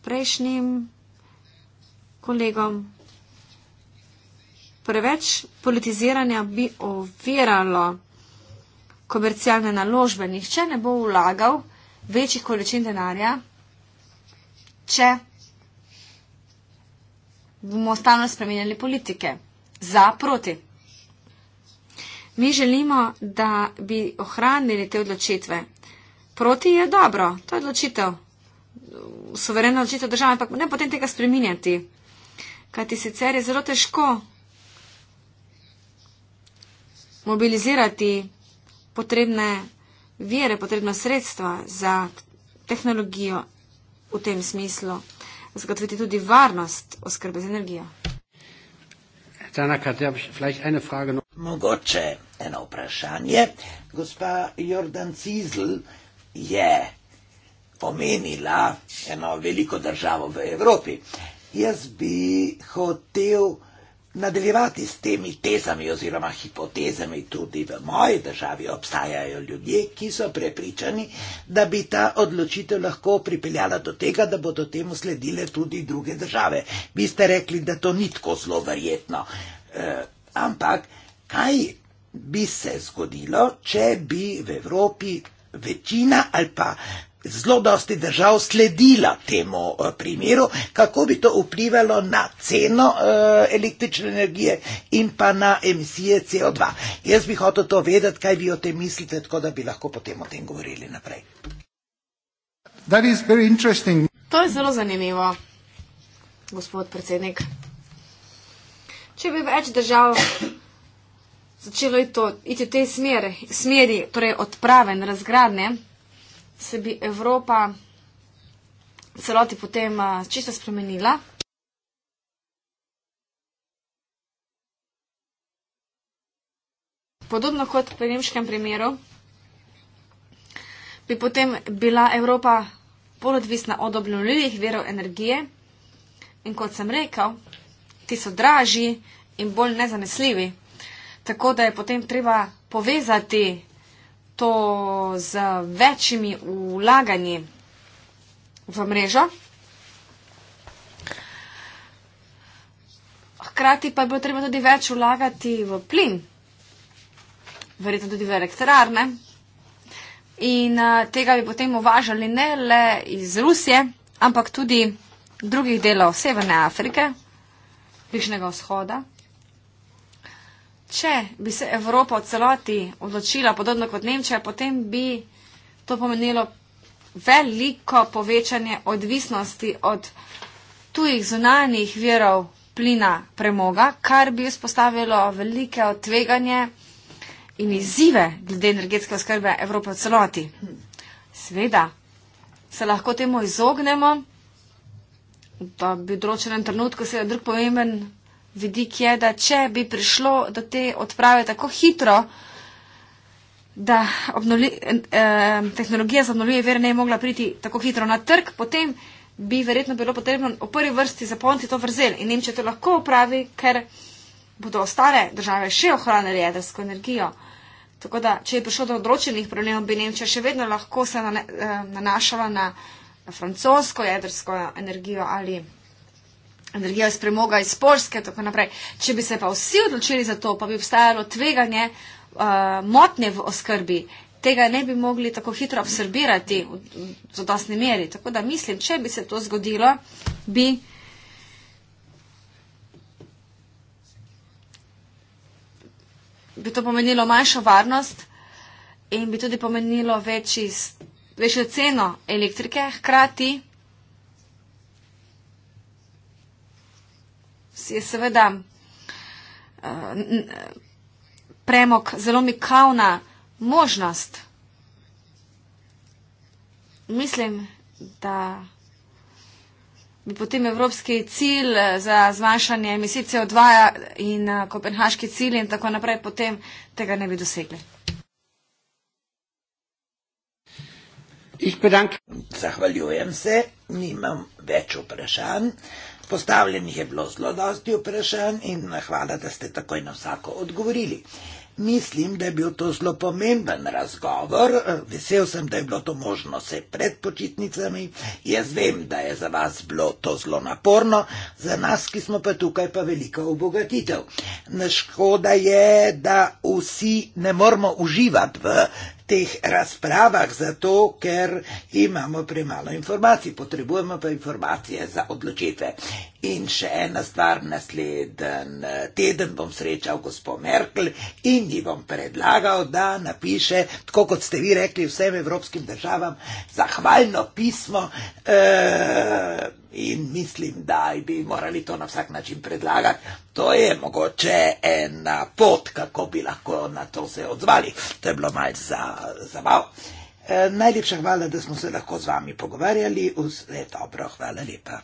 prejšnjim kolegom, preveč politiziranja bi oviralo komercialne naložbe. Nihče ne bo vlagal večjih količin denarja, če bomo stalno spremenjali politike za proti. Mi želimo, da bi ohranili te odločitve. Proti je dobro, to je odločitev, suverena odločitev države, ampak ne potem tega spreminjati, kajti sicer je zelo težko mobilizirati potrebne vire, potrebna sredstva za tehnologijo v tem smislu, zagotoviti tudi varnost oskrbe z energijo. Mogoče eno vprašanje. Gospa Jordan Cizl je omenila eno veliko državo v Evropi. Jaz bi hotel. Nadaljevati s temi tezami oziroma hipotezami tudi v moji državi obstajajo ljudje, ki so prepričani, da bi ta odločitev lahko pripeljala do tega, da bodo temu sledile tudi druge države. Vi ste rekli, da to ni tako zelo verjetno. E, ampak kaj bi se zgodilo, če bi v Evropi večina ali pa zelo dosti držav sledila temu eh, primeru, kako bi to vplivalo na ceno eh, električne energije in pa na emisije CO2. Jaz bi hotel to vedeti, kaj vi o tem mislite, tako da bi lahko potem o tem govorili naprej. To je zelo zanimivo, gospod predsednik. Če bi več držav začelo iti v tej smeri, smeri torej odprave in razgradnje, se bi Evropa celoti potem eh, čisto spremenila. Podobno kot pri nemškem primeru, bi potem bila Evropa polodvisna od obnovljivih verov energije in kot sem rekel, ti so dražji in bolj nezanesljivi. Tako da je potem treba povezati to z večjimi ulaganji v mrežo. Hkrati pa je bilo treba tudi več ulagati v plin, verjetno tudi v elektrarne. In eh, tega bi potem uvažali ne le iz Rusije, ampak tudi drugih delov Severne Afrike, Bližnjega vzhoda če bi se Evropa v celoti odločila podobno kot Nemčija, potem bi to pomenilo veliko povečanje odvisnosti od tujih zunanjih virov plina premoga, kar bi vzpostavilo velike odveganje in izzive glede energetske oskrbe Evrope v celoti. Sveda, se lahko temu izognemo, da bi v določenem trenutku se je drug pomemben vidik je, da če bi prišlo do te odprave tako hitro, da obnoli, eh, tehnologija za obnovljive vere ne bi mogla priti tako hitro na trg, potem bi verjetno bilo potrebno v prvi vrsti zapolniti to vrzel in Nemčija to lahko upravi, ker bodo ostale države še ohranili jedrsko energijo. Tako da, če je prišlo do odročenih problemov, bi Nemčija še vedno lahko se eh, nanašala na, na francosko jedrsko energijo ali energijo iz premoga, iz Polske in tako naprej. Če bi se pa vsi odločili za to, pa bi obstajalo tveganje uh, motnje v oskrbi, tega ne bi mogli tako hitro absorbirati v zadostni meri. Tako da mislim, če bi se to zgodilo, bi. bi to pomenilo manjšo varnost in bi tudi pomenilo večjo ceno elektrike, hkrati je seveda eh, premog zelo mikavna možnost. Mislim, da bi potem evropski cilj eh, za zmanjšanje emisij CO2 in eh, kopenhaški cilj in tako naprej potem tega ne bi dosegli. Ich bedanke. Zahvaljujem se, nimam več vprašanj. Postavljenih je bilo zelo dosti vprašanj in hvala, da ste takoj na vsako odgovorili. Mislim, da je bil to zelo pomemben razgovor. Vesel sem, da je bilo to možno se pred počitnicami. Jaz vem, da je za vas bilo to zelo naporno, za nas, ki smo pa tukaj, pa velika obogatitev. Naškoda je, da vsi ne moramo uživati v teh razpravah zato, ker imamo premalo informacij, potrebujemo pa informacije za odločitve. In še ena stvar, nasleden eh, teden bom srečal gospod Merkel in ji bom predlagal, da napiše, tako kot ste vi rekli, vsem evropskim državam zahvalno pismo. Eh, In mislim, da bi morali to na vsak način predlagati. To je mogoče ena pot, kako bi lahko na to se odzvali. To je bilo malce za, zabav. E, najlepša hvala, da smo se lahko z vami pogovarjali. Vse dobro, hvala lepa.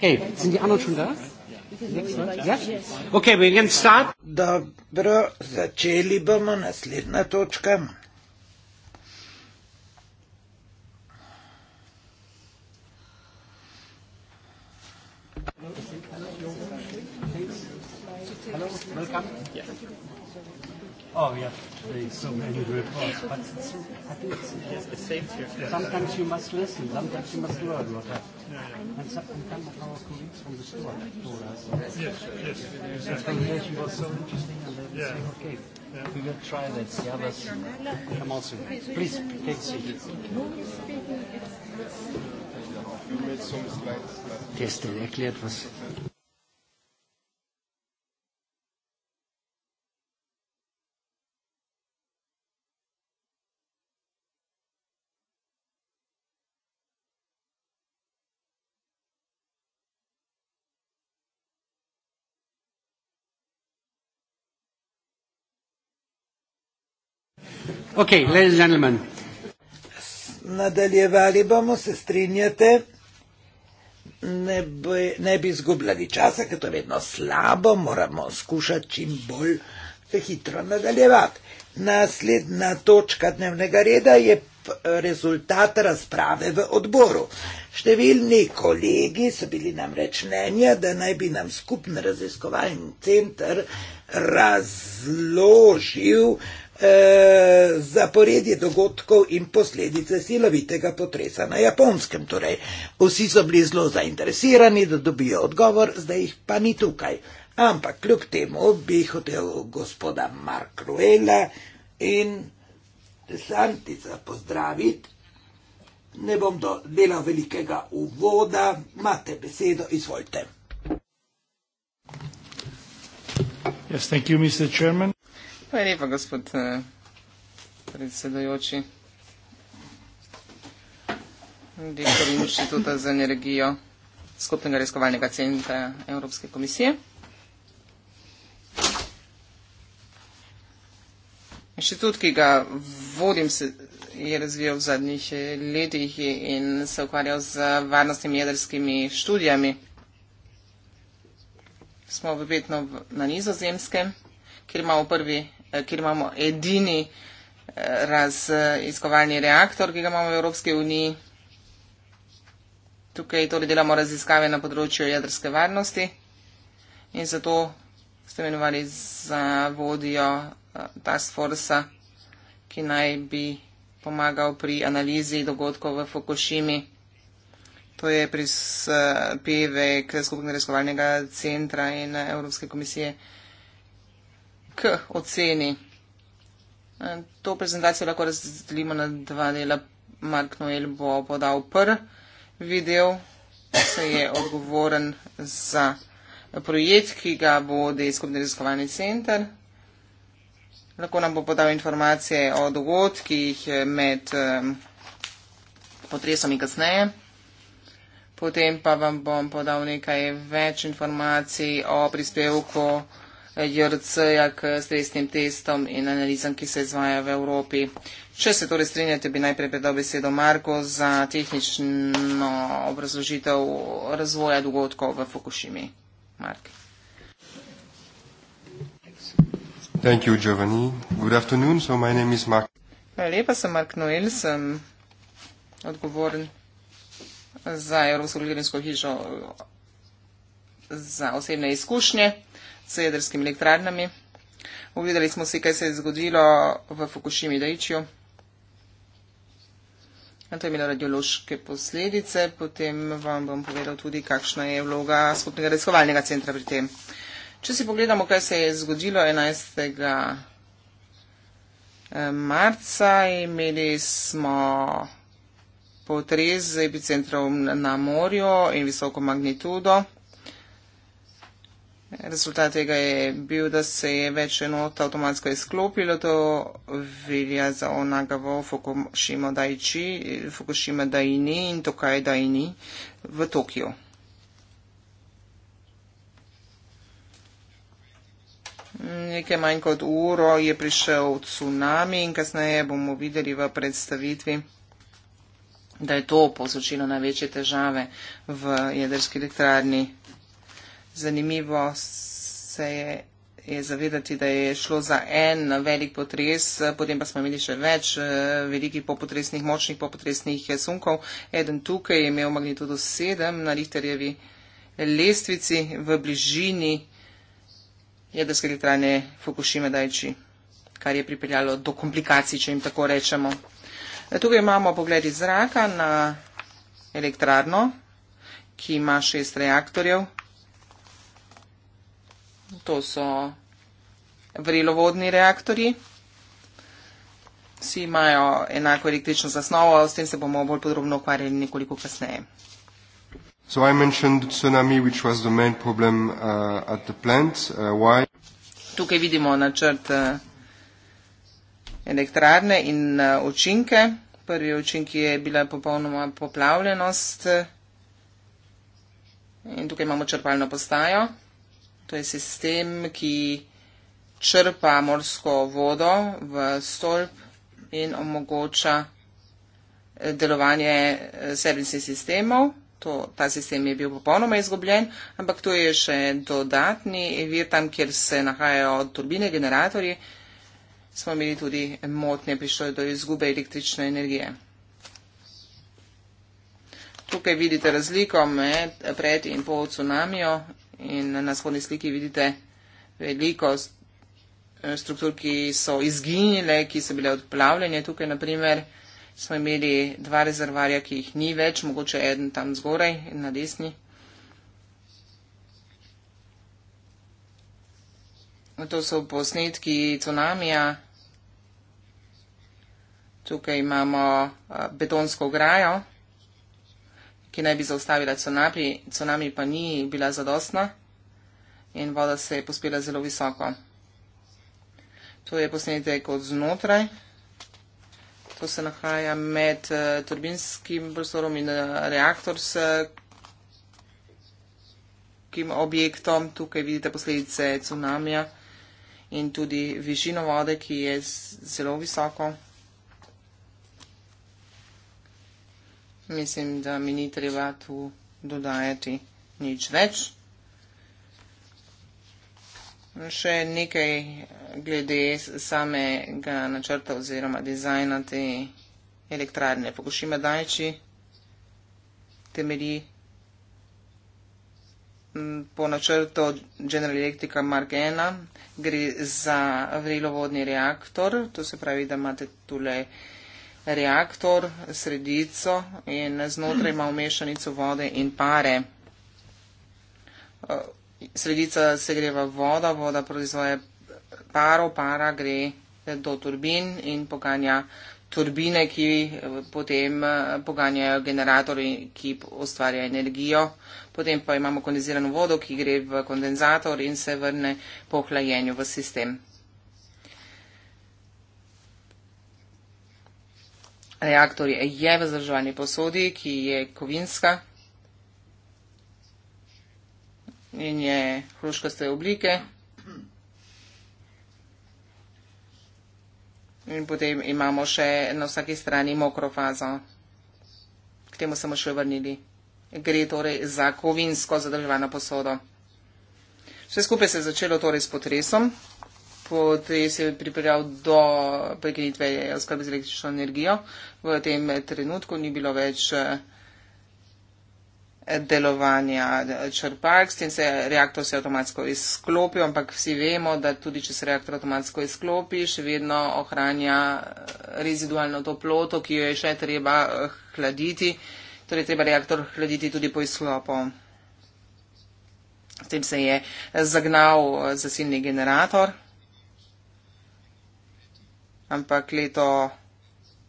Okay, sind die anderen schon da? Okay, we can start. Dobro, začeli bomo naslednja točka. Oh yeah, there is so many reports, but I think it's, it's, it's, it's, it's, it's, it's, it's, sometimes you must listen, sometimes you must learn what happens and something from our colleagues from the store told us. Yes, yes. And yes. it was so interesting, and they were yeah. saying, okay, yeah. we will try that. The others come also. Please, take a seat. Gestern erklärt, was Okay, Nadaljevali bomo, se strinjate, ne bi, ne bi zgubljali časa, ker to je vedno slabo, moramo skušati čim bolj hitro nadaljevati. Naslednja točka dnevnega reda je rezultat razprave v odboru. Številni kolegi so bili nam reč mnenja, da naj bi nam skupni raziskovalni center razložil, Eh, zaporedje dogodkov in posledice silovitega potresa na japonskem. Torej, vsi so bili zelo zainteresirani, da dobijo odgovor, zdaj jih pa ni tukaj. Ampak kljub temu bi hotel gospoda Mark Ruela in Santica pozdraviti. Ne bom do dela velikega uvoda, imate besedo, izvolite. Yes, thank you, Mr. Chairman. Pa je lepa, gospod eh, predsedajoči. Direktor Inštituta za energijo skupnega reskovalnega centra Evropske komisije. Inštitut, ki ga vodim, se je razvijal v zadnjih eh, letih in se ukvarjal z varnostnimi jedrskimi študijami. Smo v na nizozemskem, kjer imamo prvi Eh, kjer imamo edini eh, raziskovalni reaktor, ki ga imamo v Evropski uniji. Tukaj torej delamo raziskave na področju jedrske varnosti in zato ste imenovali za vodjo eh, task force, ki naj bi pomagal pri analizi dogodkov v Fukushimi. To je pri PVK skupnega raziskovalnega centra in Evropske komisije k oceni. To prezentacijo lahko razdelimo na dva dela. Mark Noel bo podal prvi del, se je odgovoren za projekt, ki ga vodi skupni raziskovalni center. Lahko nam bo podal informacije o dogodkih med potresom in kasneje. Potem pa vam bom podal nekaj več informacij o prispevku JRC, jak s resnim testom in analizam, ki se izvaja v Evropi. Če se torej strinjate, bi najprej predal besedo Marko za tehnično obrazložitev razvoja dogodkov v Fukushimi. Mark. Thank you, Giovanni. Good afternoon. So my name is Mark. Lepa sem Mark Noel, sem odgovoren za Evropsko ljudinsko hižo za osebne izkušnje s jedrskimi elektrarnami. Uvideli smo si, kaj se je zgodilo v Fukushimi Daičju. To je imelo radiološke posledice, potem vam bom povedal tudi, kakšna je vloga skupnega raziskovalnega centra pri tem. Če si pogledamo, kaj se je zgodilo 11. Eh, marca, imeli smo potres z epicentrom na morju in visoko magnitudo. Rezultat tega je bil, da se je več enot avtomatsko izklopilo, to velja za Onagavo, Fukushima Daiichi, Fukushima Daini in Tokaj Daini v Tokiju. Nekaj manj kot uro je prišel tsunami in kasneje bomo videli v predstavitvi, da je to povzročilo največje težave v jedrski elektrarni. Zanimivo se je, je zavedati, da je šlo za en velik potres, potem pa smo imeli še več eh, velikih popotresnih, močnih popotresnih eh, sunkov. Eden tukaj je imel magnitudo 7 na Richterjevi lestvici v bližini jedrske elektrane Fukushima Dajči, kar je pripeljalo do komplikacij, če jim tako rečemo. Eh, tukaj imamo pogled iz zraka na elektrarno, ki ima šest reaktorjev to so vrelovodni reaktori. Vsi imajo enako električno zasnovo, s tem se bomo bolj podrobno ukvarjali nekoliko kasneje. So I mentioned tsunami, which was the main problem uh, at the plant. Uh, why? Tukaj vidimo načrt uh, elektrarne in uh, učinke. Prvi učinki je bila popolnoma poplavljenost. In tukaj imamo črpalno postajo. To je sistem, ki črpa morsko vodo v stolp in omogoča eh, delovanje eh, servisnih sistemov. To, ta sistem je bil popolnoma izgubljen, ampak tu je še dodatni vir tam, kjer se nahajajo turbine, generatorji. Smo imeli tudi motnje, prišlo je do izgube električne energije. Tukaj vidite razliko med pred in po tsunamijo. In na shodni sliki vidite veliko struktur, ki so izginile, ki so bile odplavljene. Tukaj naprimer smo imeli dva rezervarja, ki jih ni več, mogoče eden tam zgoraj in na desni. To so posnetki cunamija. Tukaj imamo eh, betonsko grajo ki naj bi zaustavila cunami, cunami pa ni bila zadostna in voda se je pospela zelo visoko. To je posnetek od znotraj. To se nahaja med uh, turbinskim prostorom in uh, eh, reaktor s kim objektom. Tukaj vidite posledice cunamija in tudi višino vode, ki je zelo visoko. Mislim, da mi ni treba tu dodajati nič več. Še nekaj glede samega načrta oziroma dizajna te elektrarne. Pogošima Dajči temelji po načrtu General Electrica Mark 1. Gre za vrelovodni reaktor, to se pravi, da imate tukaj reaktor, sredico in znotraj ima vmešanico vode in pare. Eh, sredica se gre v voda, voda proizvaja paro, para gre do turbin in poganja turbine, ki eh, potem eh, poganjajo generatorji, ki ustvarjajo energijo. Potem pa imamo kondenzirano vodo, ki gre v kondenzator in se vrne po hlajenju v sistem. reaktor je v zdržovanji posodi, ki je kovinska in je hruškaste oblike. In potem imamo še na vsaki strani mokro fazo. K temu smo še vrnili. Gre torej za kovinsko zadrževano posodo. Vse skupaj se je začelo torej s potresom bistvu ti se pripeljal do prekinitve oskrbe z električno energijo. V tem trenutku ni bilo več eh, delovanja eh, črpalk, s tem se reaktor se avtomatsko izklopil, ampak vsi vemo, da tudi če se reaktor avtomatsko izklopi, še vedno ohranja eh, rezidualno toploto, ki jo je še treba hladiti. Torej treba reaktor hladiti tudi po izklopu. S tem se je zagnal zasilni generator ampak leto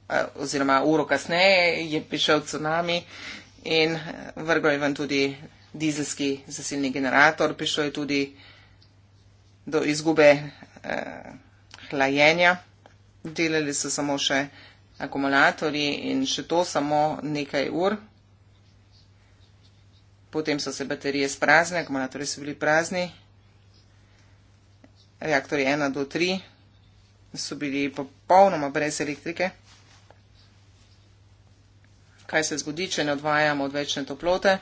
eh, oziroma uro kasneje je prišel tsunami in eh, vrgel je ven tudi dizelski zasilni generator, prišel je tudi do izgube eh, hlajenja. Delali so samo še akumulatorji in še to samo nekaj ur. Potem so se baterije sprazne, akumulatorji so bili prazni. Reaktor je 1 do 3, so bili popolnoma brez elektrike. Kaj se zgodi, če ne odvajamo od večne toplote?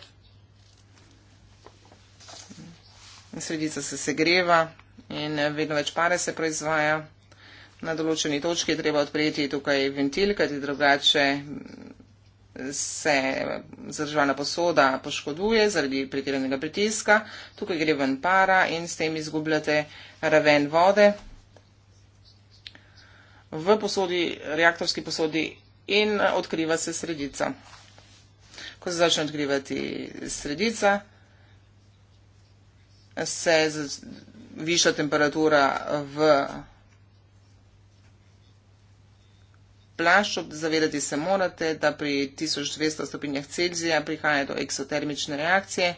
Sredica se segreva in vedno več pare se proizvaja. Na določeni točki je treba odpreti tukaj ventil, kajti drugače se zadržana posoda poškoduje zaradi pretiranega pritiska. Tukaj gre ven para in s tem izgubljate raven vode v posodi, reaktorski posodi in odkriva se sredica. Ko se začne odkrivati sredica, se viša temperatura v plašču. Zavedati se morate, da pri 1200 stopinjah Celzija prihaja do eksotermične reakcije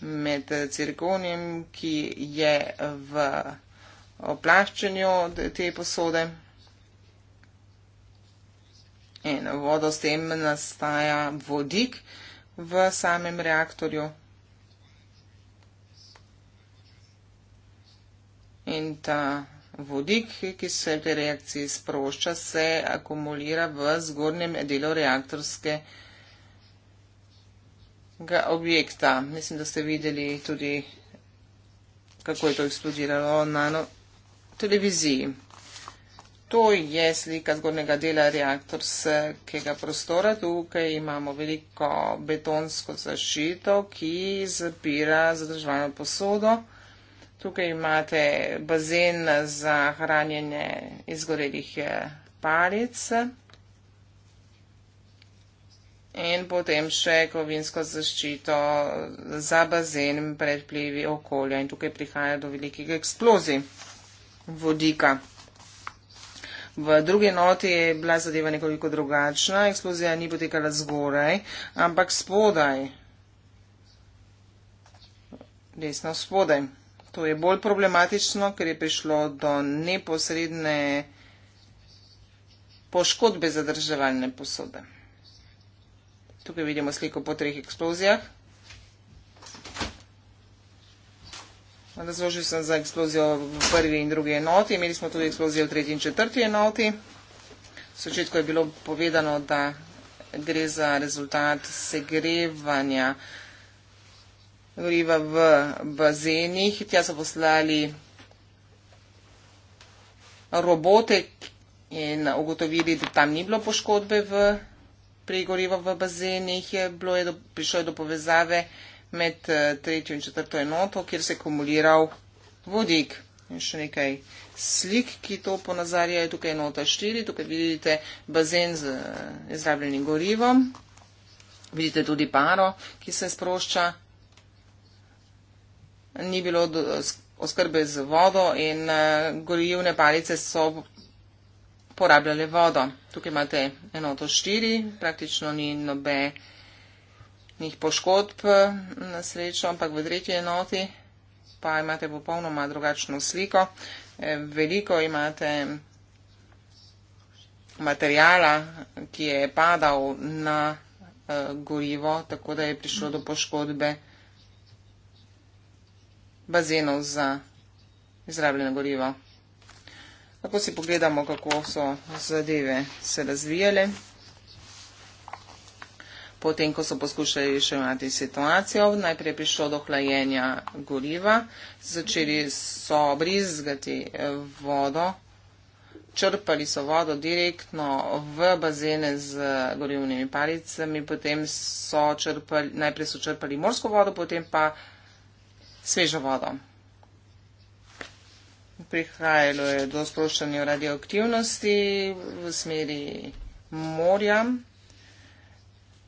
med cirkonijem, ki je v plašču o plaščenju te posode. In vodo s tem nastaja vodik v samem reaktorju. In ta vodik, ki se v tej reakciji sprošča, se akumulira v zgornjem delu reaktorske objekta. Mislim, da ste videli tudi, kako je to eksplodiralo na televiziji. To je slika zgornjega dela reaktorskega prostora. Tukaj imamo veliko betonsko zašito, ki zapira zadržvano posodo. Tukaj imate bazen za hranjenje izgorelih eh, palic. In potem še kovinsko zaščito za bazen pred plivi okolja. In tukaj prihaja do velikih eksplozij vodika. V drugi noti je bila zadeva nekoliko drugačna, eksplozija ni potekala zgoraj, ampak spodaj. Desno spodaj. To je bolj problematično, ker je prišlo do neposredne poškodbe zadrževalne posode. Tukaj vidimo sliko po treh eksplozijah. Razložil sem za eksplozijo v prvi in drugi enoti, imeli smo tudi eksplozijo v tretji in četrti enoti. V začetku je bilo povedano, da gre za rezultat segrevanja goriva v bazenih. Tja so poslali robote in ugotovili, da tam ni bilo poškodbe v, pri goriva v bazenih. Je bilo, je do, prišlo je do povezave med eh, tretjo in četrto enoto, kjer se je kumuliral vodik. In še nekaj slik, ki to ponazarjajo. Tukaj je enota 4, tukaj vidite bazen z eh, izrabljenim gorivom. Vidite tudi paro, ki se sprošča. Ni bilo oskrbe z vodo in eh, gorivne palice so porabljale vodo. Tukaj imate enoto 4, praktično ni nobe nekih poškodb eh, na srečo, ampak v tretji enoti pa imate popolnoma drugačno sliko. Eh, veliko imate materijala, ki je padal na eh, gorivo, tako da je prišlo do poškodbe bazenov za izrabljeno gorivo. Lahko si pogledamo, kako so zadeve se razvijale. Potem, ko so poskušali reševati situacijo, najprej prišlo do hlajenja goriva, začeli so brizgati eh, vodo, črpali so vodo direktno v bazene z gorivnimi palicami, potem so črpali, najprej so črpali morsko vodo, potem pa svežo vodo. Prihajalo je do sproščanja radioaktivnosti v smeri morja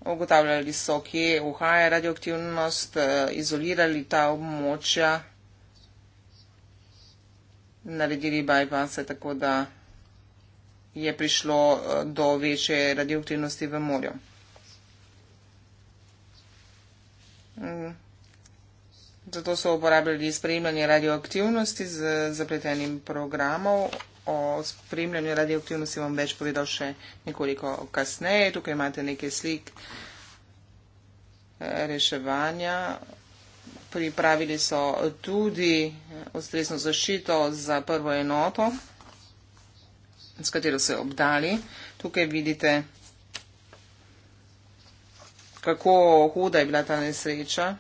ugotavljali so, kje uhaja radioaktivnost, eh, izolirali ta območja, naredili bypasse, tako da je prišlo eh, do večje radioaktivnosti v morju. Mm. Zato so uporabljali spremljanje radioaktivnosti z zapletenim programom o spremljanju radioaktivnosti vam več povedal še nekoliko kasneje. Tukaj imate nekaj slik eh, reševanja. Pripravili so tudi eh, ustrezno zašito za prvo enoto, s katero so jo obdali. Tukaj vidite, kako huda je bila ta nesreča.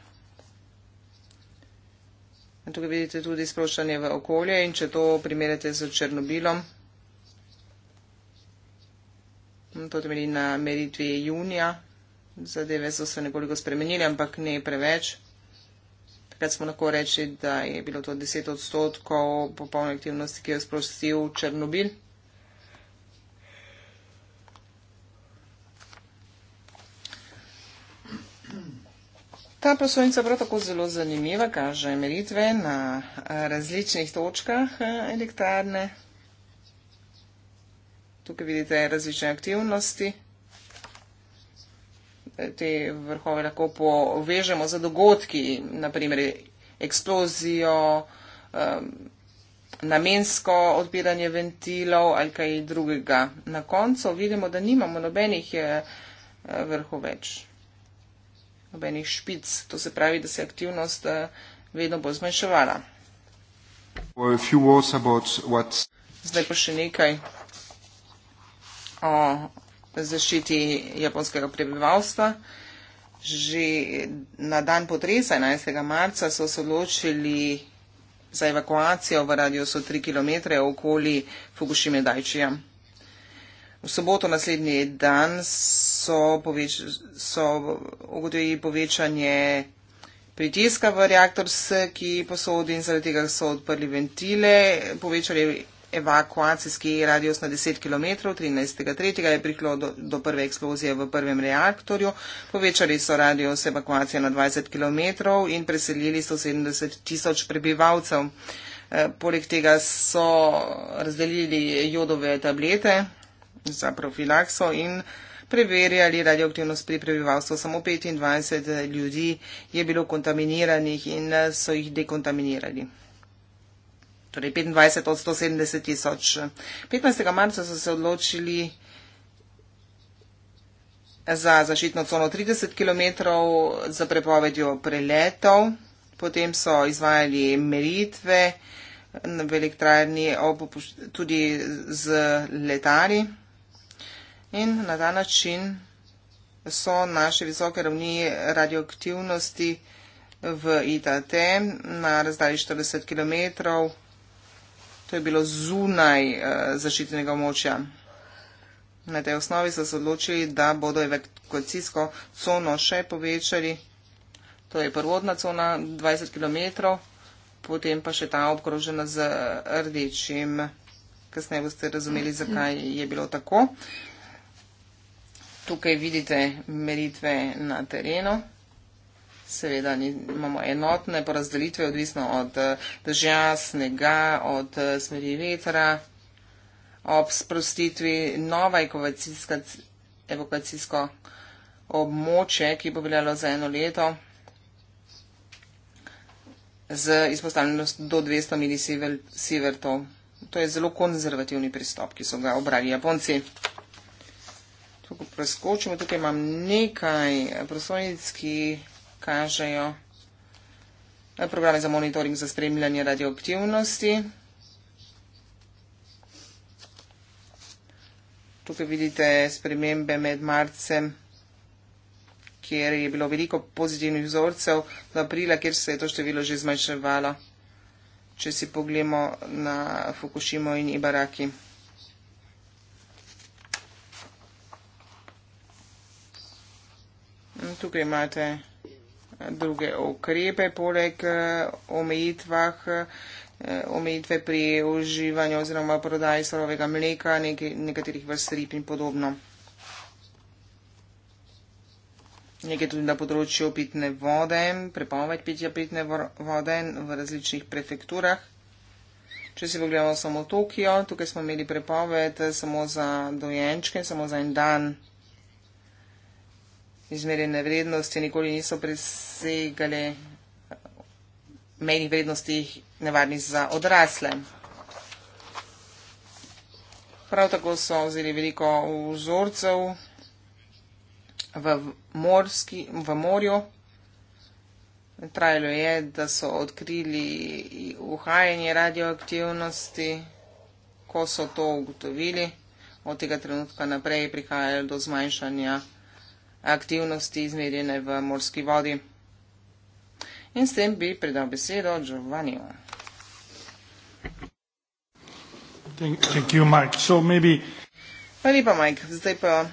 Tukaj vidite tudi sproščanje v okolje in če to primerjate z Černobilom, to temelji na meritvi junija, zadeve so se nekoliko spremenile, ampak ne preveč. Takrat smo lahko reči, da je bilo to 10 odstotkov popolne aktivnosti, ki je sprostil Černobil. Ta prosojnica prav tako zelo zanimiva, kaže meritve na eh, različnih točkah eh, elektrarne. Tukaj vidite različne aktivnosti. Eh, te vrhove lahko povežemo za dogodki, naprimer eksplozijo, namensko odpiranje ventilov ali kaj drugega. Na koncu vidimo, da nimamo nobenih vrhov več nobenih špic. To se pravi, da se je aktivnost eh, vedno bolj zmanjševala. Zdaj pa še nekaj o zaščiti japonskega prebivalstva. Že na dan potresa 11. marca so se odločili za evakuacijo v radiusu 3 km okoli Fukushima Dajčija. V soboto naslednji dan so, poveč, so ugotovili povečanje pritiska v reaktorski posodi in zaradi tega so odprli ventile, povečali evakuacijski radius na 10 km, 13.3. je priklo do, do prve eksplozije v prvem reaktorju, povečali so radius evakuacije na 20 km in preselili 170 tisoč prebivalcev. Eh, poleg tega so razdelili jodove tablete za profilakso in preverjali radioaktivnost pri prebivalstvu. Samo 25 eh, ljudi je bilo kontaminiranih in eh, so jih dekontaminirali. Torej 25 od 170 tisoč. 15. marca so se odločili za zaščitno cono 30 km za prepovedjo preletov. Potem so izvajali meritve v elektrarni, tudi z letali. In na ta način so naše visoke ravni radioaktivnosti v ITT na razdalji 40 km, to je bilo zunaj eh, zaščitenega območja. Na tej osnovi so se odločili, da bodo evakuacijsko cono še povečali, to je prvotna cona 20 km, potem pa še ta obkrožena z rdečim. Kasneje boste razumeli, zakaj je bilo tako. Tukaj vidite meritve na terenu. Seveda imamo enotne porazdelitve, odvisno od eh, dežja, snega, od eh, smeri vetra. Ob sprostitvi nova evakuacijsko območje, ki bo veljalo za eno leto, z izpostavljenost do 200 milisivertov. To je zelo konzervativni pristop, ki so ga obrali Japonci. Tukaj preskočimo, tukaj imam nekaj prosojnic, ki kažejo eh, programe za monitoring za spremljanje radioaktivnosti. Tukaj vidite spremembe med marcem, kjer je bilo veliko pozitivnih vzorcev, do aprila, kjer se je to število že zmanjševalo. Če si pogledamo na Fukushima in Ibaraki. tukaj imate eh, druge ukrepe, poleg eh, omejitvah, eh, omejitve pri uživanju oziroma prodaji slovega mleka, nekaterih vrst rib in podobno. Nekaj tudi na področju pitne vode, prepoved pitja pitne vode v različnih prefekturah. Če si pogledamo samo Tokio, tukaj smo imeli prepoved samo za dojenčke, samo za en dan izmerjene vrednosti nikoli niso presegale mejnih vrednosti nevarnih za odrasle. Prav tako so vzeli veliko vzorcev v, morski, v morju. Trajalo je, da so odkrili uhajanje radioaktivnosti, ko so to ugotovili. Od tega trenutka naprej prihajajo do zmanjšanja aktivnosti izmerjene v morski vodi. In s tem bi predal besedo Giovanni. Thank you, Mike. So maybe... Hvala lepa, Mike. Zdaj pa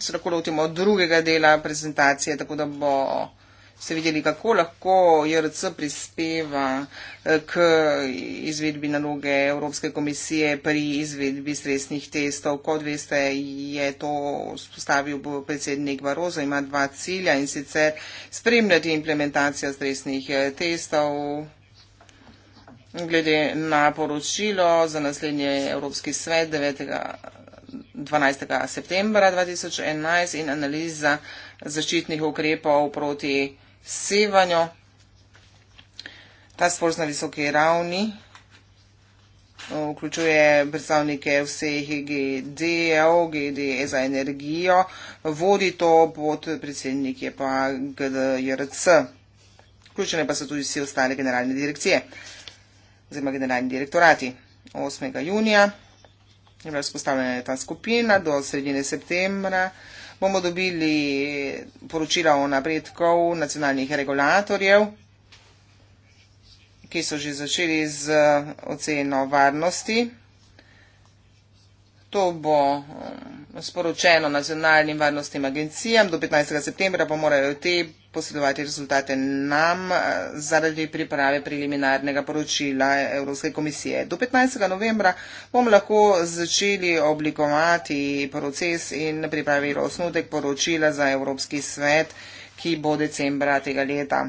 se lahko lotimo drugega dela prezentacije, tako da bo se videli, kako lahko JRC prispeva eh, k izvedbi naloge Evropske komisije pri izvedbi stresnih testov. Kot veste, je to spostavil predsednik Barozo, ima dva cilja in sicer spremljati implementacijo stresnih eh, testov. Glede na poročilo za naslednji Evropski svet 9. 12. septembra 2011 in analiza zaščitnih ukrepov proti sevanju. Ta spor na visoki ravni vključuje predstavnike vseh GDO, GD e za energijo, vodi to pod predsednik je pa GDJRC. Vključene pa so tudi vsi ostale generalne direkcije, oziroma generalni direktorati. 8. junija je bila spostavljena ta skupina do sredine septembra bomo dobili poročila o napredkov nacionalnih regulatorjev, ki so že začeli z oceno varnosti. To bo eh, sporočeno nacionalnim varnostnim agencijam. Do 15. septembra pa morajo te posredovati rezultate nam eh, zaradi priprave preliminarnega poročila Evropske komisije. Do 15. novembra bomo lahko začeli oblikovati proces in pripravili osnutek poročila za Evropski svet, ki bo decembra tega leta.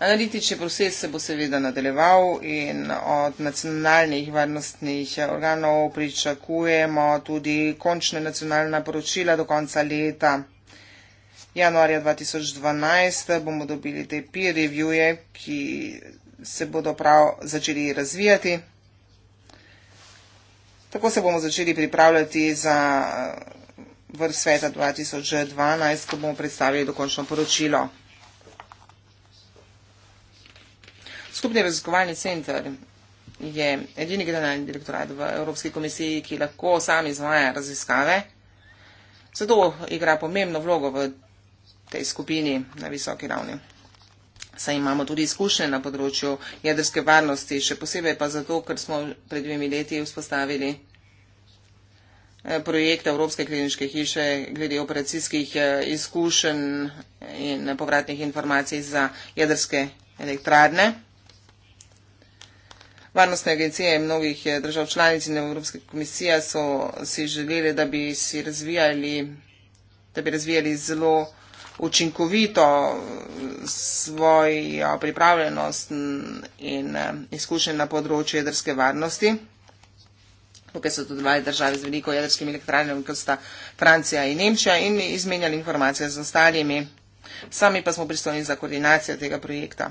Analitični proces se bo seveda nadaljeval in od nacionalnih varnostnih organov pričakujemo tudi končne nacionalna poročila do konca leta. Januarja 2012 bomo dobili te peer reviewje, ki se bodo prav začeli razvijati. Tako se bomo začeli pripravljati za eh, vrh sveta 2012, ko bomo predstavili dokončno poročilo. Skupni raziskovalni center je edini generalni direktorat v Evropski komisiji, ki lahko sam izvaja raziskave. Zato igra pomembno vlogo v tej skupini na visoki ravni. Saj imamo tudi izkušnje na področju jedrske varnosti, še posebej pa zato, ker smo pred dvemi leti vzpostavili eh, projekt Evropske kliničke hiše glede operacijskih eh, izkušenj in povratnih informacij za jedrske elektrarne. Varnostne agencije mnogih eh, držav članic in Evropske komisije so si želeli, da bi, si razvijali, da bi razvijali zelo učinkovito eh, svojo pripravljenost in eh, izkušnje na področju jedrske varnosti. Tukaj so tudi dve države z veliko jedrskimi elektrarnami, kot sta Francija in Nemčija, in izmenjali informacije z ostalimi. Sami pa smo pristojni za koordinacijo tega projekta,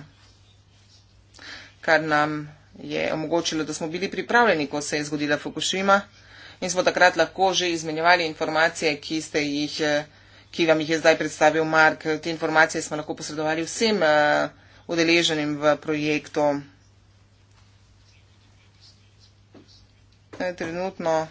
kar nam je omogočilo, da smo bili pripravljeni, ko se je zgodila Fukushima in smo takrat lahko že izmenjevali informacije, ki ste jih, eh, ki vam jih je zdaj predstavil Mark. Te informacije smo lahko posredovali vsem eh, udeleženim v projektu. Eh, trenutno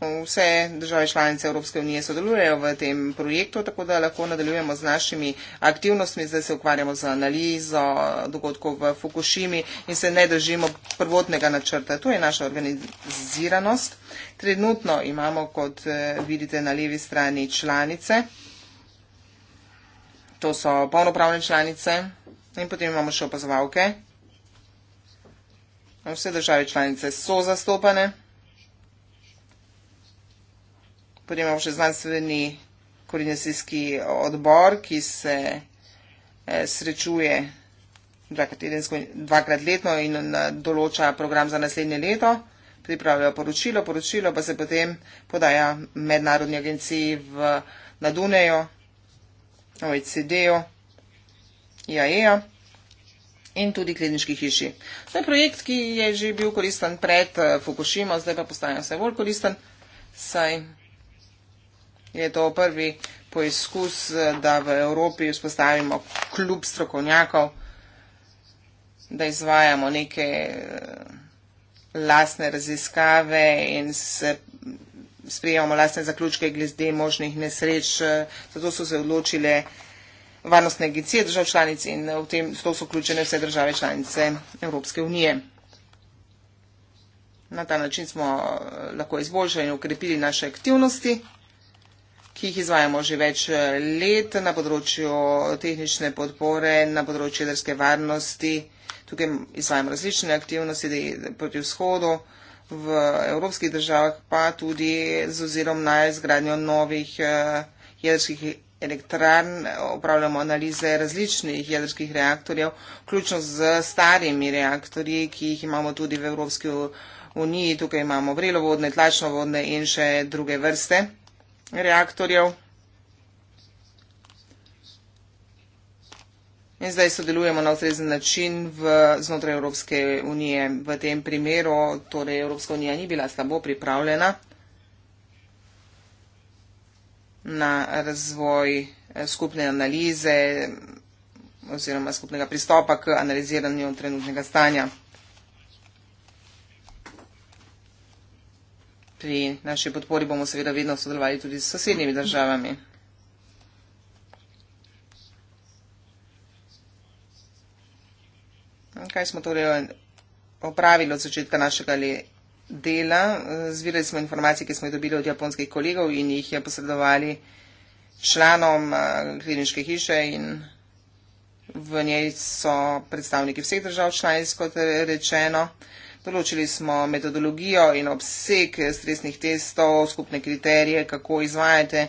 Vse države članice Evropske unije sodelujejo v tem projektu, tako da lahko nadaljujemo z našimi aktivnostmi. Zdaj se ukvarjamo z analizo dogodkov v Fukushimi in se ne držimo prvotnega načrta. To je naša organiziranost. Trenutno imamo, kot eh, vidite na levi strani, članice. To so polnopravne članice in potem imamo še opazovalke. Vse države članice so zastopane. Potem imamo še znanstveni koordinacijski odbor, ki se eh, srečuje dvakrat, tedensko, dvakrat letno in eh, določa program za naslednje leto, pripravlja poročilo, poročilo pa se potem podaja mednarodni agenciji v, na Dunejo, OECD-ju, IAE-ja in tudi klinički hiši. To je projekt, ki je že bil koristen pred eh, Fukushima, zdaj pa postaja vse bolj koristen, saj je to prvi poizkus, da v Evropi vzpostavimo klub strokovnjakov, da izvajamo neke eh, lasne raziskave in se sprijemamo lasne zaključke glede možnih nesreč. Zato so se odločile varnostne agencije držav članic in v tem to so vključene vse države članice Evropske unije. Na ta način smo eh, lahko izboljšali in ukrepili naše aktivnosti ki jih izvajamo že več eh, let na področju tehnične podpore, na področju jedrske varnosti. Tukaj izvajamo različne aktivnosti proti vzhodu v evropskih državah, pa tudi z ozirom na izgradnjo novih eh, jedrskih elektrarn, upravljamo analize različnih jedrskih reaktorjev, vključno z starimi reaktorji, ki jih imamo tudi v Evropski uniji. Tukaj imamo vrelovodne, tlačnovodne in še druge vrste reaktorjev. In zdaj sodelujemo na ustrezen način v, znotraj Evropske unije. V tem primeru torej Evropska unija ni bila slabo pripravljena na razvoj eh, skupne analize oziroma skupnega pristopa k analiziranju trenutnega stanja. pri naši podpori bomo seveda vedno sodelovali tudi s sosednjimi državami. Kaj smo torej opravili od začetka našega dela? Zvirali smo informacije, ki smo jih dobili od japonskih kolegov in jih je posredovali članom eh, kliniške hiše in v njej so predstavniki vseh držav članic, kot rečeno. Določili smo metodologijo in obseg stresnih testov, skupne kriterije, kako izvajate,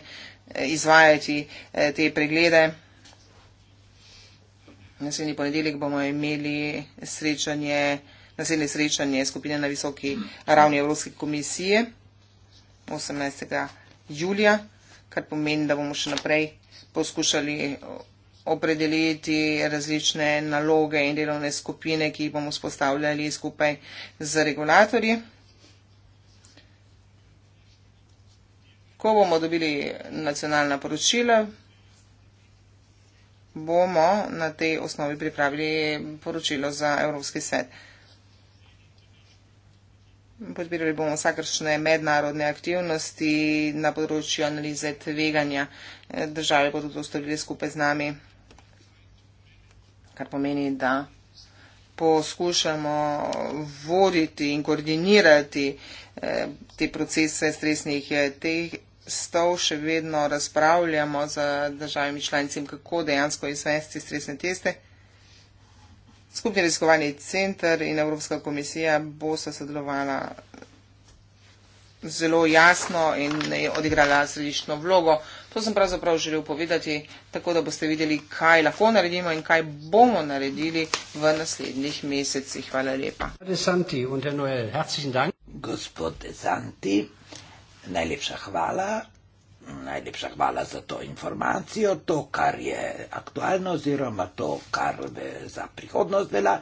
eh, izvajati eh, te preglede. Naslednji ponedeljek bomo imeli srečanje, naslednje srečanje skupine na visoki ravni Evropske komisije 18. julija, kar pomeni, da bomo še naprej poskušali opredeliti različne naloge in delovne skupine, ki jih bomo spostavljali skupaj z regulatorji. Ko bomo dobili nacionalna poročila, bomo na tej osnovi pripravili poročilo za Evropski svet. Podpirali bomo vsakršne mednarodne aktivnosti na področju analize tveganja. Eh, Države bodo to storili skupaj z nami, kar pomeni, da poskušamo voditi in koordinirati eh, te procese stresnih eh, testov. Še vedno razpravljamo z državami članicami, kako dejansko izvesti stresne teste. Skupni raziskovalni center in Evropska komisija bo sta sodelovala zelo jasno in odigrala središčno vlogo. To sem pravzaprav želel povedati, tako da boste videli, kaj lahko naredimo in kaj bomo naredili v naslednjih mesecih. Hvala lepa. Gospod Desanti, najlepša hvala. Najlepša hvala za to informacijo, to, kar je aktualno oziroma to, kar za prihodnost dela.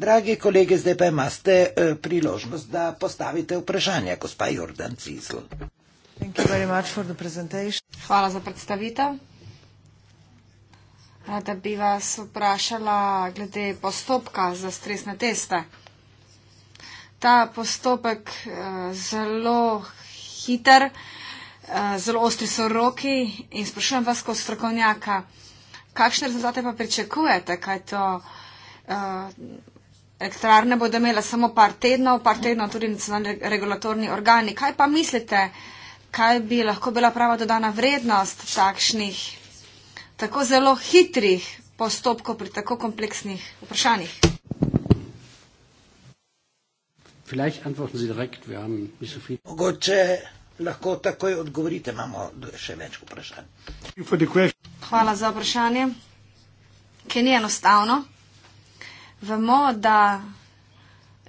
Dragi kolege, zdaj pa imate eh, priložnost, da postavite vprašanje, gospa Jordan Cizl. Hvala za predstavitev. Da bi vas vprašala glede postopka za stresne teste. Ta postopek eh, zelo hiter. Eh, zelo ostri so roki in sprašujem vas kot strokovnjaka, kakšne rezultate pa pričakujete, kaj to eh, elektrarne bodo imele samo par tednov, par tednov tudi nacionalni regulatorni organi. Kaj pa mislite, kaj bi lahko bila prava dodana vrednost takšnih tako zelo hitrih postopkov pri tako kompleksnih vprašanjih? Mogoče lahko takoj odgovorite, imamo še več vprašanj. Hvala za vprašanje, ki ni enostavno. Vemo, da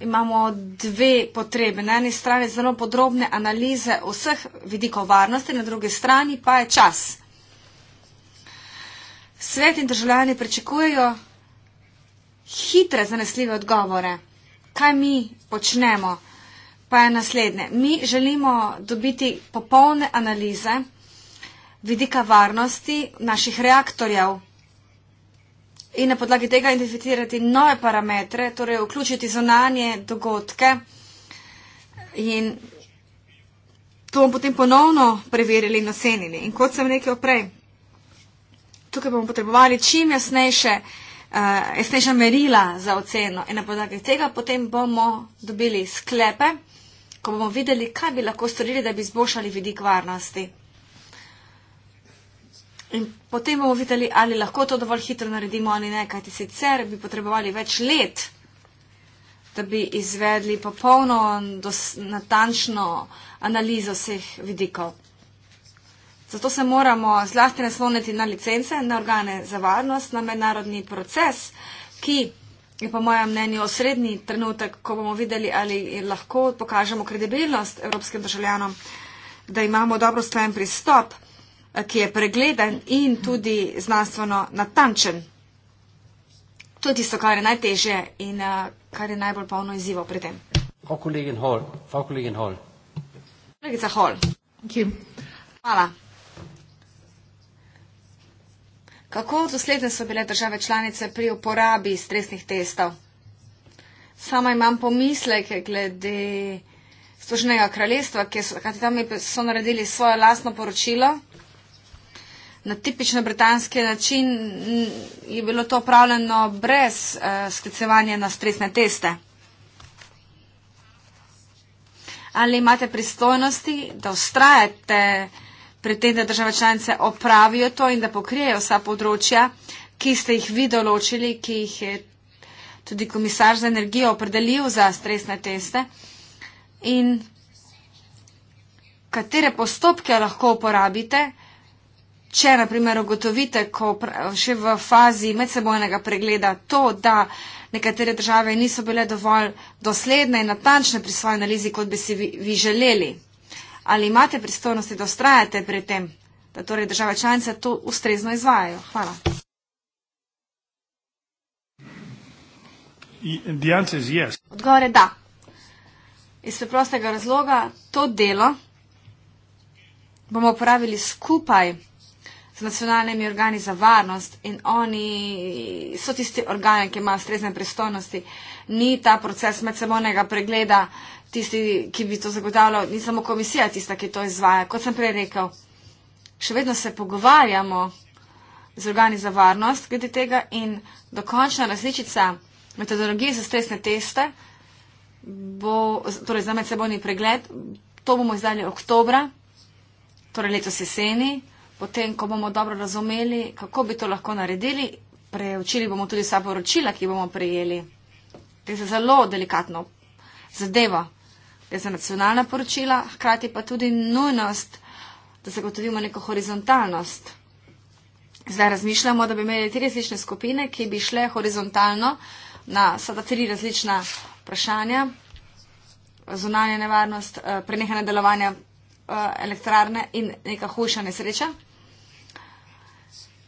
imamo dve potrebe. Na eni strani zelo podrobne analize vseh vidikov varnosti, na drugi strani pa je čas. Svet in državljani pričakujejo hitre, zanesljive odgovore, kaj mi počnemo pa je naslednje. Mi želimo dobiti popolne analize vidika varnosti naših reaktorjev in na podlagi tega identificirati nove parametre, torej vključiti zonanje dogodke in to bomo potem ponovno preverili in ocenili. In kot sem rekel prej, tukaj bomo potrebovali čim jasnejše, uh, jasnejša merila za oceno in na podlagi tega potem bomo dobili sklepe, ko bomo videli, kaj bi lahko storili, da bi izboljšali vidik varnosti. In potem bomo videli, ali lahko to dovolj hitro naredimo ali ne, kajti sicer bi potrebovali več let, da bi izvedli popolno natančno analizo vseh vidikov. Zato se moramo zlasti nasloniti na licence, na organe za varnost, na mednarodni proces, ki je po mojem mnenju osrednji trenutek, ko bomo videli, ali lahko pokažemo kredibilnost evropskim državljanom, da imamo dobro stojen pristop, ki je pregleden in tudi znanstveno natančen. To je tisto, kar je najtežje in eh, kar je najbolj polno izzivo pri tem. Frau Kollegin Hall, Frau Kollegin Hall. Kollegica Hall. Hvala. Kako dosledne so bile države članice pri uporabi stresnih testov? Sama imam pomisleke glede služnega kraljestva, ki so, tam so naredili svoje lastno poročilo. Na tipično britanski način je bilo to upravljeno brez uh, sklicevanja na stresne teste. Ali imate pristojnosti, da ustrajate predtem, da države članice opravijo to in da pokrijejo vsa področja, ki ste jih vi določili, ki jih je tudi komisar za energijo opredelil za stresne teste in katere postopke lahko uporabite, če naprimer ugotovite, ko še v fazi medsebojnega pregleda to, da nekatere države niso bile dovolj dosledne in natančne pri svoji analizi, kot bi si vi, vi želeli ali imate pristojnosti, da ustrajate pri tem, da torej države članice to ustrezno izvajajo. Hvala. Yes. Odgovor je da. Iz preprostega razloga to delo bomo uporabili skupaj z nacionalnimi organi za varnost in oni so tisti organi, ki imajo strezne pristojnosti. Ni ta proces medsebojnega pregleda tisti, ki bi to zagotavljal, ni samo komisija tista, ki to izvaja. Kot sem prej rekel, še vedno se pogovarjamo z organi za varnost glede tega in dokončna različica metodologije za stresne teste bo, torej za medsebojni pregled, to bomo izdali oktobra, torej letos jeseni, potem, ko bomo dobro razumeli, kako bi to lahko naredili, preučili bomo tudi vsa poročila, ki bomo prejeli. To je zelo delikatno zadeva za nacionalna poročila, hkrati pa tudi nujnost, da zagotovimo neko horizontalnost. Zdaj razmišljamo, da bi imeli tri različne skupine, ki bi šle horizontalno na sada tri različna vprašanja. Zunanja nevarnost, eh, prenehanje delovanja eh, elektrarne in neka hujša nesreča.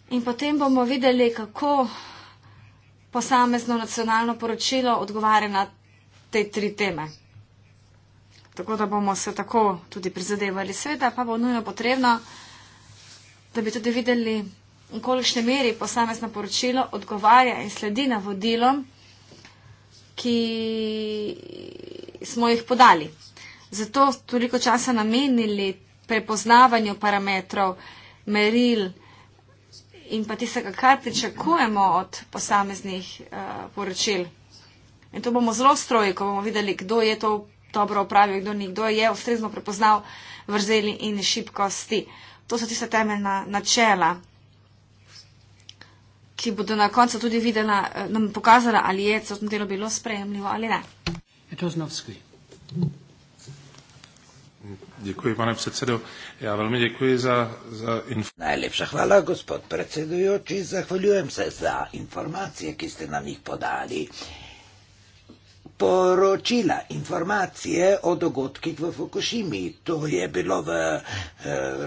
In potem bomo videli, kako posamezno nacionalno poročilo odgovarja na te tri teme. Tako da bomo se tako tudi prizadevali. Sveda pa bo nujno potrebno, da bi tudi videli, v kolikšni meri posamezno poročilo odgovarja in sledi na vodilom, ki smo jih podali. Zato toliko časa namenili prepoznavanju parametrov, meril in pa tistega, kar pričakujemo od posameznih uh, poročil. In to bomo zelo stroji, ko bomo videli, kdo je to dobro opravil, kdo ni kdo, je ustrezno prepoznal vrzeli in šibkosti. To so tiste temeljna načela, ki bodo na koncu tudi videla, eh, nam pokazala, ali je celotno delo bilo sprejemljivo ali ne. Je to znovski. Děkuji, pane předsedo. Já velmi děkuji za, za informace. Najlepša chvala, gospod predsedujoči. Zahvaljujem se za informace, ki ste na nich podali poročila, informacije o dogodkih v Fukushimi. To je bilo v eh,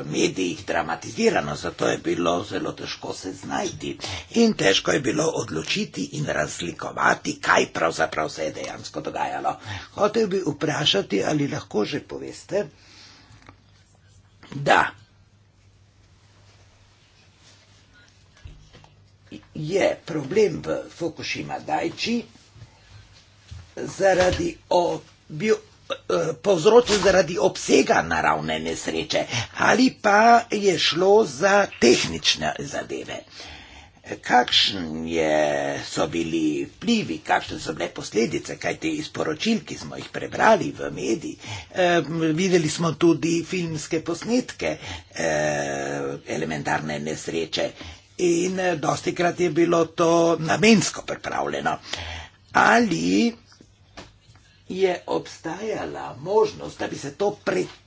medijih dramatizirano, zato je bilo zelo težko se znajti in težko je bilo odločiti in razlikovati, kaj pravzaprav se je dejansko dogajalo. Hotev bi vprašati, ali lahko že poveste, da je problem v Fukushima Dajči zaradi obi, eh, povzročil zaradi obsega naravne nesreče ali pa je šlo za tehnične zadeve. Kakšen je, so bili vplivi, kakšne so bile posledice, kaj te izporočil, ki smo jih prebrali v mediji. E, eh, videli smo tudi filmske posnetke e, elementarne nesreče in dosti krat je bilo to namensko pripravljeno. Ali je obstajala možnost, da bi se to pretvorilo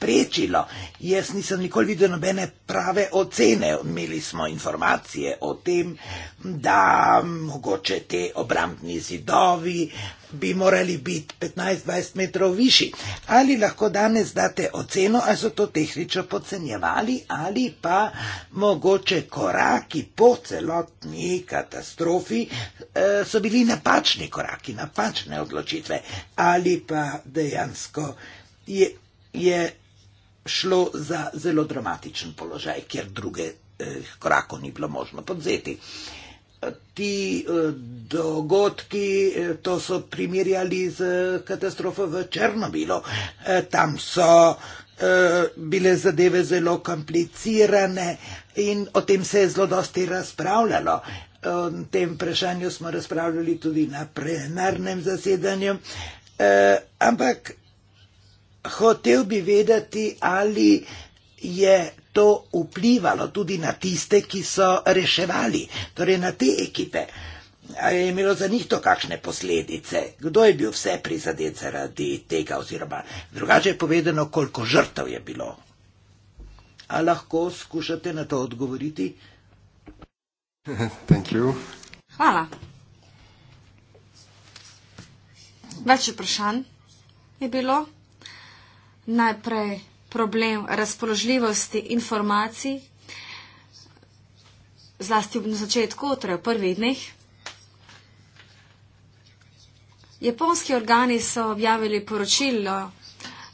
prečilo. Jaz nisem nikoli videl nobene prave ocene. Imeli smo informacije o tem, da mogoče te obrambni zidovi bi morali biti 15-20 metrov višji. Ali lahko danes date oceno, ali so to tehnično podcenjevali, ali pa mogoče koraki po celotni katastrofi eh, so bili napačni koraki, napačne odločitve, ali pa dejansko. Je je šlo za zelo dramatičen položaj, ker druge eh, korako ni bilo možno podzeti. Ti eh, dogodki, eh, to so primerjali z eh, katastrofo v Črnobilu. Tam so bile zadeve zelo komplicirane in o tem se je zelo dosti razpravljalo. O tem vprašanju smo razpravljali tudi na plenarnem zasedanju. Ampak hotel bi vedeti, ali je to vplivalo tudi na tiste, ki so reševali, torej na te ekipe. Ali je imelo za njih to kakšne posledice? Kdo je bil vse prizadet zaradi tega, oziroma drugače povedano, koliko žrtev je bilo? A lahko skušate na to odgovoriti? Hvala. Več vprašanj je bilo? najprej problem razpoložljivosti informacij, zlasti na začetku, torej v prvih dneh. Japonski organi so objavili poročilo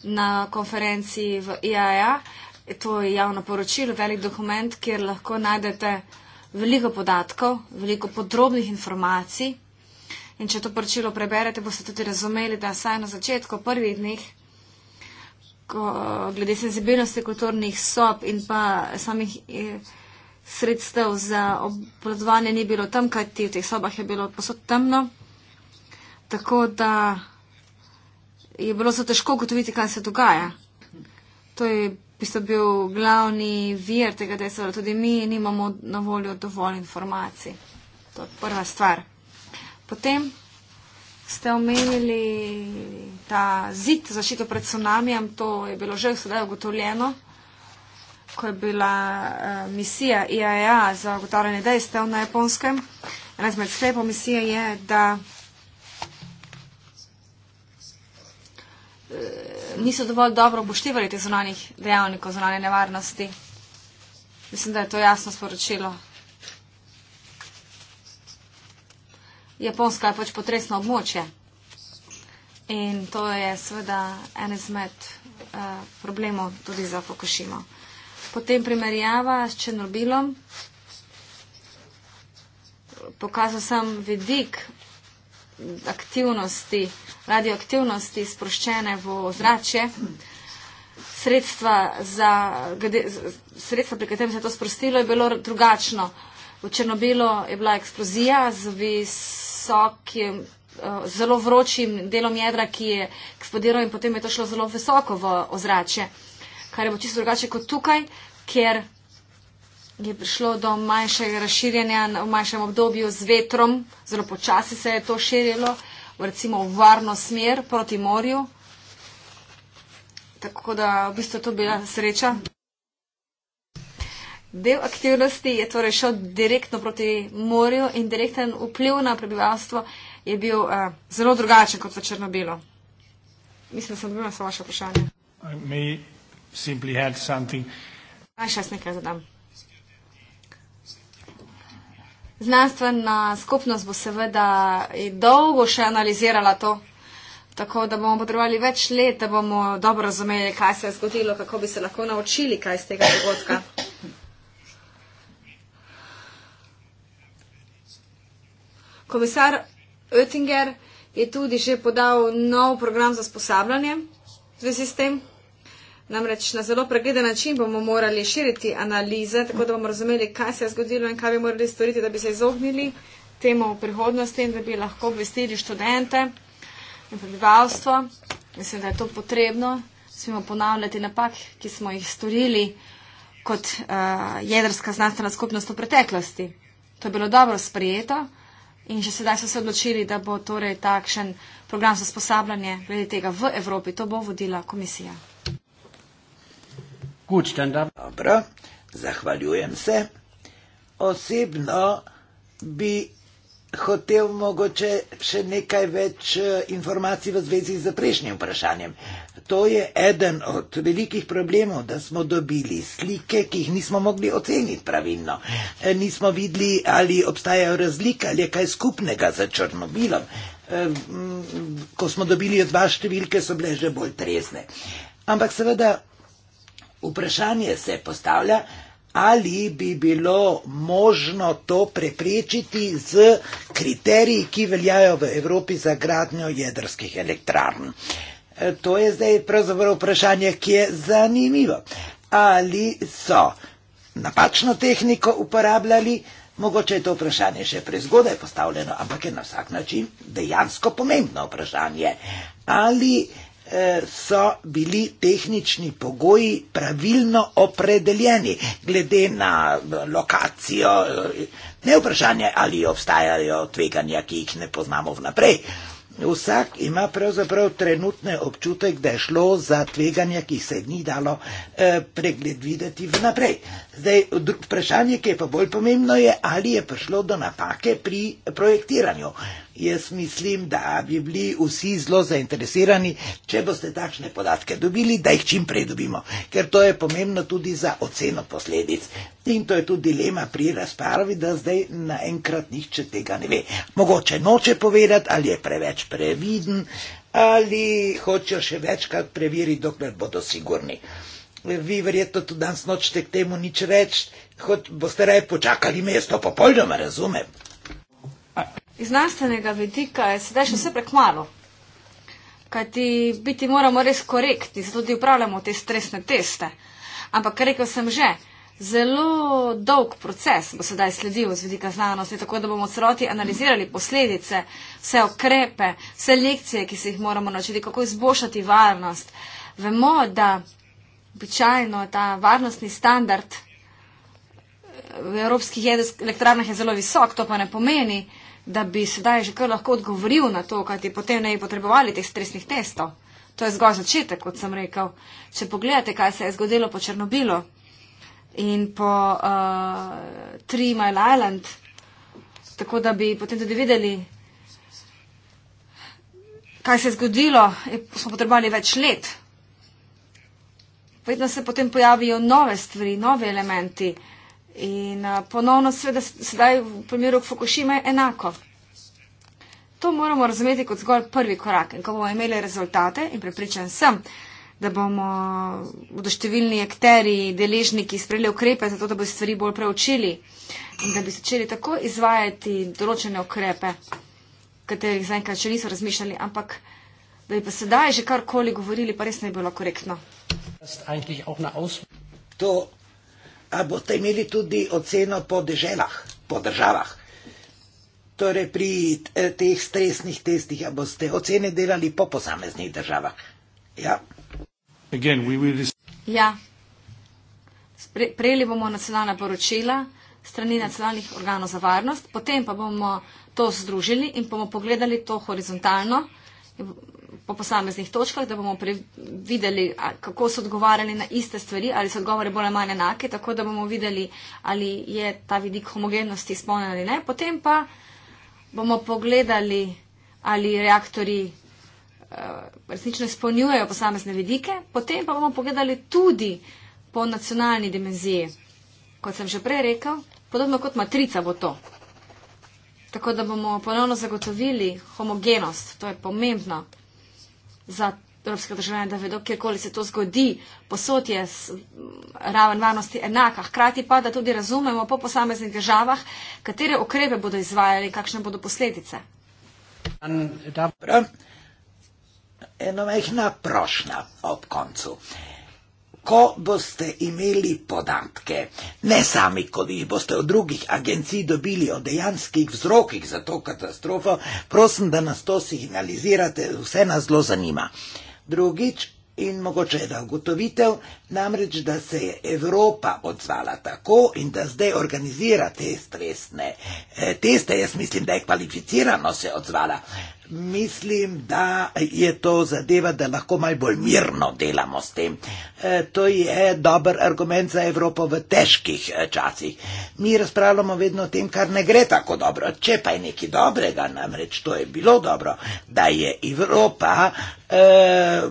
na konferenci v IAEA. E to je javno poročilo, velik dokument, kjer lahko najdete veliko podatkov, veliko podrobnih informacij. In če to poročilo preberete, boste tudi razumeli, da saj na začetku, v prvih dneh, ko, glede senzibilnosti kulturnih sob in pa samih eh, sredstev za obvladovanje ni bilo tam, kajti v teh sobah je bilo posod temno. Tako da je bilo zelo težko ugotoviti, kaj se dogaja. To je bil glavni vir tega, da se tudi mi nimamo na voljo dovolj informacij. To je prva stvar. Potem ste omenili ta zid zaščito pred tsunamijem, to je bilo že sedaj ugotovljeno, ko je bila eh, misija IAEA e za ugotavljanje dejstev na japonskem. Ena izmed sklepov misije je, da eh, niso dovolj dobro obuštevali teh zunanjih dejavnikov, zunanje nevarnosti. Mislim, da je to jasno sporočilo. Japonska je pač potresno območje. In to je seveda en izmed uh, problemov tudi za Fukushimo. Potem primerjava s Černobilom. Pokazal sem vidik aktivnosti, radioaktivnosti sproščene v ozračje, sredstva, za, gde, sredstva pri katerem se je to sprostilo, je bilo drugačno. V Černobilu je bila eksplozija z vis visok, eh, zelo vročim delom jedra, ki je eksplodiral in potem je to šlo zelo visoko v ozračje, kar je bo čisto drugače kot tukaj, ker je prišlo do manjšega razširjanja v manjšem obdobju z vetrom, zelo počasi se je to širilo, recimo v varno smer proti morju. Tako da v bistvu to bila sreča del aktivnosti je torej šel direktno proti morju in direkten vpliv na prebivalstvo je bil uh, zelo drugačen kot za Črnobilo. Mislim, da sem dobila samo vaše vprašanje. Naj še nekaj zadam. Znanstvena skupnost bo seveda dolgo še analizirala to, tako da bomo potrebovali več let, da bomo dobro razumeli, kaj se je zgodilo, kako bi se lahko naučili, kaj iz tega dogodka. Komisar Oettinger je tudi že podal nov program za sposabljanje v zvezi s tem. Namreč na zelo pregleden način bomo morali širiti analize, tako da bomo razumeli, kaj se je zgodilo in kaj bi morali storiti, da bi se izognili temu v prihodnosti in da bi lahko obvestili študente in prebivalstvo. Mislim, da je to potrebno. Smo ponavljati napak, ki smo jih storili kot uh, jedrska znanstvena skupnost v preteklosti. To je bilo dobro sprejeto in že sedaj so se odločili, da bo torej takšen program za sposabljanje glede tega v Evropi. To bo vodila komisija. Dobro, zahvaljujem se. Osebno bi hotel mogoče še nekaj več eh, informacij v zvezi z prejšnjim vprašanjem to je eden od velikih problemov, da smo dobili slike, ki jih nismo mogli oceniti pravilno. E, nismo videli, ali obstajajo razlike ali je kaj skupnega za Črnobilom. E, ko smo dobili dva številke, so bile že bolj trezne. Ampak seveda vprašanje se postavlja, ali bi bilo možno to preprečiti z kriteriji, ki veljajo v Evropi za gradnjo jedrskih elektrarn. Eh, to je zdaj pravzaprav vprašanje, ki je zanimivo. Ali so napačno tehniko uporabljali, mogoče je to vprašanje še prezgodaj postavljeno, ampak je na vsak način dejansko pomembno vprašanje. Ali eh, so bili tehnični pogoji pravilno opredeljeni glede na eh, lokacijo, ne vprašanje, ali obstajajo tveganja, ki jih ne poznamo vnaprej. Vsak ima pravzaprav trenutne občutek, da je šlo za tveganja, ki se ni dalo eh, pregled videti vnaprej. Zdaj, vprašanje, ki je pa bolj pomembno, je, ali je prišlo do napake pri projektiranju. Jaz mislim, da bi bili vsi zelo zainteresirani, če boste takšne podatke dobili, da jih čim prej dobimo, ker to je pomembno tudi za oceno posledic. In to je tudi dilema pri razpravi, da zdaj naenkrat nihče tega ne ve. Mogoče noče povedati, ali je preveč previden, ali hoče še večkrat preveriti, dokler bodo sigurni vi verjetno tudi danes nočete k temu nič reči, boste raje počakali mesto, popolnoma razumem. Iz znanstvenega vidika je sedaj še vse prek malo. Kajti biti moramo res korektni, zato tudi upravljamo te stresne teste. Ampak, kar rekel sem že, zelo dolg proces bo sedaj sledil z vidika znanosti, tako da bomo celoti analizirali posledice, vse okrepe, vse lekcije, ki se jih moramo naučiti, kako izboljšati varnost. Vemo, da običajno ta varnostni standard eh, v evropskih jedrskih elektrarnah je zelo visok, to pa ne pomeni, da bi sedaj že kar lahko odgovoril na to, kajti potem ne bi potrebovali teh stresnih testov. To je zgolj začetek, kot sem rekel. Če pogledate, kaj se je zgodilo po Černobilu in po uh, Three Mile Island, tako da bi potem tudi videli, kaj se je zgodilo, je, smo potrebovali več let vedno se potem pojavijo nove stvari, nove elementi. In eh, ponovno seveda sedaj v primeru Fukushima je enako. To moramo razumeti kot zgolj prvi korak. In ko bomo imeli rezultate in prepričan sem, da bomo bodo številni akteri, deležniki sprejeli ukrepe za to, da bi stvari bolj preučili in da bi začeli tako izvajati določene ukrepe, katerih zaenkrat še niso razmišljali, ampak da bi pa sedaj že karkoli govorili, pa res ne bi bilo korektno ist eigentlich auch eine Auswirkung. Torej, pri eh, teh stresnih testih boste ocene delali po posameznih državah. Ja, Again, we will... ja. prejeli bomo nacionalna poročila strani nacionalnih organov za varnost, potem pa bomo to združili in bomo pogledali to horizontalno po posameznih točkah, da bomo videli, kako so odgovarjali na iste stvari, ali so odgovore bolj ali manj enake, tako da bomo videli, ali je ta vidik homogenosti izpolnjen ali ne. Potem pa bomo pogledali, ali reaktori eh, resnično izpolnjujejo posamezne vidike, potem pa bomo pogledali tudi po nacionalni dimenziji. Kot sem že prej rekel, podobno kot matrica bo to. Tako da bomo ponovno zagotovili homogenost, to je pomembno za evropske državljane, da vedo, kjerkoli se to zgodi, posod je raven varnosti enaka. Hkrati pa, da tudi razumemo po posameznih državah, katere ukrepe bodo izvajali, kakšne bodo posledice. Dobro. Eno mehna prošnja ob koncu ko boste imeli podatke, ne sami, ko jih boste od drugih agencij dobili o dejanskih vzrokih za to katastrofo, prosim, da nas to signalizirate, vse nas zelo zanima. Drugič, In mogoče je da ugotovitev, namreč, da se je Evropa odzvala tako in da zdaj organizira te stresne eh, teste. Jaz mislim, da je kvalificirano se odzvala. Mislim, da je to zadeva, da lahko malo bolj mirno delamo s tem. E, to je dober argument za Evropo v težkih e, časih. Mi razpravljamo vedno o tem, kar ne gre tako dobro. Če pa je nekaj dobrega, namreč to je bilo dobro, da je Evropa e,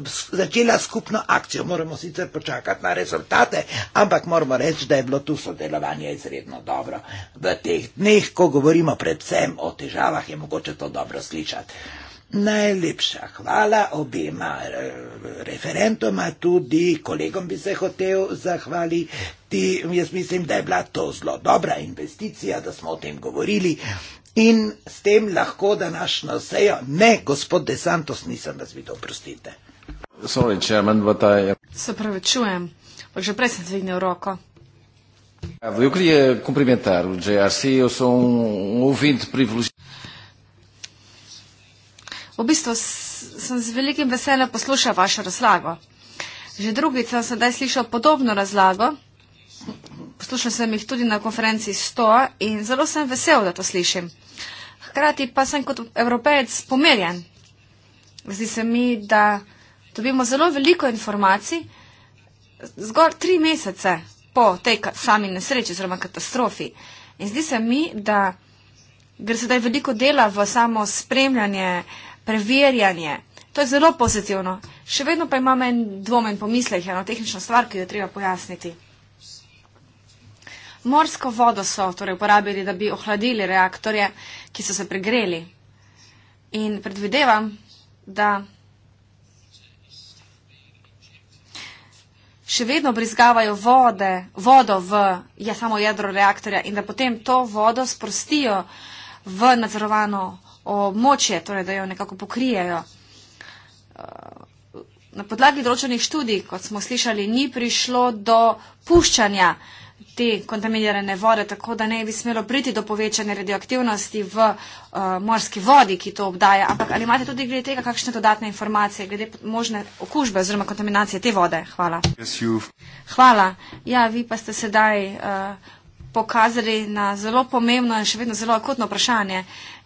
začela skupno akcijo. Moramo sicer počakati na rezultate, ampak moramo reči, da je bilo tu sodelovanje izredno dobro. V teh dneh, ko govorimo predvsem o težavah, je mogoče to dobro slišati. Najlepša hvala obima eh, referentoma, tudi kolegom bi se hotel zahvaliti. Jaz mislim, da je bila to zelo dobra investicija, da smo o tem govorili. In s tem lahko današnjo sejo, ne, gospod De Santos, nisem vas videl, prostite. Sorry, chairman, I... Se pravi, čujem, pa že prej sem dvignil roko. Ja, eu queria cumprimentar o GRC, eu sou um, um ouvinte privilegiado. V bistvu sem z velikim veseljem poslušal vašo razlago. Že drugič sem sedaj slišal podobno razlago. Poslušal sem jih tudi na konferenci 100 in zelo sem vesel, da to slišim. Hkrati pa sem kot evropejec pomerjen. Zdi se mi, da dobimo zelo veliko informacij zgolj tri mesece po tej sami nesreči oziroma katastrofi. In zdi se mi, da gre sedaj veliko dela v samo spremljanje uh, preverjanje. To je zelo pozitivno. Še vedno pa imam en dvom in pomislek, eno tehnično stvar, ki jo treba pojasniti. Morsko vodo so torej uporabili, da bi ohladili reaktorje, ki so se pregreli. In predvidevam, da še vedno brizgavajo vode, vodo v ja, samo jedro reaktorja in da potem to vodo sprostijo v nadzorovano območje, torej da jo nekako pokrijejo. Na podlagi določenih študij, kot smo slišali, ni prišlo do puščanja te kontaminirane vode, tako da ne bi smelo priti do povečane radioaktivnosti v uh, morski vodi, ki to obdaja. Ampak ali imate tudi glede tega kakšne dodatne informacije, glede možne okužbe oziroma kontaminacije te vode? Hvala. Hvala. Ja, vi pa ste sedaj. Uh, pokazali na zelo pomembno in še vedno zelo akutno vprašanje.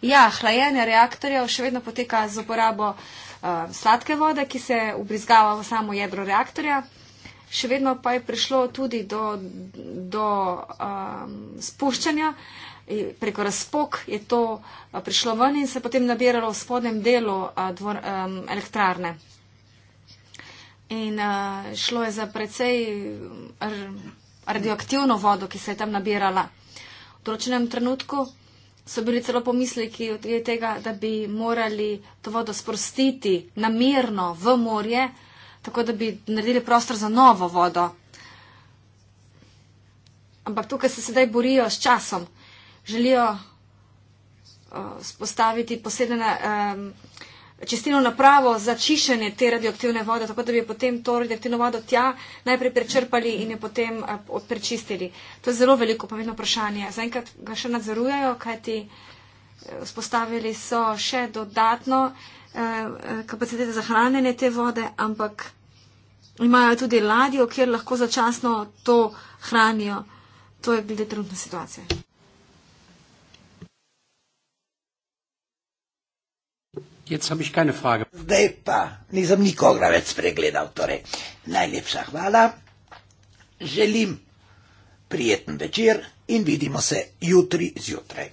Ja, hlajenje reaktorjev še vedno poteka z uporabo uh, sladke vode, ki se ubrizgava v samo jedro reaktorja. Še vedno pa je prišlo tudi do, do um, spuščanja. E, preko razpok je to eh, prišlo ven in se potem nabiralo v spodnem delu uh, dvor, um, elektrarne. In uh, šlo je za precej. Um, radioaktivno vodo, ki se je tam nabirala. V določenem trenutku so bili celo pomisleki od tega, da bi morali to vodo sprostiti namerno v morje, tako da bi naredili prostor za novo vodo. Ampak tukaj se sedaj borijo s časom. Želijo uh, eh, spostaviti posebne. Um, čistilno napravo za čišenje te radioaktivne vode, tako da bi potem to radioaktivno vodo tja najprej prečrpali in jo potem eh, prečistili. To je zelo veliko pomembno vprašanje. Zaenkrat ga še nadzorujejo, kajti eh, vzpostavili so še dodatno eh, kapacitete za hranjenje te vode, ampak imajo tudi ladjo, kjer lahko začasno to hranijo. To je glede trenutne situacije. Jec, habe ich keine Frage. Zdaj pa nisem nikogar več spregledal, torej najlepša hvala. Želim prijeten večer in vidimo se jutri zjutraj.